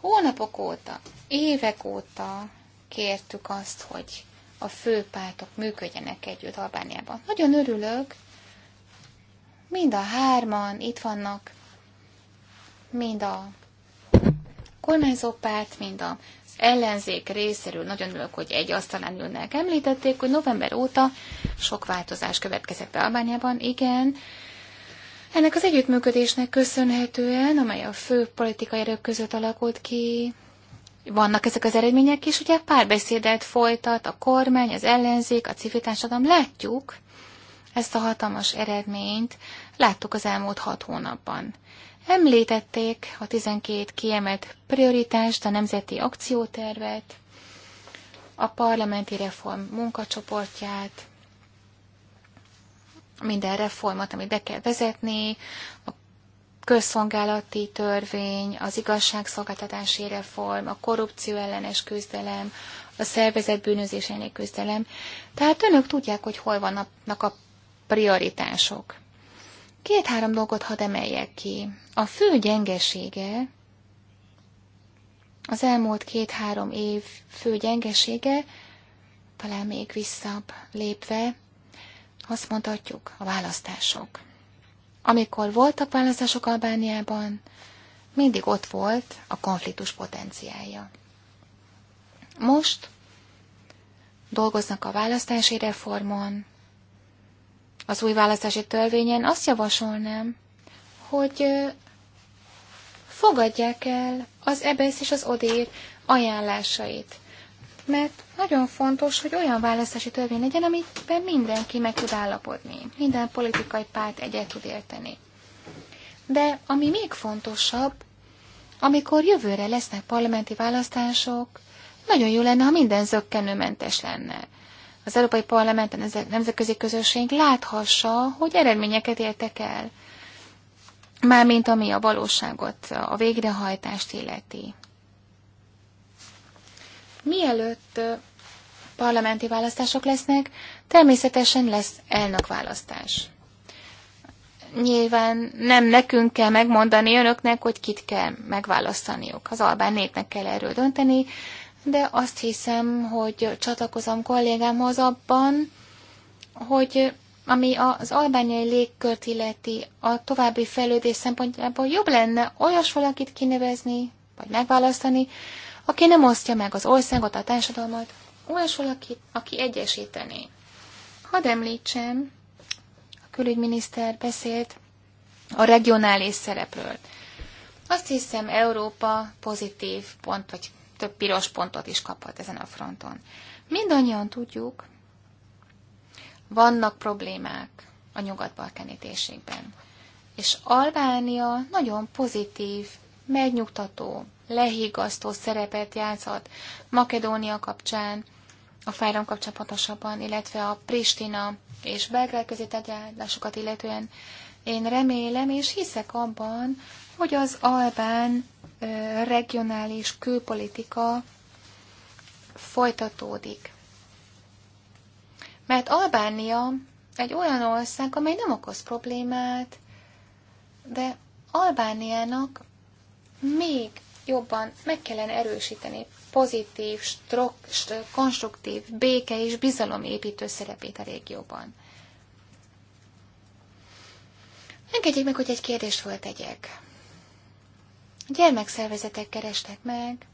Hónapok óta, évek óta kértük azt, hogy a főpártok működjenek együtt Albániában. Nagyon örülök, mind a hárman itt vannak, mind a kormányzó párt, mind a ellenzék részéről nagyon örülök, hogy egy asztalán ülnek. Említették, hogy november óta sok változás következett be Albániában. Igen, ennek az együttműködésnek köszönhetően, amely a fő politikai erők között alakult ki, vannak ezek az eredmények is, ugye párbeszédet folytat a kormány, az ellenzék, a civil társadalom. Látjuk ezt a hatalmas eredményt, láttuk az elmúlt hat hónapban. Említették a 12 kiemelt prioritást, a nemzeti akciótervet, a parlamenti reform munkacsoportját, minden reformot, amit be kell vezetni, a közszolgálati törvény, az igazságszolgáltatási reform, a korrupció ellenes küzdelem, a szervezett bűnözés elleni küzdelem. Tehát önök tudják, hogy hol vannak a prioritások. Két-három dolgot hadd emeljek ki. A fő gyengesége, az elmúlt két-három év fő gyengesége, talán még visszabb lépve, azt mondhatjuk, a választások. Amikor voltak választások Albániában, mindig ott volt a konfliktus potenciája. Most dolgoznak a választási reformon, az új választási törvényen, azt javasolnám, hogy fogadják el az EBSZ és az ODÉR ajánlásait mert nagyon fontos, hogy olyan választási törvény legyen, amiben mindenki meg tud állapodni, minden politikai párt egyet tud érteni. De ami még fontosabb, amikor jövőre lesznek parlamenti választások, nagyon jó lenne, ha minden zöggenőmentes lenne. Az Európai Parlamenten a nemzetközi közösség láthassa, hogy eredményeket értek el, mármint ami a valóságot, a végrehajtást illeti. Mielőtt parlamenti választások lesznek, természetesen lesz elnökválasztás. Nyilván nem nekünk kell megmondani önöknek, hogy kit kell megválasztaniuk. Az albán népnek kell erről dönteni, de azt hiszem, hogy csatlakozom kollégámhoz abban, hogy ami az albániai légkört illeti a további fejlődés szempontjából jobb lenne olyas valakit kinevezni, vagy megválasztani, aki nem osztja meg az országot, a társadalmat, olyas aki, aki egyesítené. Hadd említsem, a külügyminiszter beszélt a regionális szerepről. Azt hiszem, Európa pozitív pont, vagy több piros pontot is kapott ezen a fronton. Mindannyian tudjuk, vannak problémák a nyugat-balkáni térségben. És Albánia nagyon pozitív, megnyugtató lehigasztó szerepet játszott Makedónia kapcsán, a Fájrom kapcsán pontosabban, illetve a Pristina és Belgrád közé tárgyalásokat illetően. Én remélem és hiszek abban, hogy az albán regionális külpolitika folytatódik. Mert Albánia egy olyan ország, amely nem okoz problémát, de Albániának még jobban meg kellene erősíteni pozitív, strok, st- konstruktív, béke és bizalomépítő szerepét a régióban. Engedjék meg, hogy egy kérdést föltegyek. A gyermekszervezetek kerestek meg,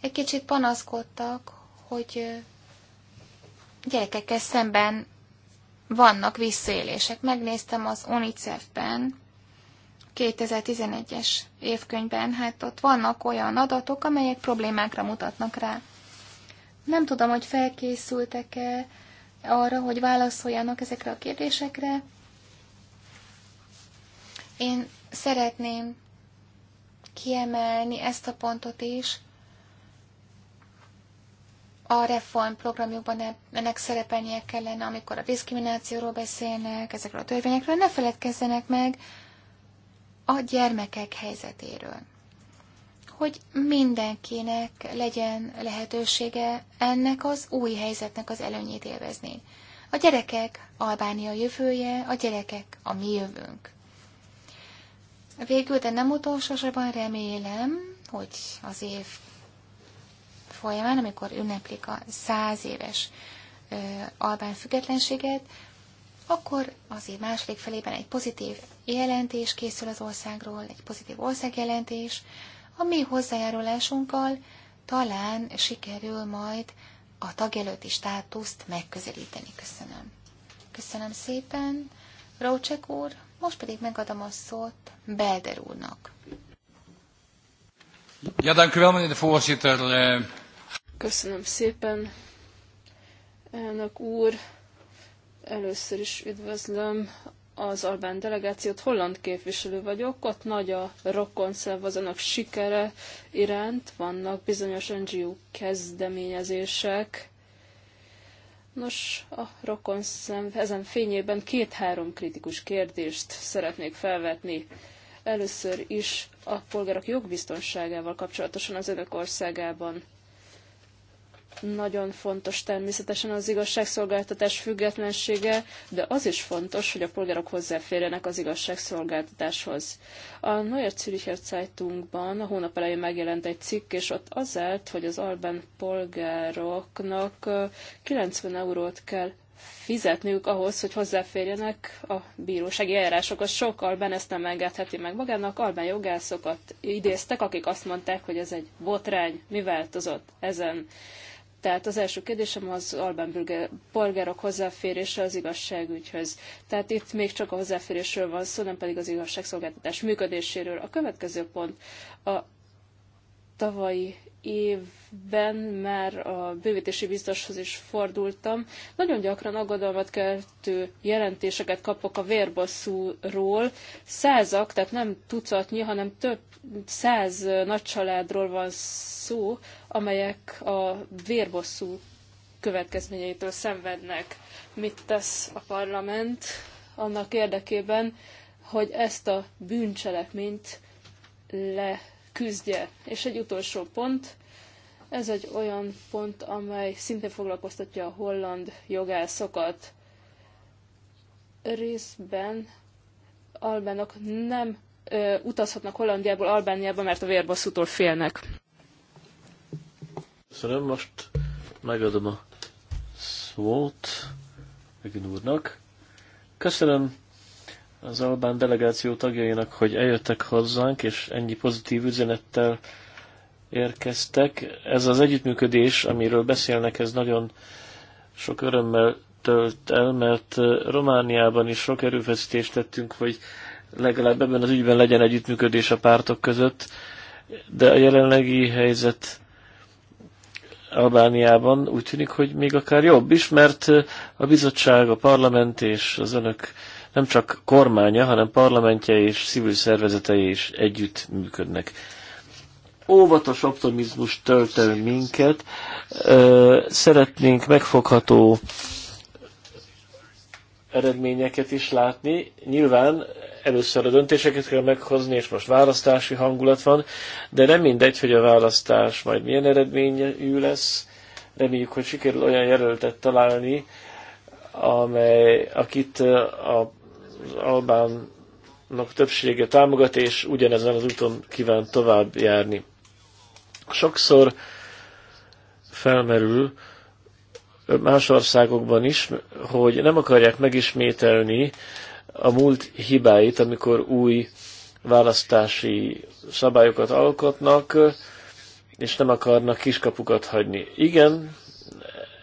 egy kicsit panaszkodtak, hogy gyerekekkel szemben vannak visszaélések. Megnéztem az UNICEF-ben, 2011-es évkönyvben, hát ott vannak olyan adatok, amelyek problémákra mutatnak rá. Nem tudom, hogy felkészültek-e arra, hogy válaszoljanak ezekre a kérdésekre. Én szeretném kiemelni ezt a pontot is. A reformprogramjukban ennek szerepelnie kellene, amikor a diszkriminációról beszélnek, ezekről a törvényekről. Ne feledkezzenek meg, a gyermekek helyzetéről. Hogy mindenkinek legyen lehetősége ennek az új helyzetnek az előnyét élvezni. A gyerekek Albánia jövője, a gyerekek a mi jövőnk. Végül, de nem utolsósorban remélem, hogy az év folyamán, amikor ünneplik a száz éves ö, albán függetlenséget, akkor az év második felében egy pozitív jelentés készül az országról, egy pozitív országjelentés, a mi hozzájárulásunkkal talán sikerül majd a tagjelölti státuszt megközelíteni. Köszönöm. Köszönöm szépen, Rócsek úr, most pedig megadom a szót Belder úrnak. Ja, eh, Köszönöm szépen, elnök úr. Először is üdvözlöm az albán delegációt, holland képviselő vagyok, ott nagy a rokonszerv az önök sikere iránt, vannak bizonyos NGO kezdeményezések. Nos, a rokonszerv ezen fényében két-három kritikus kérdést szeretnék felvetni. Először is a polgárok jogbiztonságával kapcsolatosan az önök országában nagyon fontos természetesen az igazságszolgáltatás függetlensége, de az is fontos, hogy a polgárok hozzáférjenek az igazságszolgáltatáshoz. A Neuer Züricher Zeitungban a hónap elején megjelent egy cikk, és ott az állt, hogy az albán polgároknak 90 eurót kell fizetniük ahhoz, hogy hozzáférjenek a bírósági eljárásokhoz. Sok Albán ezt nem engedheti meg magának. Albán jogászokat idéztek, akik azt mondták, hogy ez egy botrány, mi változott ezen. Tehát az első kérdésem az albán polgárok hozzáférése az igazságügyhöz. Tehát itt még csak a hozzáférésről van szó, nem pedig az igazságszolgáltatás működéséről. A következő pont a tavalyi évben már a bővítési biztoshoz is fordultam. Nagyon gyakran aggodalmat keltő jelentéseket kapok a vérbosszúról. Százak, tehát nem tucatnyi, hanem több száz nagycsaládról van szó, amelyek a vérbosszú következményeitől szenvednek. Mit tesz a parlament annak érdekében, hogy ezt a bűncselekményt le küzdje. És egy utolsó pont, ez egy olyan pont, amely szintén foglalkoztatja a holland jogászokat. Részben albánok nem ö, utazhatnak Hollandiából Albániába, mert a vérbosszútól félnek. Köszönöm, most megadom a szót Megint úrnak. Köszönöm az Albán delegáció tagjainak, hogy eljöttek hozzánk, és ennyi pozitív üzenettel érkeztek. Ez az együttműködés, amiről beszélnek, ez nagyon sok örömmel tölt el, mert Romániában is sok erőfeszítést tettünk, hogy legalább ebben az ügyben legyen együttműködés a pártok között, de a jelenlegi helyzet Albániában úgy tűnik, hogy még akár jobb is, mert a bizottság, a parlament és az önök nem csak kormánya, hanem parlamentje és civil szervezetei is együtt működnek. Óvatos optimizmus tölt el minket, szeretnénk megfogható eredményeket is látni. Nyilván először a döntéseket kell meghozni, és most választási hangulat van, de nem mindegy, hogy a választás majd milyen eredményű lesz. Reméljük, hogy sikerül olyan jelöltet találni, amely, akit a Albánnak többsége támogat, és ugyanezen az úton kíván tovább járni. Sokszor felmerül más országokban is, hogy nem akarják megismételni a múlt hibáit, amikor új választási szabályokat alkotnak, és nem akarnak kiskapukat hagyni. Igen,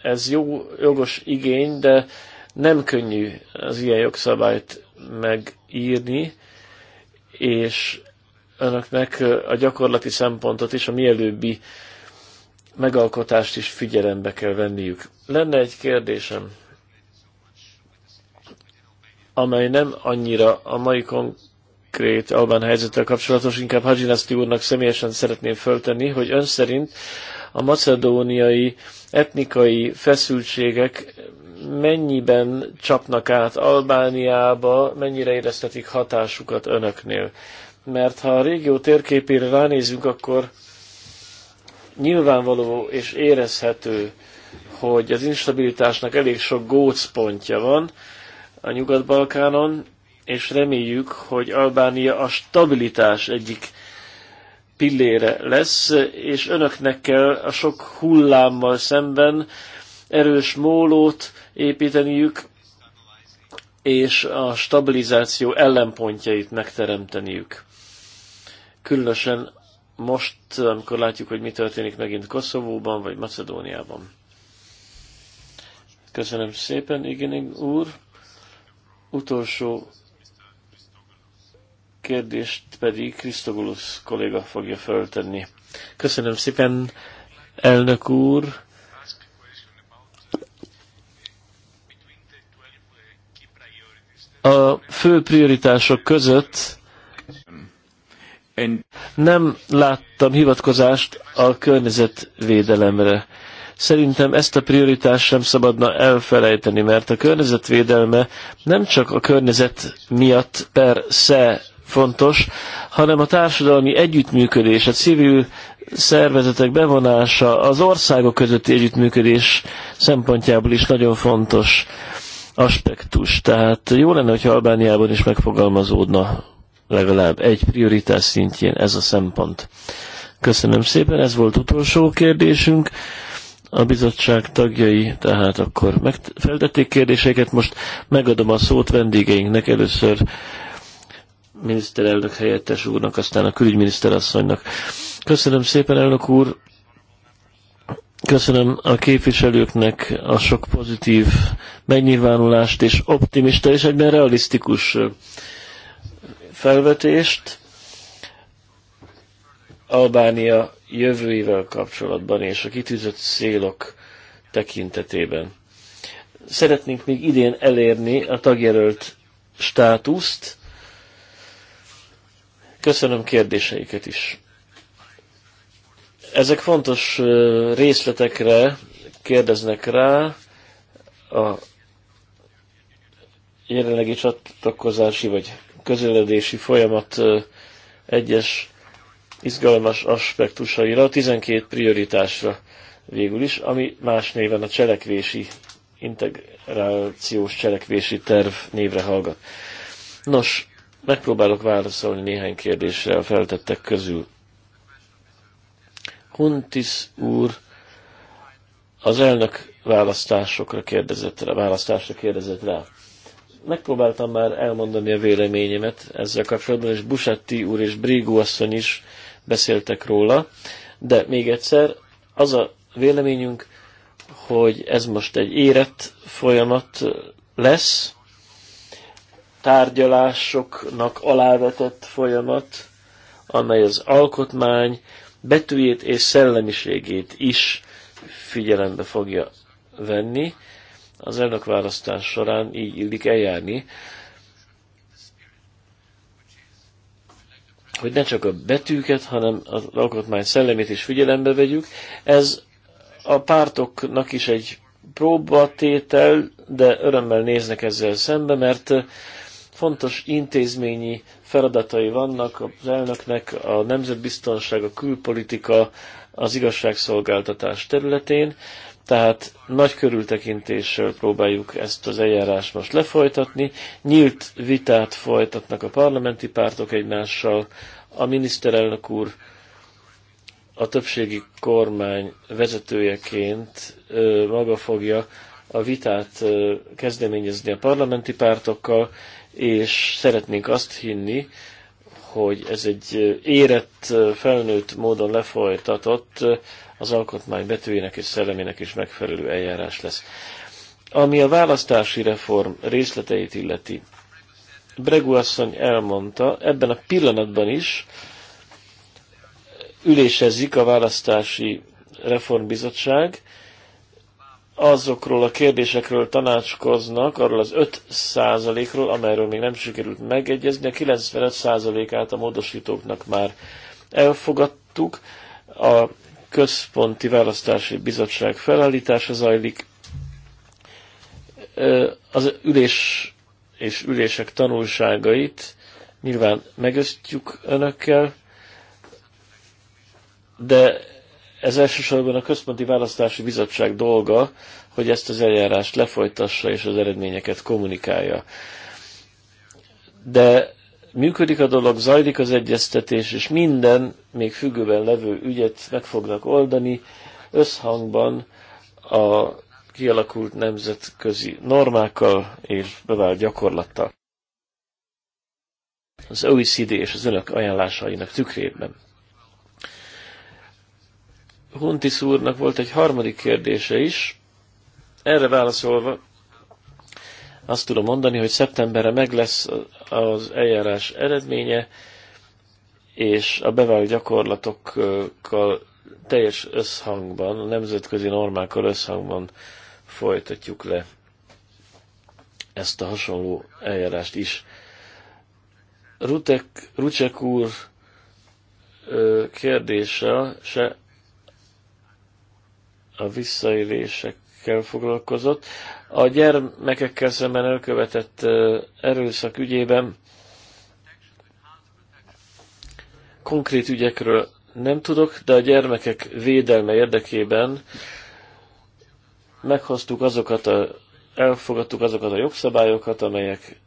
ez jó, jogos igény, de nem könnyű az ilyen jogszabályt megírni, és önöknek a gyakorlati szempontot is, a mielőbbi megalkotást is figyelembe kell venniük. Lenne egy kérdésem, amely nem annyira a mai konkrét Albán helyzettel kapcsolatos, inkább Hajinaszti úrnak személyesen szeretném föltenni, hogy ön szerint a macedóniai etnikai feszültségek mennyiben csapnak át Albániába, mennyire éreztetik hatásukat önöknél. Mert ha a régió térképére ránézünk, akkor nyilvánvaló és érezhető, hogy az instabilitásnak elég sok gócpontja van a Nyugat-Balkánon, és reméljük, hogy Albánia a stabilitás egyik pillére lesz, és önöknek kell a sok hullámmal szemben erős mólót építeniük, és a stabilizáció ellenpontjait megteremteniük. Különösen most, amikor látjuk, hogy mi történik megint Koszovóban vagy Macedóniában. Köszönöm szépen, igen, úr. Utolsó kérdést pedig Krisztogulusz kolléga fogja föltenni. Köszönöm szépen, elnök úr. A fő prioritások között nem láttam hivatkozást a környezetvédelemre. Szerintem ezt a prioritást sem szabadna elfelejteni, mert a környezetvédelme nem csak a környezet miatt per se fontos, hanem a társadalmi együttműködés, a civil szervezetek bevonása, az országok közötti együttműködés szempontjából is nagyon fontos aspektus. Tehát jó lenne, hogyha Albániában is megfogalmazódna legalább egy prioritás szintjén ez a szempont. Köszönöm szépen, ez volt utolsó kérdésünk. A bizottság tagjai tehát akkor feltették kérdéseket, most megadom a szót vendégeinknek először miniszterelnök helyettes úrnak, aztán a külügyminiszter asszonynak. Köszönöm szépen, elnök úr! Köszönöm a képviselőknek a sok pozitív megnyilvánulást és optimista és egyben realisztikus felvetést Albánia Jövőivel kapcsolatban és a kitűzött célok tekintetében. Szeretnénk még idén elérni a tagjelölt státuszt. Köszönöm kérdéseiket is. Ezek fontos részletekre kérdeznek rá a jelenlegi csatlakozási vagy közeledési folyamat egyes izgalmas aspektusaira, 12 prioritásra végül is, ami más néven a cselekvési, integrációs cselekvési terv névre hallgat. Nos, megpróbálok válaszolni néhány kérdésre a feltettek közül. Huntis úr az elnök választásokra kérdezett rá, választásra kérdezett rá. Megpróbáltam már elmondani a véleményemet ezzel kapcsolatban, és Busetti úr és Brigó asszony is beszéltek róla, de még egyszer az a véleményünk, hogy ez most egy érett folyamat lesz, tárgyalásoknak alávetett folyamat, amely az alkotmány, betűjét és szellemiségét is figyelembe fogja venni. Az elnökválasztás során így illik eljárni, hogy ne csak a betűket, hanem az alkotmány szellemét is figyelembe vegyük. Ez a pártoknak is egy próbatétel, de örömmel néznek ezzel szembe, mert fontos intézményi feladatai vannak az elnöknek a nemzetbiztonság, a külpolitika, az igazságszolgáltatás területén, tehát nagy körültekintéssel próbáljuk ezt az eljárást most lefolytatni. Nyílt vitát folytatnak a parlamenti pártok egymással, a miniszterelnök úr a többségi kormány vezetőjeként maga fogja a vitát kezdeményezni a parlamenti pártokkal, és szeretnénk azt hinni, hogy ez egy érett, felnőtt módon lefolytatott, az alkotmány betűjének és szellemének is megfelelő eljárás lesz. Ami a választási reform részleteit illeti, Bregu asszony elmondta, ebben a pillanatban is ülésezik a választási reformbizottság, azokról a kérdésekről tanácskoznak, arról az 5%-ról, amelyről még nem sikerült megegyezni, a 95%-át a módosítóknak már elfogadtuk. A Központi Választási Bizottság felállítása zajlik. Az ülés és ülések tanulságait nyilván megosztjuk önökkel, de ez elsősorban a Központi Választási Bizottság dolga, hogy ezt az eljárást lefolytassa és az eredményeket kommunikálja. De működik a dolog, zajlik az egyeztetés, és minden még függőben levő ügyet meg fognak oldani összhangban a kialakult nemzetközi normákkal és bevált gyakorlattal. Az OECD és az önök ajánlásainak tükrében. Huntis úrnak volt egy harmadik kérdése is. Erre válaszolva azt tudom mondani, hogy szeptemberre meg lesz az eljárás eredménye, és a bevált gyakorlatokkal teljes összhangban, a nemzetközi normákkal összhangban folytatjuk le ezt a hasonló eljárást is. Rutek, Rucsek úr kérdése se a visszaélésekkel foglalkozott. A gyermekekkel szemben elkövetett erőszak ügyében konkrét ügyekről nem tudok, de a gyermekek védelme érdekében meghoztuk azokat a, elfogadtuk azokat a jogszabályokat, amelyek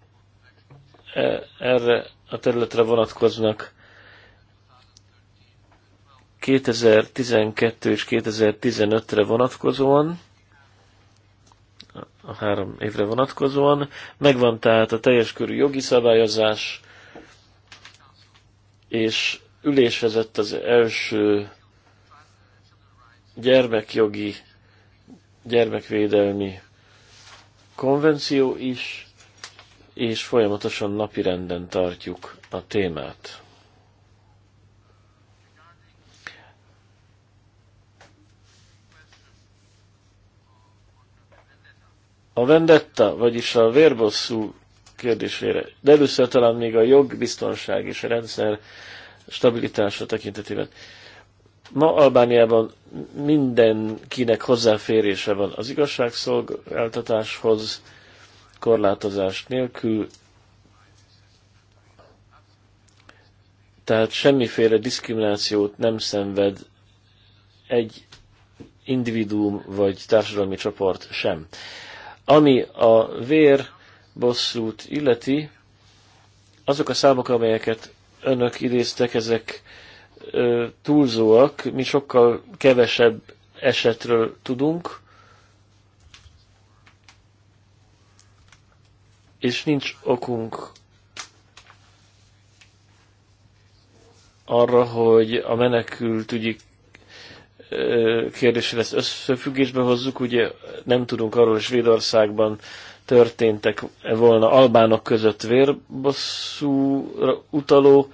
e, erre a területre vonatkoznak. 2012 és 2015-re vonatkozóan, a három évre vonatkozóan, megvan tehát a teljes körű jogi szabályozás, és ülésvezett az első gyermekjogi, gyermekvédelmi konvenció is, és folyamatosan napirenden tartjuk a témát. A vendetta, vagyis a vérbosszú kérdésére, de először talán még a jogbiztonság és a rendszer stabilitása tekintetében. Ma Albániában mindenkinek hozzáférése van az igazságszolgáltatáshoz, korlátozás nélkül, tehát semmiféle diszkriminációt nem szenved egy individuum vagy társadalmi csoport sem. Ami a vér bosszút illeti, azok a számok, amelyeket önök idéztek, ezek ö, túlzóak, mi sokkal kevesebb esetről tudunk, és nincs okunk arra, hogy a menekültügyi kérdésre ezt összefüggésbe hozzuk, ugye nem tudunk arról, hogy Svédországban történtek -e volna albánok között vérbosszú utaló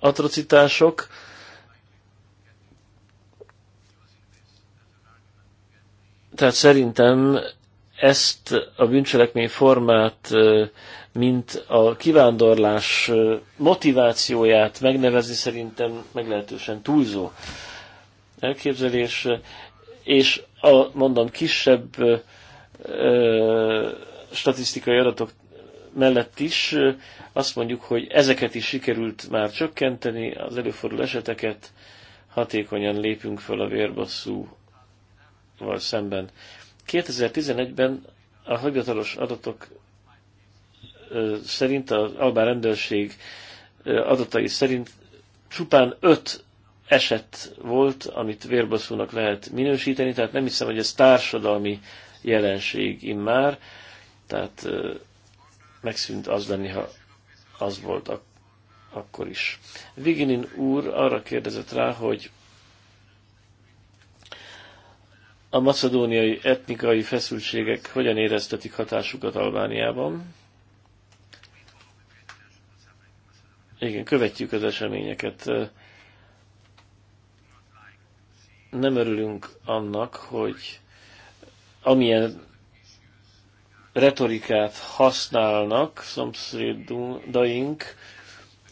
atrocitások. Tehát szerintem ezt a bűncselekmény formát, mint a kivándorlás motivációját megnevezni szerintem meglehetősen túlzó elképzelés, és a, mondom, kisebb ö, statisztikai adatok mellett is azt mondjuk, hogy ezeket is sikerült már csökkenteni, az előfordul eseteket hatékonyan lépünk föl a vérbosszúval szemben. 2011-ben a hivatalos adatok szerint, az Albán rendőrség adatai szerint csupán 5 eset volt, amit vérbaszónak lehet minősíteni, tehát nem hiszem, hogy ez társadalmi jelenség immár, tehát megszűnt az lenni, ha az volt ak- akkor is. Viginin úr arra kérdezett rá, hogy a macedóniai etnikai feszültségek hogyan éreztetik hatásukat Albániában. Igen, követjük az eseményeket nem örülünk annak, hogy amilyen retorikát használnak szomszédaink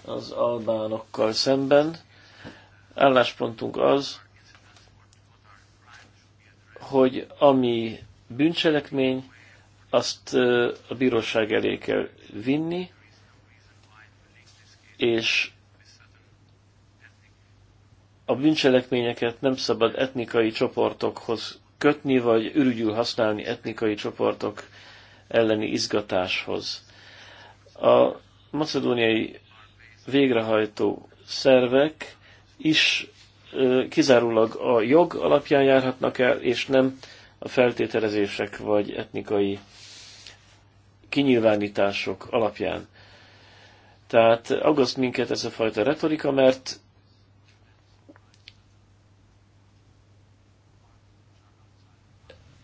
az albánokkal szemben. Álláspontunk az, hogy ami bűncselekmény, azt a bíróság elé kell vinni, és a bűncselekményeket nem szabad etnikai csoportokhoz kötni, vagy ürügyül használni etnikai csoportok elleni izgatáshoz. A macedóniai végrehajtó szervek is kizárólag a jog alapján járhatnak el, és nem a feltételezések vagy etnikai kinyilvánítások alapján. Tehát aggaszt minket ez a fajta retorika, mert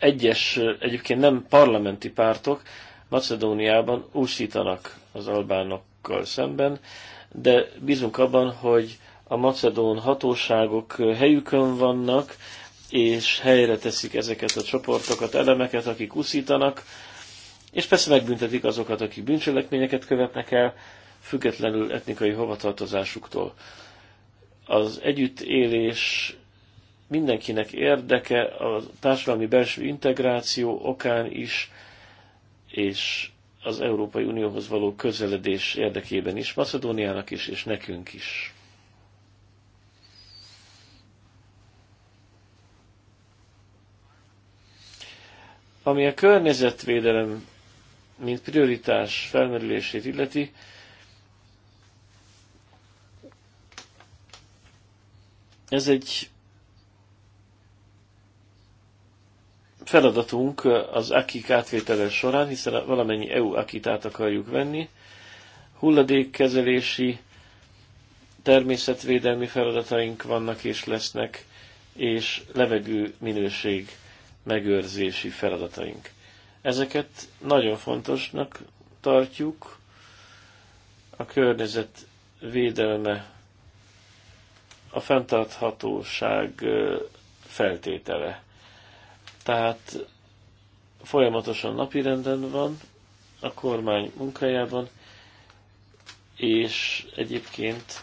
egyes, egyébként nem parlamenti pártok Macedóniában úsítanak az albánokkal szemben, de bízunk abban, hogy a macedón hatóságok helyükön vannak, és helyre teszik ezeket a csoportokat, elemeket, akik uszítanak, és persze megbüntetik azokat, akik bűncselekményeket követnek el, függetlenül etnikai hovatartozásuktól. Az együttélés mindenkinek érdeke a társadalmi belső integráció okán is, és az Európai Unióhoz való közeledés érdekében is, Macedóniának is, és nekünk is. Ami a környezetvédelem, mint prioritás felmerülését illeti, ez egy feladatunk az akik átvétele során, hiszen valamennyi EU akit át akarjuk venni, hulladékkezelési, természetvédelmi feladataink vannak és lesznek, és levegő minőség megőrzési feladataink. Ezeket nagyon fontosnak tartjuk, a környezet védelme a fenntarthatóság feltétele. Tehát folyamatosan napirenden van, a kormány munkájában, és egyébként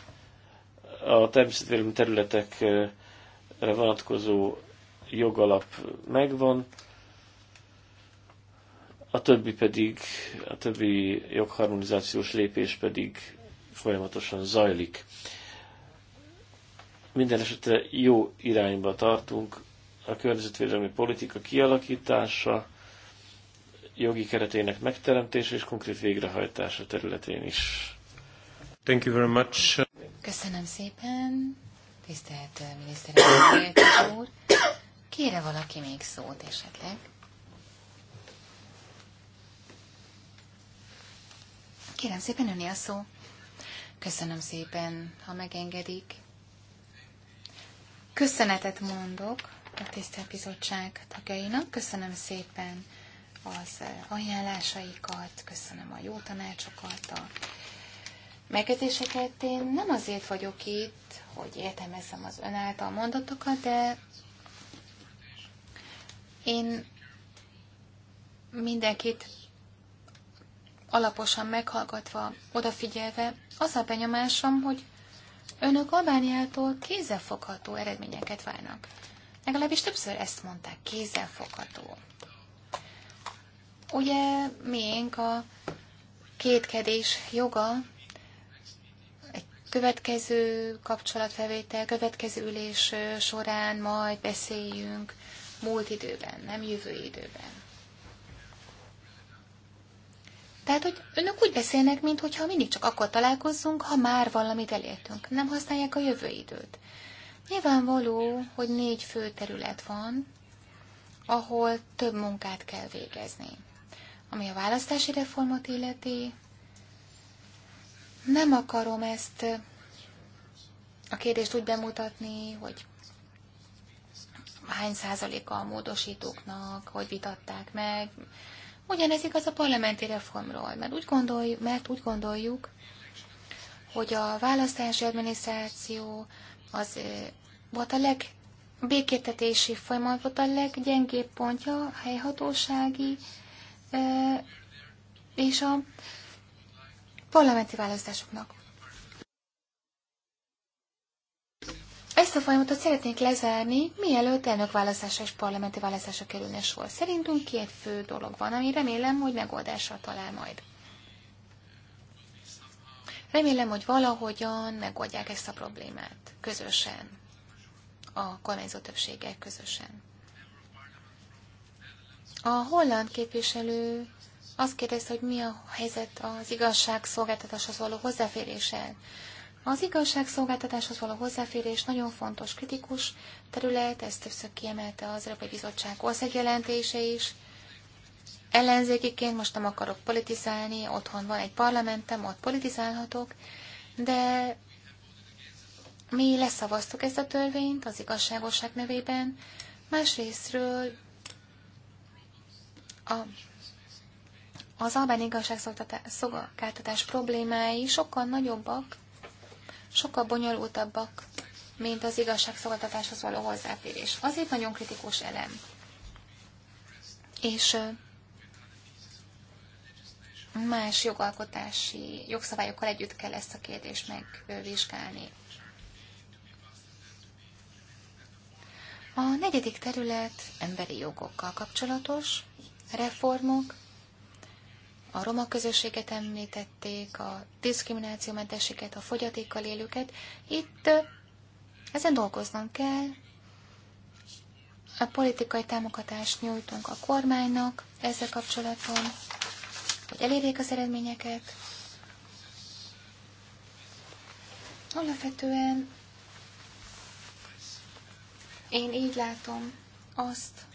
a természetvédelmi területekre vonatkozó jogalap megvan, a többi pedig, a többi jogharmonizációs lépés pedig folyamatosan zajlik. Minden esetre jó irányba tartunk, a környezetvédelmi politika kialakítása, jogi keretének megteremtése és konkrét végrehajtása területén is. Thank you very much. Köszönöm szépen, tisztelt miniszterelnök úr. Kére valaki még szót esetleg? Kérem szépen, önni a szó. Köszönöm szépen, ha megengedik. Köszönetet mondok a tisztelt bizottság tagjainak. Köszönöm szépen az ajánlásaikat, köszönöm a jó tanácsokat, a megkezdéseket. Én nem azért vagyok itt, hogy értelmezzem az ön által mondatokat, de én mindenkit alaposan meghallgatva, odafigyelve, az a benyomásom, hogy önök Albániától kézzelfogható eredményeket várnak. Legalábbis többször ezt mondták, kézzelfogható. Ugye miénk a kétkedés joga, egy következő kapcsolatfelvétel, következő ülés során majd beszéljünk múlt időben, nem jövő időben. Tehát, hogy önök úgy beszélnek, mintha mindig csak akkor találkozzunk, ha már valamit elértünk. Nem használják a jövő időt. Nyilvánvaló, hogy négy fő terület van, ahol több munkát kell végezni. Ami a választási reformot illeti, nem akarom ezt a kérdést úgy bemutatni, hogy hány százaléka a módosítóknak, hogy vitatták meg. Ugyanez igaz a parlamenti reformról, mert úgy, gondolj, mert úgy gondoljuk, hogy a választási adminisztráció az volt a leg békétetési folyamat volt a leggyengébb pontja, a helyhatósági és a parlamenti választásoknak. Ezt a folyamatot szeretnénk lezárni, mielőtt elnökválasztásra és parlamenti választásra kerülne sor. Szerintünk két fő dolog van, ami remélem, hogy megoldásra talál majd. Remélem, hogy valahogyan megoldják ezt a problémát közösen, a kormányzó többsége közösen. A holland képviselő azt kérdezte, hogy mi a helyzet az igazságszolgáltatáshoz való hozzáféréssel. Az igazságszolgáltatáshoz való hozzáférés nagyon fontos kritikus terület, ezt többször kiemelte az Európai Bizottság országjelentése is ellenzékiként most nem akarok politizálni, otthon van egy parlamentem, ott politizálhatok, de mi leszavaztuk ezt a törvényt az igazságosság nevében, másrésztről a, az albán igazságszolgáltatás problémái sokkal nagyobbak, sokkal bonyolultabbak, mint az igazságszolgáltatáshoz való hozzáférés. Azért nagyon kritikus elem. És más jogalkotási jogszabályokkal együtt kell ezt a kérdést megvizsgálni. A negyedik terület emberi jogokkal kapcsolatos reformok. A roma közösséget említették, a diszkriminációmentességet, a fogyatékkal élőket. Itt ezen dolgoznom kell. A politikai támogatást nyújtunk a kormánynak ezzel kapcsolatban hogy elérjék az eredményeket. Alapvetően én így látom azt,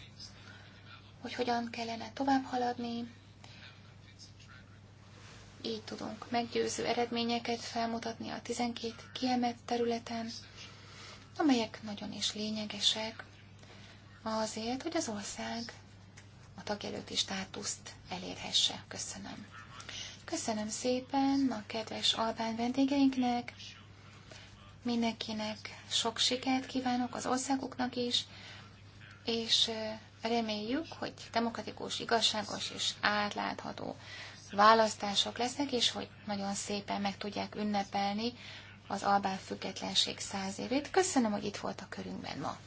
hogy hogyan kellene tovább haladni, így tudunk meggyőző eredményeket felmutatni a 12 kiemelt területen, amelyek nagyon is lényegesek azért, hogy az ország a tagjelölti státuszt elérhesse. Köszönöm. Köszönöm szépen a kedves albán vendégeinknek, mindenkinek sok sikert kívánok, az országuknak is, és reméljük, hogy demokratikus, igazságos és átlátható választások lesznek, és hogy nagyon szépen meg tudják ünnepelni az albán függetlenség száz évét. Köszönöm, hogy itt volt a körünkben ma.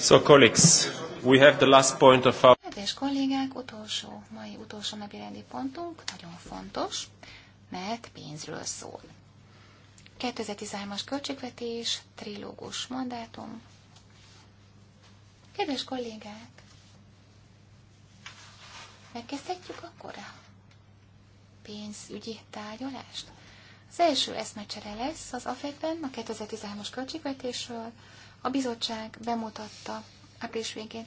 So, colleagues, we have the last point of our... Kedves kollégák, utolsó, mai utolsó napirendi pontunk nagyon fontos, mert pénzről szól. 2013-as költségvetés, trilógus mandátum. Kedves kollégák, megkezdhetjük akkor a pénzügyi tárgyalást? Az első eszmecsere lesz az AFED-ben a 2013-as költségvetésről, a bizottság bemutatta április végén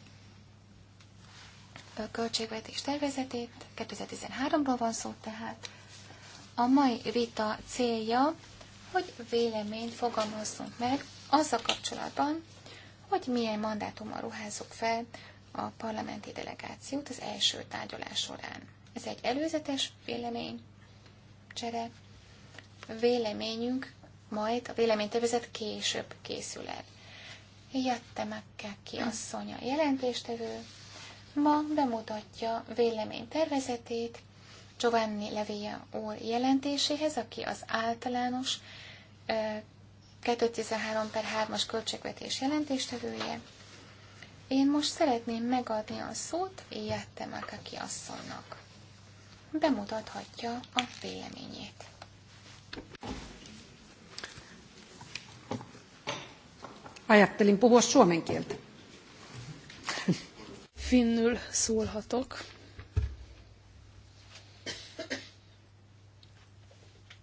költségvetés tervezetét, 2013-ról van szó tehát. A mai vita célja, hogy véleményt fogalmazzunk meg azzal kapcsolatban, hogy milyen mandátummal ruházzuk fel a parlamenti delegációt az első tárgyalás során. Ez egy előzetes vélemény, csere. Véleményünk majd a véleménytervezet később készül el. Jattemekki asszony a jelentéstevő. Ma bemutatja véleménytervezetét Giovanni Levia úr jelentéséhez, aki az általános 2013 per 3-as költségvetés jelentéstevője. Én most szeretném megadni a szót meg, Jattemekki asszonynak. Bemutathatja a véleményét. Ajattelin puhua suomen kieltä. Finnül szólhatok.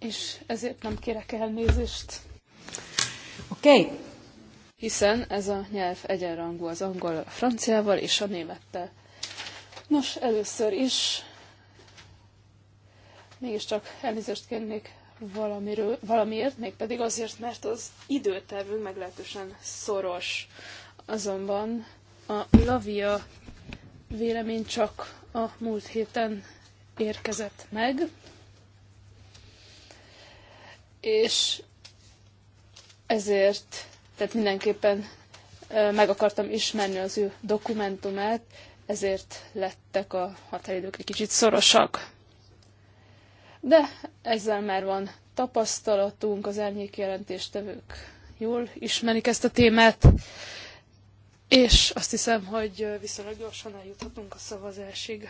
És ezért nem kérek elnézést. Oké. Okay. Hiszen ez a nyelv egyenrangú az angol, a franciával és a némettel. Nos, először is mégiscsak elnézést kérnék valamiről, valamiért, mégpedig azért, mert az időtervünk meglehetősen szoros. Azonban a Lavia vélemény csak a múlt héten érkezett meg, és ezért, tehát mindenképpen meg akartam ismerni az ő dokumentumát, ezért lettek a határidők egy kicsit szorosak de ezzel már van tapasztalatunk, az árnyék jelentéstevők jól ismerik ezt a témát, és azt hiszem, hogy viszonylag gyorsan eljuthatunk a szavazásig.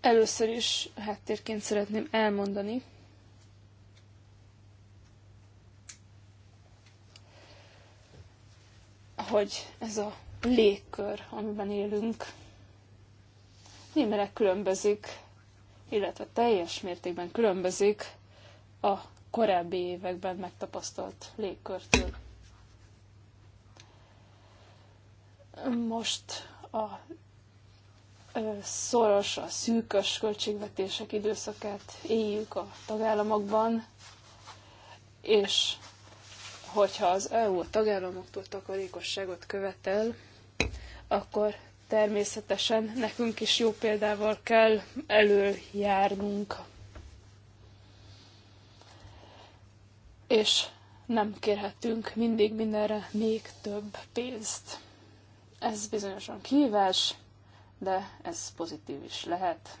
Először is háttérként szeretném elmondani, hogy ez a légkör, amiben élünk, némileg különbözik illetve teljes mértékben különbözik a korábbi években megtapasztalt légkörtől. Most a szoros, a szűkös költségvetések időszakát éljük a tagállamokban, és hogyha az EU a tagállamoktól takarékosságot követel, akkor természetesen nekünk is jó példával kell előjárnunk. És nem kérhetünk mindig mindenre még több pénzt. Ez bizonyosan kihívás, de ez pozitív is lehet.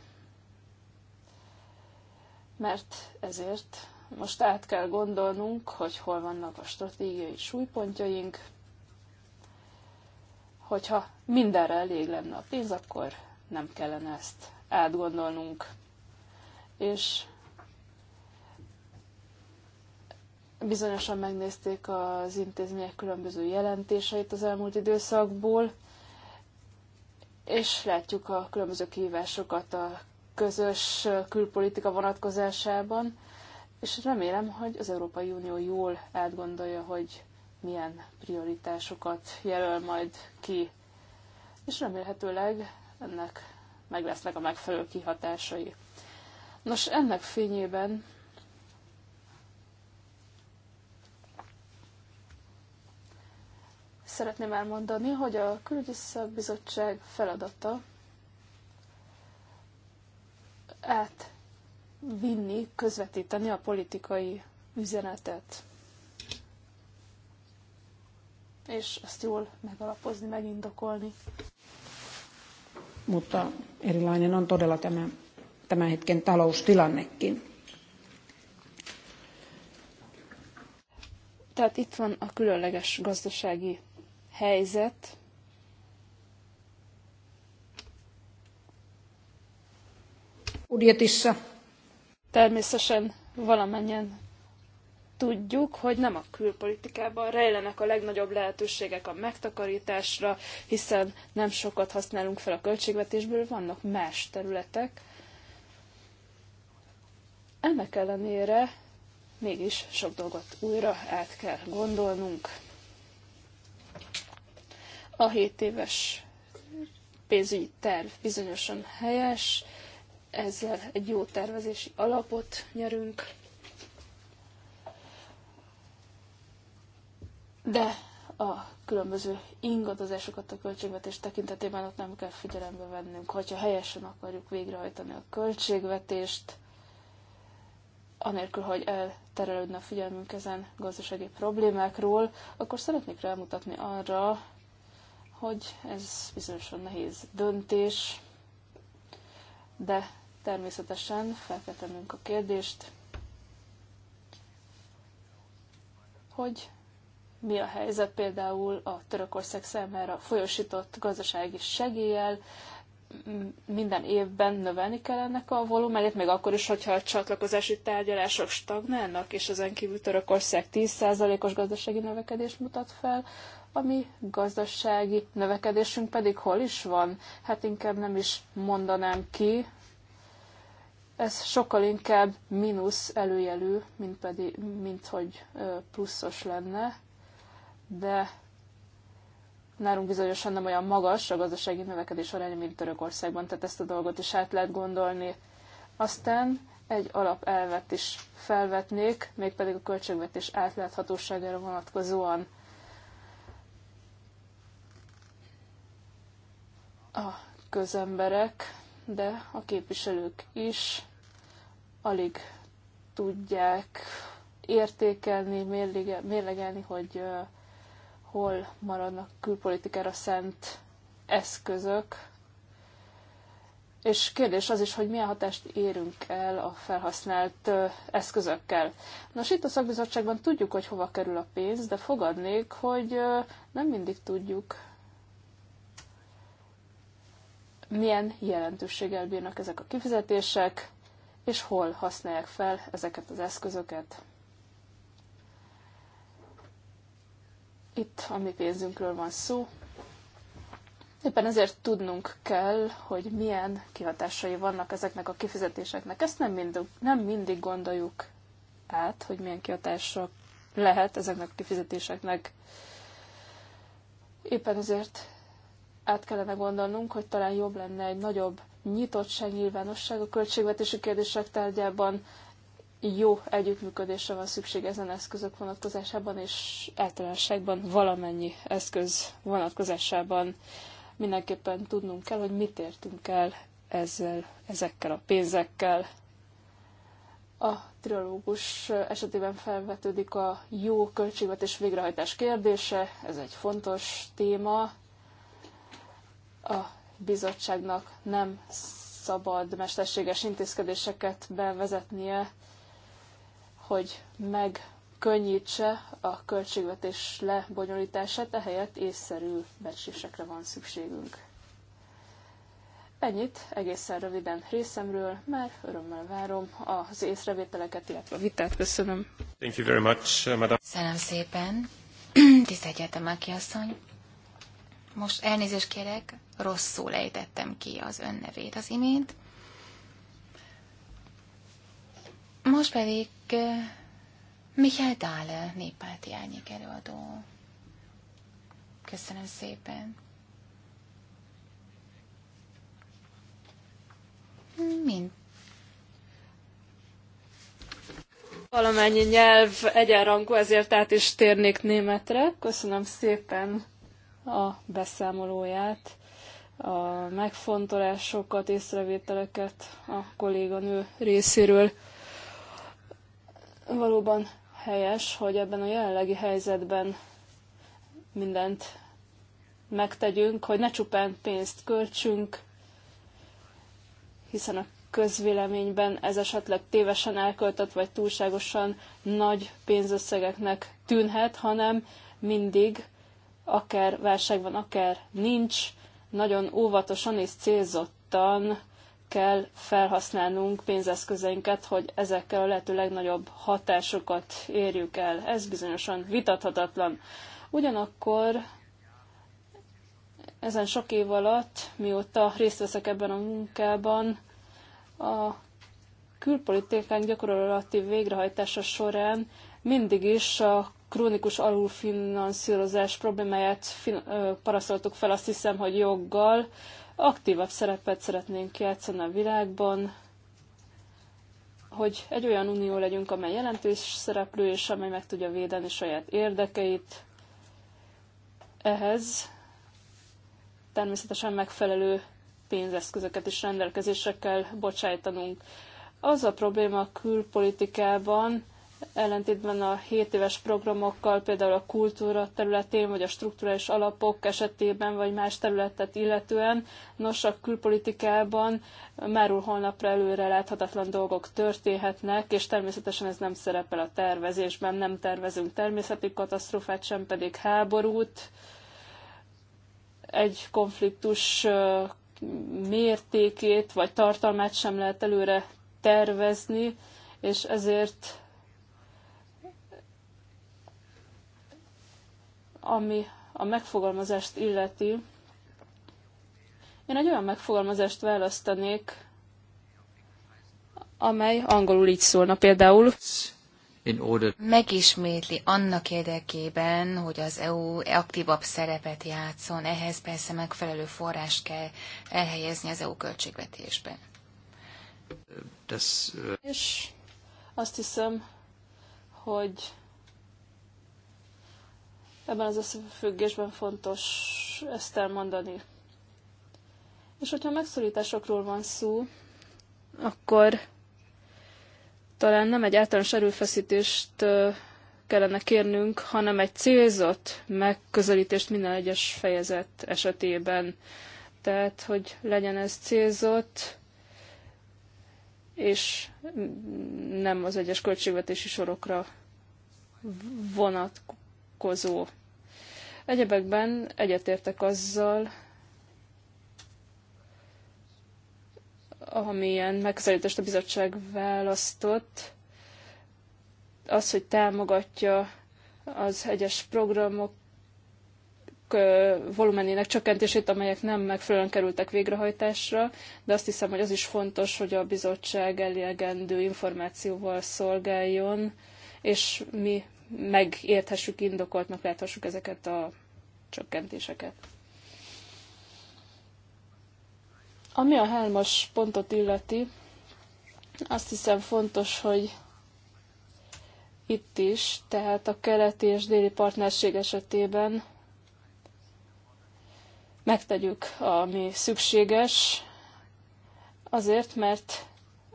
Mert ezért most át kell gondolnunk, hogy hol vannak a stratégiai súlypontjaink, hogyha mindenre elég lenne a pénz, akkor nem kellene ezt átgondolnunk. És bizonyosan megnézték az intézmények különböző jelentéseit az elmúlt időszakból, és látjuk a különböző kihívásokat a közös külpolitika vonatkozásában, és remélem, hogy az Európai Unió jól átgondolja, hogy milyen prioritásokat jelöl majd ki, és remélhetőleg ennek meg lesznek a megfelelő kihatásai. Nos, ennek fényében szeretném elmondani, hogy a Külügyi bizottság feladata átvinni, közvetíteni a politikai üzenetet és ezt jól megalapozni, megindokolni. Mutta erilainen on todella tämä, tämän hetken taloustilannekin. Tehát itt van a különleges gazdasági helyzet, budjetissa. Természetesen valamennyien tudjuk, hogy nem a külpolitikában rejlenek a legnagyobb lehetőségek a megtakarításra, hiszen nem sokat használunk fel a költségvetésből, vannak más területek. Ennek ellenére mégis sok dolgot újra át kell gondolnunk. A 7 éves pénzügyi terv bizonyosan helyes, ezzel egy jó tervezési alapot nyerünk de a különböző ingadozásokat a költségvetés tekintetében ott nem kell figyelembe vennünk. Hogyha helyesen akarjuk végrehajtani a költségvetést, anélkül, hogy elterelődne a figyelmünk ezen gazdasági problémákról, akkor szeretnék rámutatni arra, hogy ez bizonyosan nehéz döntés, de természetesen fel kell tennünk a kérdést, hogy mi a helyzet például a Törökország számára folyosított gazdasági segéllyel, minden évben növelni kell ennek a volumenét, még akkor is, hogyha a csatlakozási tárgyalások stagnálnak, és ezen kívül Törökország 10%-os gazdasági növekedést mutat fel, ami gazdasági növekedésünk pedig hol is van? Hát inkább nem is mondanám ki. Ez sokkal inkább mínusz előjelű, mint, pedig, mint hogy pluszos lenne de nálunk bizonyosan nem olyan magas a gazdasági növekedés aránya, mint Törökországban, tehát ezt a dolgot is át lehet gondolni. Aztán egy alapelvet is felvetnék, mégpedig a költségvetés átláthatóságára vonatkozóan. A közemberek, de a képviselők is alig tudják értékelni, mérlegelni, hogy uh, hol maradnak külpolitikára szent eszközök, és kérdés az is, hogy milyen hatást érünk el a felhasznált eszközökkel. Nos, itt a szakbizottságban tudjuk, hogy hova kerül a pénz, de fogadnék, hogy nem mindig tudjuk, milyen jelentőséggel bírnak ezek a kifizetések, és hol használják fel ezeket az eszközöket. Itt a mi pénzünkről van szó. Éppen ezért tudnunk kell, hogy milyen kihatásai vannak ezeknek a kifizetéseknek. Ezt nem mindig, nem mindig gondoljuk át, hogy milyen kihatása lehet ezeknek a kifizetéseknek. Éppen ezért át kellene gondolnunk, hogy talán jobb lenne egy nagyobb nyitottság, nyilvánosság a költségvetési kérdések tárgyában, jó együttműködésre van szükség ezen eszközök vonatkozásában, és általánosságban valamennyi eszköz vonatkozásában mindenképpen tudnunk kell, hogy mit értünk el ezzel, ezekkel a pénzekkel. A trilógus esetében felvetődik a jó költségvetés végrehajtás kérdése, ez egy fontos téma. A bizottságnak nem szabad mesterséges intézkedéseket bevezetnie, hogy megkönnyítse a költségvetés lebonyolítását, ehelyett észszerű becsésekre van szükségünk. Ennyit egészen röviden részemről, már örömmel várom az észrevételeket, illetve a vitát. Köszönöm. Thank you very much, uh, madam. Köszönöm szépen. Tisztelt Máki asszony. Most elnézést kérek, rosszul ejtettem ki az ön nevét az imént. Most pedig Eh, Michael Dále, néppárti árnyék előadó. Köszönöm szépen. Mind. Valamennyi nyelv egyenrangú, ezért át is térnék németre. Köszönöm szépen a beszámolóját, a megfontolásokat, észrevételeket a kolléganő részéről. Valóban helyes, hogy ebben a jelenlegi helyzetben mindent megtegyünk, hogy ne csupán pénzt költsünk, hiszen a közvéleményben ez esetleg tévesen elköltött, vagy túlságosan nagy pénzösszegeknek tűnhet, hanem mindig, akár válság van, akár nincs, nagyon óvatosan és célzottan kell felhasználnunk pénzeszközeinket, hogy ezekkel a lehető legnagyobb hatásokat érjük el. Ez bizonyosan vitathatatlan. Ugyanakkor ezen sok év alatt, mióta részt veszek ebben a munkában, a külpolitikánk gyakorlati végrehajtása során mindig is a krónikus alulfinanszírozás problémáját paraszoltuk fel, azt hiszem, hogy joggal, Aktívabb szerepet szeretnénk játszani a világban, hogy egy olyan unió legyünk, amely jelentős szereplő, és amely meg tudja védeni saját érdekeit. Ehhez természetesen megfelelő pénzeszközöket is rendelkezésre kell bocsájtanunk. Az a probléma a külpolitikában, ellentétben a 7 éves programokkal, például a kultúra területén, vagy a strukturális alapok esetében, vagy más területet illetően, nos, a külpolitikában márul holnapra előre láthatatlan dolgok történhetnek, és természetesen ez nem szerepel a tervezésben, nem tervezünk természeti katasztrófát, sem pedig háborút, egy konfliktus mértékét vagy tartalmát sem lehet előre tervezni, és ezért ami a megfogalmazást illeti, én egy olyan megfogalmazást választanék, amely angolul így szólna például. In order. Megismétli annak érdekében, hogy az EU aktívabb szerepet játszon, ehhez persze megfelelő forrás kell elhelyezni az EU költségvetésben. Das, uh... És azt hiszem, hogy Ebben az összefüggésben fontos ezt elmondani. És hogyha megszorításokról van szó, akkor talán nem egy általános erőfeszítést kellene kérnünk, hanem egy célzott megközelítést minden egyes fejezet esetében. Tehát, hogy legyen ez célzott, és nem az egyes költségvetési sorokra vonatkozik okozó. Egyebekben egyetértek azzal, amilyen megközelítést a bizottság választott, az, hogy támogatja az egyes programok volumenének csökkentését, amelyek nem megfelelően kerültek végrehajtásra, de azt hiszem, hogy az is fontos, hogy a bizottság elegendő információval szolgáljon, és mi megérthessük, indokoltnak láthassuk ezeket a csökkentéseket. Ami a hármas pontot illeti, azt hiszem fontos, hogy itt is, tehát a keleti és déli partnerség esetében megtegyük, ami szükséges, azért, mert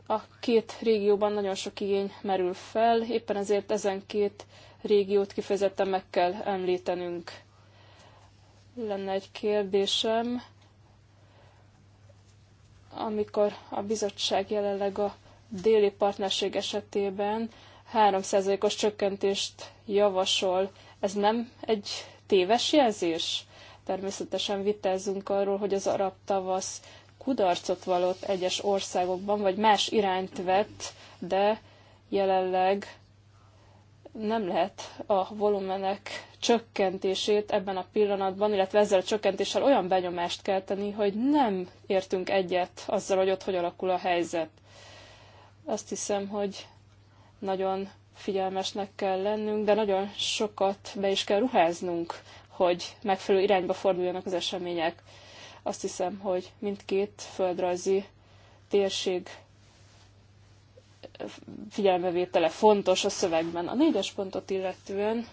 a két régióban nagyon sok igény merül fel, éppen ezért ezen két régiót kifejezetten meg kell említenünk. Lenne egy kérdésem, amikor a bizottság jelenleg a déli partnerség esetében 3%-os csökkentést javasol, ez nem egy téves jelzés? Természetesen vitázunk arról, hogy az arab tavasz kudarcot vallott egyes országokban, vagy más irányt vett, de jelenleg nem lehet a volumenek csökkentését ebben a pillanatban, illetve ezzel a csökkentéssel olyan benyomást kelteni, hogy nem értünk egyet azzal, hogy ott hogy alakul a helyzet. Azt hiszem, hogy nagyon figyelmesnek kell lennünk, de nagyon sokat be is kell ruháznunk, hogy megfelelő irányba forduljanak az események. Azt hiszem, hogy mindkét földrajzi térség figyelmevétele fontos a szövegben. A négyes pontot illetően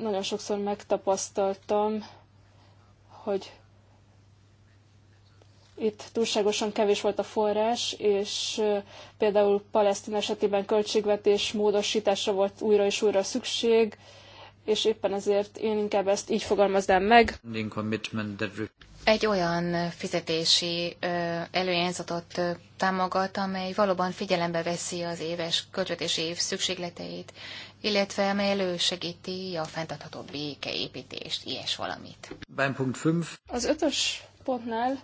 nagyon sokszor megtapasztaltam, hogy itt túlságosan kevés volt a forrás, és például Palesztin esetében költségvetés módosításra volt újra és újra szükség, és éppen ezért én inkább ezt így fogalmaznám meg. Egy olyan fizetési előjelzatot támogat, amely valóban figyelembe veszi az éves költségvetési év szükségleteit, illetve amely elősegíti a fenntartható békeépítést, ilyes valamit. Az ötös pontnál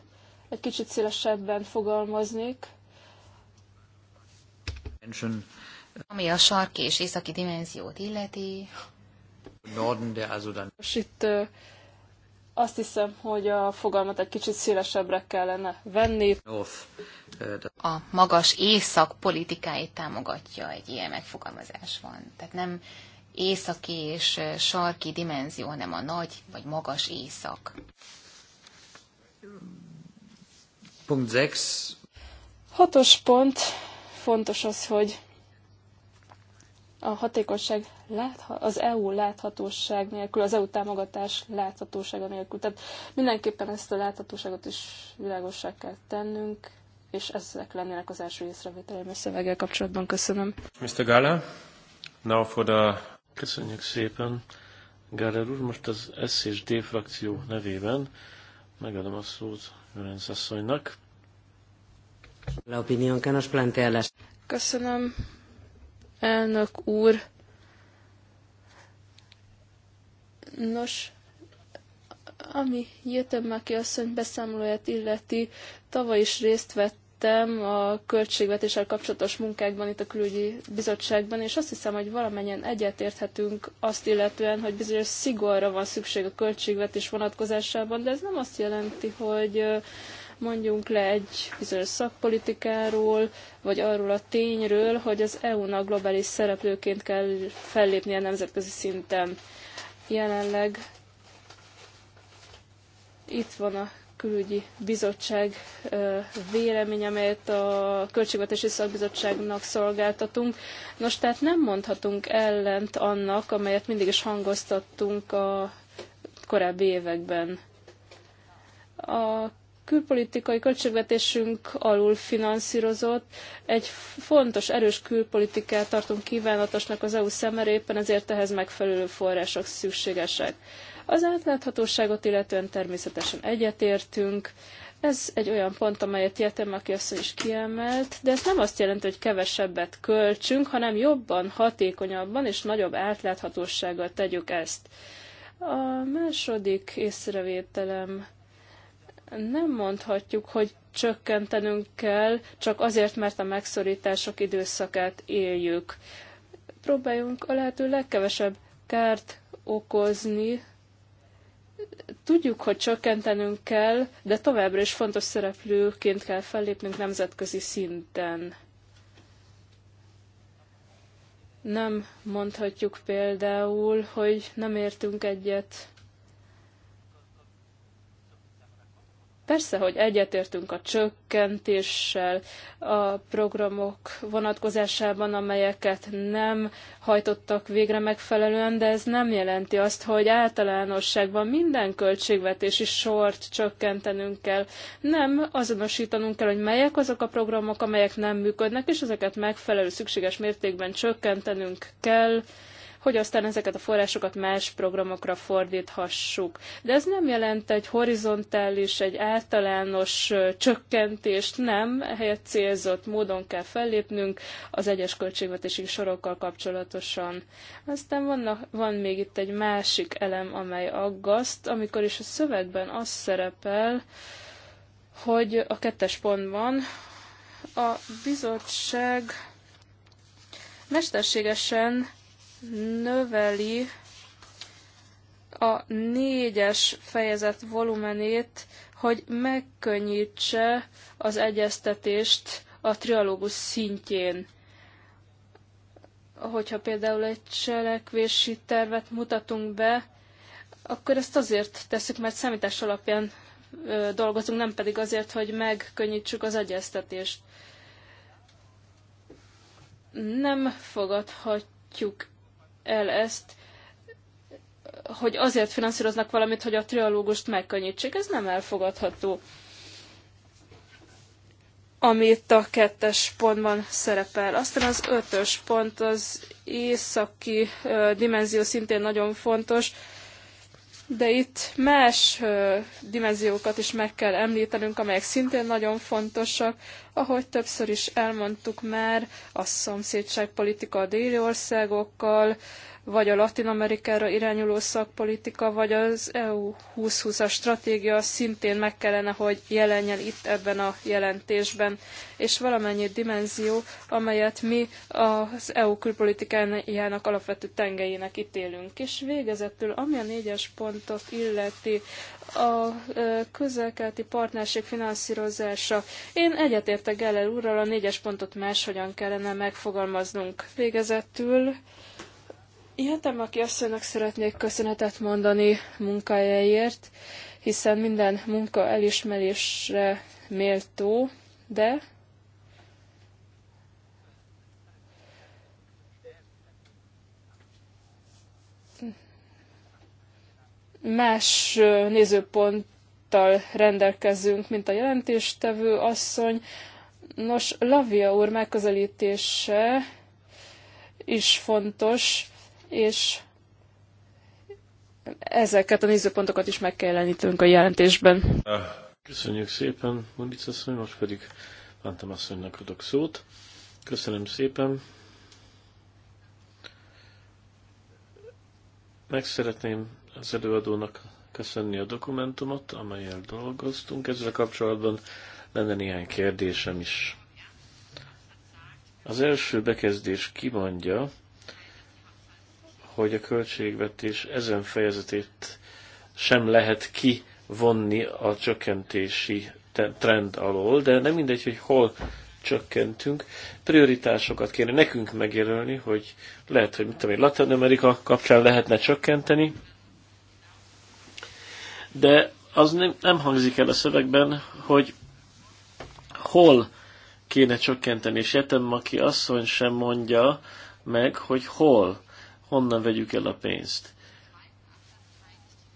egy kicsit szélesebben fogalmaznék. Ami a sarki és északi dimenziót illeti, Norden, de also dann... Most itt azt hiszem, hogy a fogalmat egy kicsit szélesebbre kellene venni. A magas észak politikáit támogatja egy ilyen megfogalmazás van. Tehát nem északi és sarki dimenzió, hanem a nagy vagy magas észak. Pont 6. Hatos pont. Fontos az, hogy a hatékonyság az EU láthatóság nélkül, az EU támogatás láthatósága nélkül. Tehát mindenképpen ezt a láthatóságot is világossá kell tennünk, és ezek lennének az első észrevételeim a szöveggel kapcsolatban. Köszönöm. Mr. Gala, now for the... Köszönjük szépen, Gáler úr. Most az S és D frakció nevében megadom a szót Jörenc asszonynak. La opinión que nos plantea las... Köszönöm elnök úr. Nos, ami Jöttemeki asszony beszámolóját illeti, tavaly is részt vettem a költségvetéssel kapcsolatos munkákban itt a külügyi bizottságban, és azt hiszem, hogy valamennyien egyetérthetünk azt illetően, hogy bizonyos szigorra van szükség a költségvetés vonatkozásában, de ez nem azt jelenti, hogy mondjunk le egy bizonyos szakpolitikáról, vagy arról a tényről, hogy az EU-nak globális szereplőként kell fellépnie a nemzetközi szinten. Jelenleg itt van a külügyi bizottság vélemény, amelyet a Költségvetési Szakbizottságnak szolgáltatunk. Nos, tehát nem mondhatunk ellent annak, amelyet mindig is hangoztattunk a korábbi években. A külpolitikai költségvetésünk alul finanszírozott. Egy fontos, erős külpolitikát tartunk kívánatosnak az EU szemére, éppen ezért ehhez megfelelő források szükségesek. Az átláthatóságot illetően természetesen egyetértünk. Ez egy olyan pont, amelyet Jetem aki azt is kiemelt, de ez nem azt jelenti, hogy kevesebbet költsünk, hanem jobban, hatékonyabban és nagyobb átláthatósággal tegyük ezt. A második észrevételem nem mondhatjuk, hogy csökkentenünk kell, csak azért, mert a megszorítások időszakát éljük. Próbáljunk a lehető legkevesebb kárt okozni. Tudjuk, hogy csökkentenünk kell, de továbbra is fontos szereplőként kell fellépnünk nemzetközi szinten. Nem mondhatjuk például, hogy nem értünk egyet Persze, hogy egyetértünk a csökkentéssel a programok vonatkozásában, amelyeket nem hajtottak végre megfelelően, de ez nem jelenti azt, hogy általánosságban minden költségvetési sort csökkentenünk kell. Nem azonosítanunk kell, hogy melyek azok a programok, amelyek nem működnek, és ezeket megfelelő szükséges mértékben csökkentenünk kell hogy aztán ezeket a forrásokat más programokra fordíthassuk. De ez nem jelent egy horizontális, egy általános csökkentést, nem, helyett célzott módon kell fellépnünk az egyes költségvetési sorokkal kapcsolatosan. Aztán vannak, van még itt egy másik elem, amely aggaszt, amikor is a szövegben az szerepel, hogy a kettes pontban a bizottság mesterségesen növeli a négyes fejezet volumenét, hogy megkönnyítse az egyeztetést a trialógus szintjén. Hogyha például egy cselekvési tervet mutatunk be, akkor ezt azért tesszük, mert számítás alapján dolgozunk, nem pedig azért, hogy megkönnyítsük az egyeztetést. Nem fogadhatjuk el ezt, hogy azért finanszíroznak valamit, hogy a trialógust megkönnyítsék. Ez nem elfogadható. Amit a kettes pontban szerepel. Aztán az ötös pont, az északi dimenzió szintén nagyon fontos, de itt más dimenziókat is meg kell említenünk, amelyek szintén nagyon fontosak. Ahogy többször is elmondtuk már, a szomszédságpolitika a déli országokkal, vagy a Latin Amerikára irányuló szakpolitika, vagy az EU 2020-as stratégia szintén meg kellene, hogy jelenjen itt ebben a jelentésben, és valamennyi dimenzió, amelyet mi az EU külpolitikájának alapvető tengelyének ítélünk. És végezetül, ami a négyes pontot illeti, a közelkelti partnerség finanszírozása. Én egyetértek egyetértek Geller úrral, a négyes pontot máshogyan kellene megfogalmaznunk. Végezetül Ilyentem, aki asszonynak szeretnék köszönetet mondani munkájáért, hiszen minden munka elismerésre méltó, de más nézőponttal rendelkezünk, mint a jelentéstevő asszony, Nos, Lavia úr megközelítése is fontos, és ezeket a nézőpontokat is meg kell jelenítünk a jelentésben. Köszönjük szépen, Mundic asszony, most pedig Pántam asszonynak adok szót. Köszönöm szépen. Meg szeretném az előadónak köszönni a dokumentumot, amelyel dolgoztunk. Ezzel kapcsolatban lenne néhány kérdésem is. Az első bekezdés kimondja, hogy a költségvetés ezen fejezetét sem lehet kivonni a csökkentési trend alól, de nem mindegy, hogy hol csökkentünk. Prioritásokat kéne nekünk megjelölni, hogy lehet, hogy mit tudom én, Latin Amerika kapcsán lehetne csökkenteni, de az nem, nem hangzik el a szövegben, hogy hol kéne csökkenteni, és Jetem, aki asszony sem mondja meg, hogy hol, honnan vegyük el a pénzt.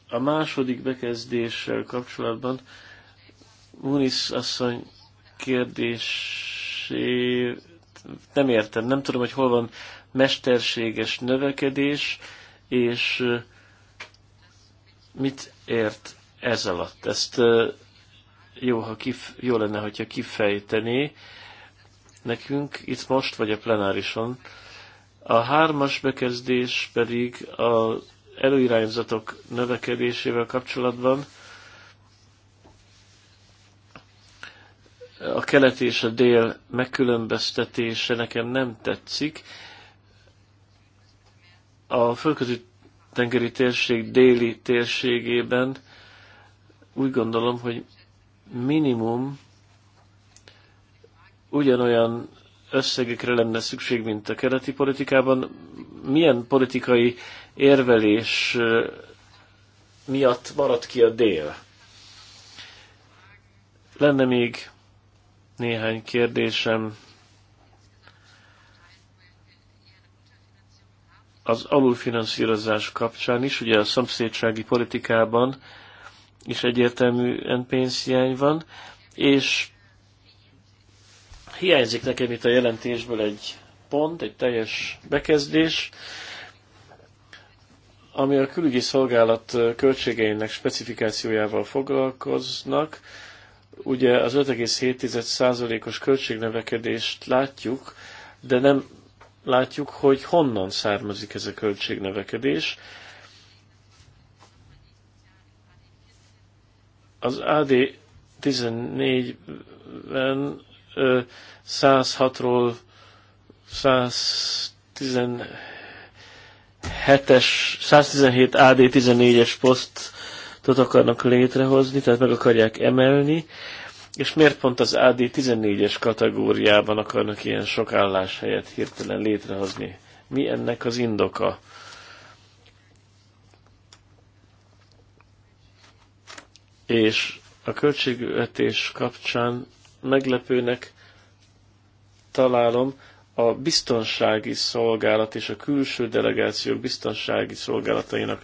A második bekezdéssel kapcsolatban Munis asszony kérdését nem értem, nem tudom, hogy hol van mesterséges növekedés, és mit ért ez alatt. Ezt jó, ha kif, jó lenne, hogyha kifejteni nekünk itt most, vagy a plenárison. A hármas bekezdés pedig az előirányzatok növekedésével kapcsolatban a kelet és a dél megkülönböztetése nekem nem tetszik. A földközi tengeri térség déli térségében úgy gondolom, hogy minimum ugyanolyan összegekre lenne szükség, mint a keleti politikában. Milyen politikai érvelés miatt maradt ki a dél? Lenne még néhány kérdésem az alulfinanszírozás kapcsán is. Ugye a szomszédsági politikában és egyértelműen pénzhiány van, és hiányzik nekem itt a jelentésből egy pont, egy teljes bekezdés, ami a külügyi szolgálat költségeinek specifikációjával foglalkoznak. Ugye az 5,7%-os költségnevekedést látjuk, de nem látjuk, hogy honnan származik ez a költségnevekedés. Az AD 14-ben 106-ról 117-es, 117 AD 14-es posztot akarnak létrehozni, tehát meg akarják emelni. És miért pont az AD 14-es kategóriában akarnak ilyen sok álláshelyet hirtelen létrehozni? Mi ennek az indoka? és a költségvetés kapcsán meglepőnek találom a biztonsági szolgálat és a külső delegációk biztonsági szolgálatainak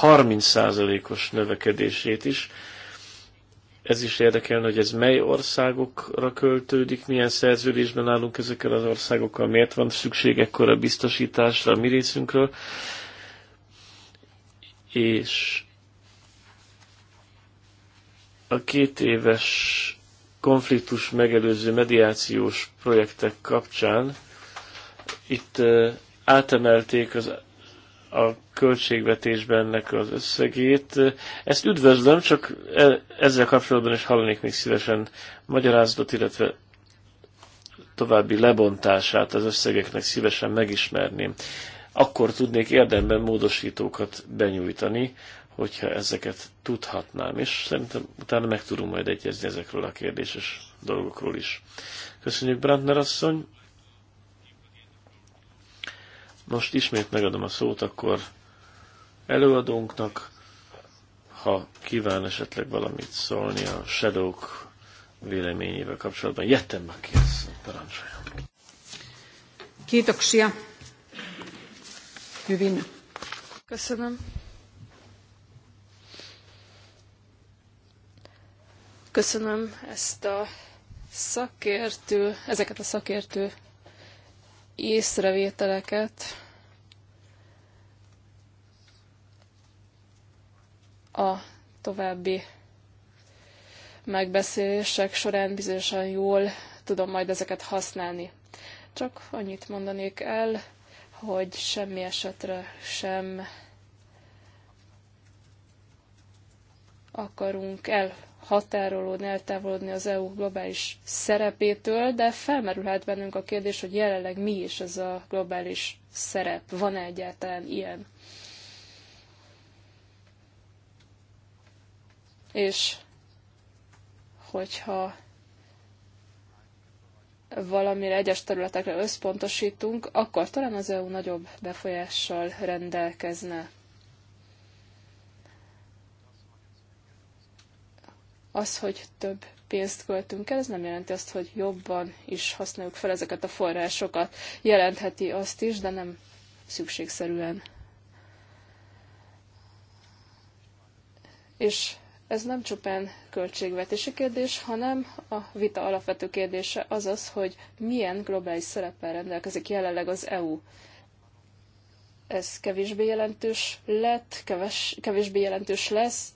30%-os növekedését is. Ez is érdekelne, hogy ez mely országokra költődik, milyen szerződésben állunk ezekkel az országokkal, miért van szükség ekkora biztosításra a mi részünkről. És a két éves konfliktus megelőző mediációs projektek kapcsán itt átemelték az, a költségvetésben ennek az összegét. Ezt üdvözlöm, csak e, ezzel kapcsolatban is hallanék még szívesen magyarázatot, illetve további lebontását az összegeknek szívesen megismerném. Akkor tudnék érdemben módosítókat benyújtani hogyha ezeket tudhatnám, és szerintem utána meg tudunk majd egyezni ezekről a kérdéses dolgokról is. Köszönjük, Brandner asszony! Most ismét megadom a szót akkor előadónknak, ha kíván esetleg valamit szólni a shadow véleményével kapcsolatban. Jettem meg ki ezt, parancsoljon. Kétoksia. Köszönöm. Köszönöm ezt a szakértő, ezeket a szakértő észrevételeket. A további megbeszélések során bizonyosan jól tudom majd ezeket használni. Csak annyit mondanék el, hogy semmi esetre sem akarunk el határolódni, eltávolodni az EU globális szerepétől, de felmerülhet bennünk a kérdés, hogy jelenleg mi is ez a globális szerep. Van-e egyáltalán ilyen? És hogyha valamire egyes területekre összpontosítunk, akkor talán az EU nagyobb befolyással rendelkezne. Az, hogy több pénzt költünk el, ez nem jelenti azt, hogy jobban is használjuk fel ezeket a forrásokat. Jelentheti azt is, de nem szükségszerűen. És ez nem csupán költségvetési kérdés, hanem a vita alapvető kérdése az az, hogy milyen globális szereppel rendelkezik jelenleg az EU. Ez kevésbé jelentős lett, keves, kevésbé jelentős lesz,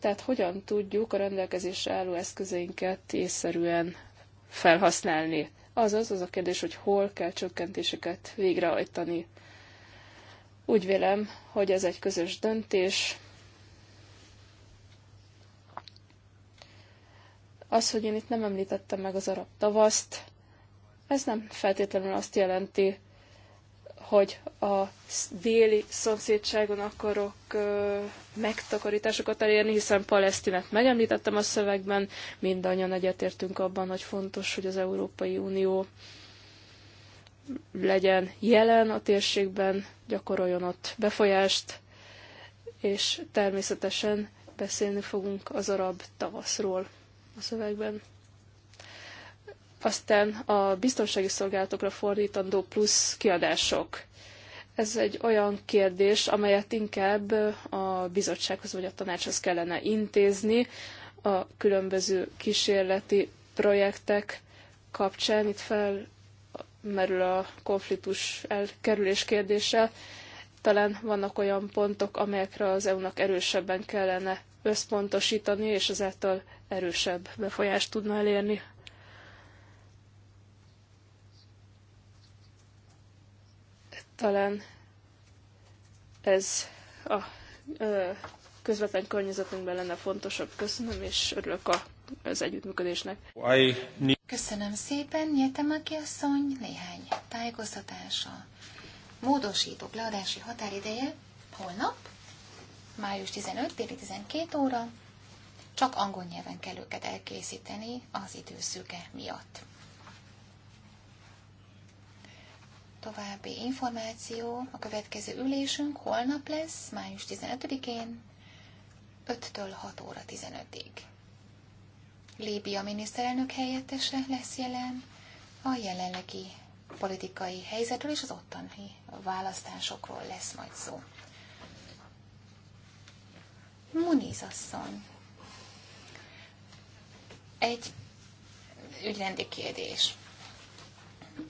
tehát hogyan tudjuk a rendelkezésre álló eszközeinket észszerűen felhasználni? Azaz az a kérdés, hogy hol kell csökkentéseket végrehajtani. Úgy vélem, hogy ez egy közös döntés. Az, hogy én itt nem említettem meg az arab tavaszt, ez nem feltétlenül azt jelenti, hogy a déli szomszédságon akarok ö, megtakarításokat elérni, hiszen Palesztinát megemlítettem a szövegben, mindannyian egyetértünk abban, hogy fontos, hogy az Európai Unió legyen jelen a térségben, gyakoroljon ott befolyást, és természetesen beszélni fogunk az arab tavaszról a szövegben. Aztán a biztonsági szolgálatokra fordítandó plusz kiadások. Ez egy olyan kérdés, amelyet inkább a bizottsághoz vagy a tanácshoz kellene intézni a különböző kísérleti projektek kapcsán. Itt felmerül a konfliktus elkerülés kérdése. Talán vannak olyan pontok, amelyekre az EU-nak erősebben kellene összpontosítani, és ezáltal erősebb befolyást tudna elérni Talán ez a közvetlen környezetünkben lenne fontosabb. Köszönöm, és örülök a, az együttműködésnek. Köszönöm szépen, nyertem a kiasszony. néhány tájékoztatása. Módosítók leadási határideje holnap, május 15, déli 12 óra. Csak angol nyelven kell őket elkészíteni az időszüke miatt. További információ, a következő ülésünk holnap lesz, május 15-én, 5-től 6 óra 15-ig. Líbia miniszterelnök helyettese lesz jelen a jelenlegi politikai helyzetről és az ottani választásokról lesz majd szó. Muniz asszony. Egy ügyrendi kérdés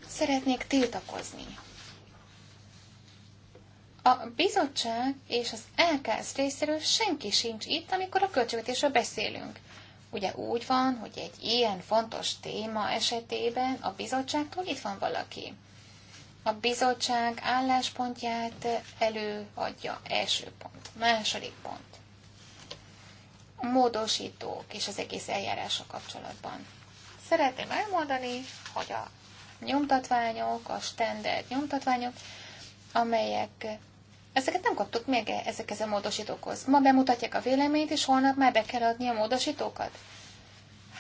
szeretnék tiltakozni. A bizottság és az LKS részéről senki sincs itt, amikor a költségvetésről beszélünk. Ugye úgy van, hogy egy ilyen fontos téma esetében a bizottságtól itt van valaki. A bizottság álláspontját előadja első pont, második pont. A módosítók és az egész eljárása kapcsolatban. Szeretném elmondani, hogy a nyomtatványok, a standard nyomtatványok, amelyek Ezeket nem kaptuk még -e, ezekhez a módosítókhoz. Ma bemutatják a véleményt, és holnap már be kell adni a módosítókat.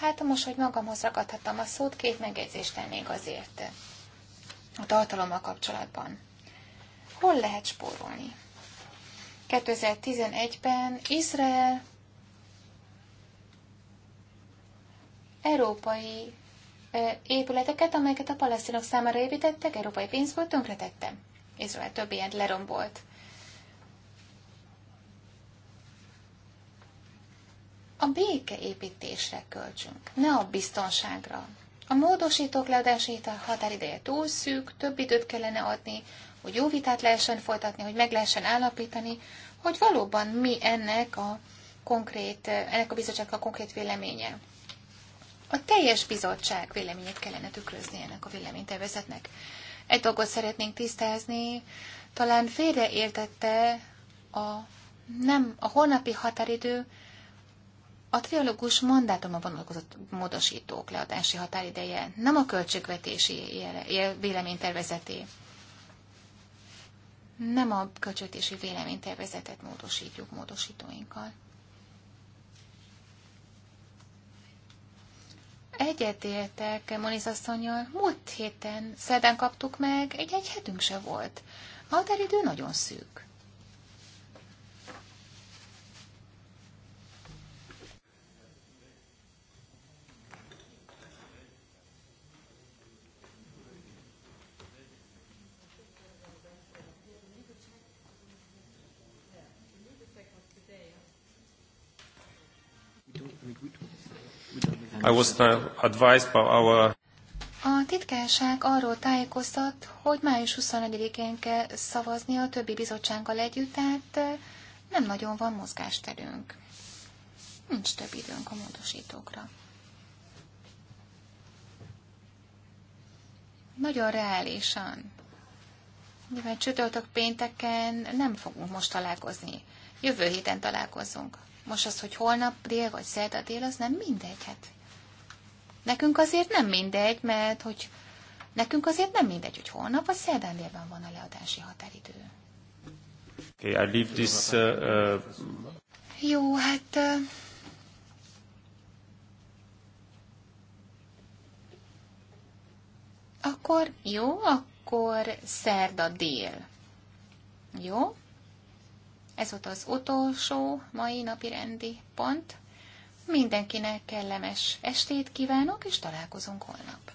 Hát most, hogy magamhoz ragadhattam a szót, két megjegyzést tennék azért a tartalommal kapcsolatban. Hol lehet spórolni? 2011-ben Izrael európai épületeket, amelyeket a palesztinok számára építettek, európai pénzből tönkretette. Izrael több ilyet lerombolt. A békeépítésre költsünk, ne a biztonságra. A módosítók leadásait a határideje túl szűk, több időt kellene adni, hogy jó vitát lehessen folytatni, hogy meg lehessen állapítani, hogy valóban mi ennek a konkrét, ennek a bizottságnak a konkrét véleménye. A teljes bizottság véleményét kellene tükrözni ennek a véleménytervezetnek. Egy dolgot szeretnénk tisztázni, talán félreértette a nem, a holnapi határidő a triológus mandátuma vonatkozott módosítók leadási határideje, nem a költségvetési véleménytervezeté. Nem a költségvetési véleménytervezetet módosítjuk módosítóinkkal. Egyetértek Moniz asszonyjal, múlt héten szerdán kaptuk meg, egy, egy hetünk se volt. A határidő nagyon szűk. I was advised by our... A titkárság arról tájékoztat, hogy május 24-én kell szavazni a többi bizottsággal együtt, tehát eh, nem nagyon van mozgásterünk. Nincs több időnk a módosítókra. Nagyon reálisan. Mivel csütörtök pénteken nem fogunk most találkozni. Jövő héten találkozunk. Most az, hogy holnap dél vagy szerda dél, az nem mindegy, hát Nekünk azért nem mindegy, mert hogy nekünk azért nem mindegy, hogy holnap vagy szerdán délben van a leadási határidő. Okay, I leave this, uh, uh... Jó, hát... Uh... Akkor jó, akkor szerda dél. Jó? Ez volt az utolsó mai napi rendi pont. Mindenkinek kellemes estét kívánok, és találkozunk holnap.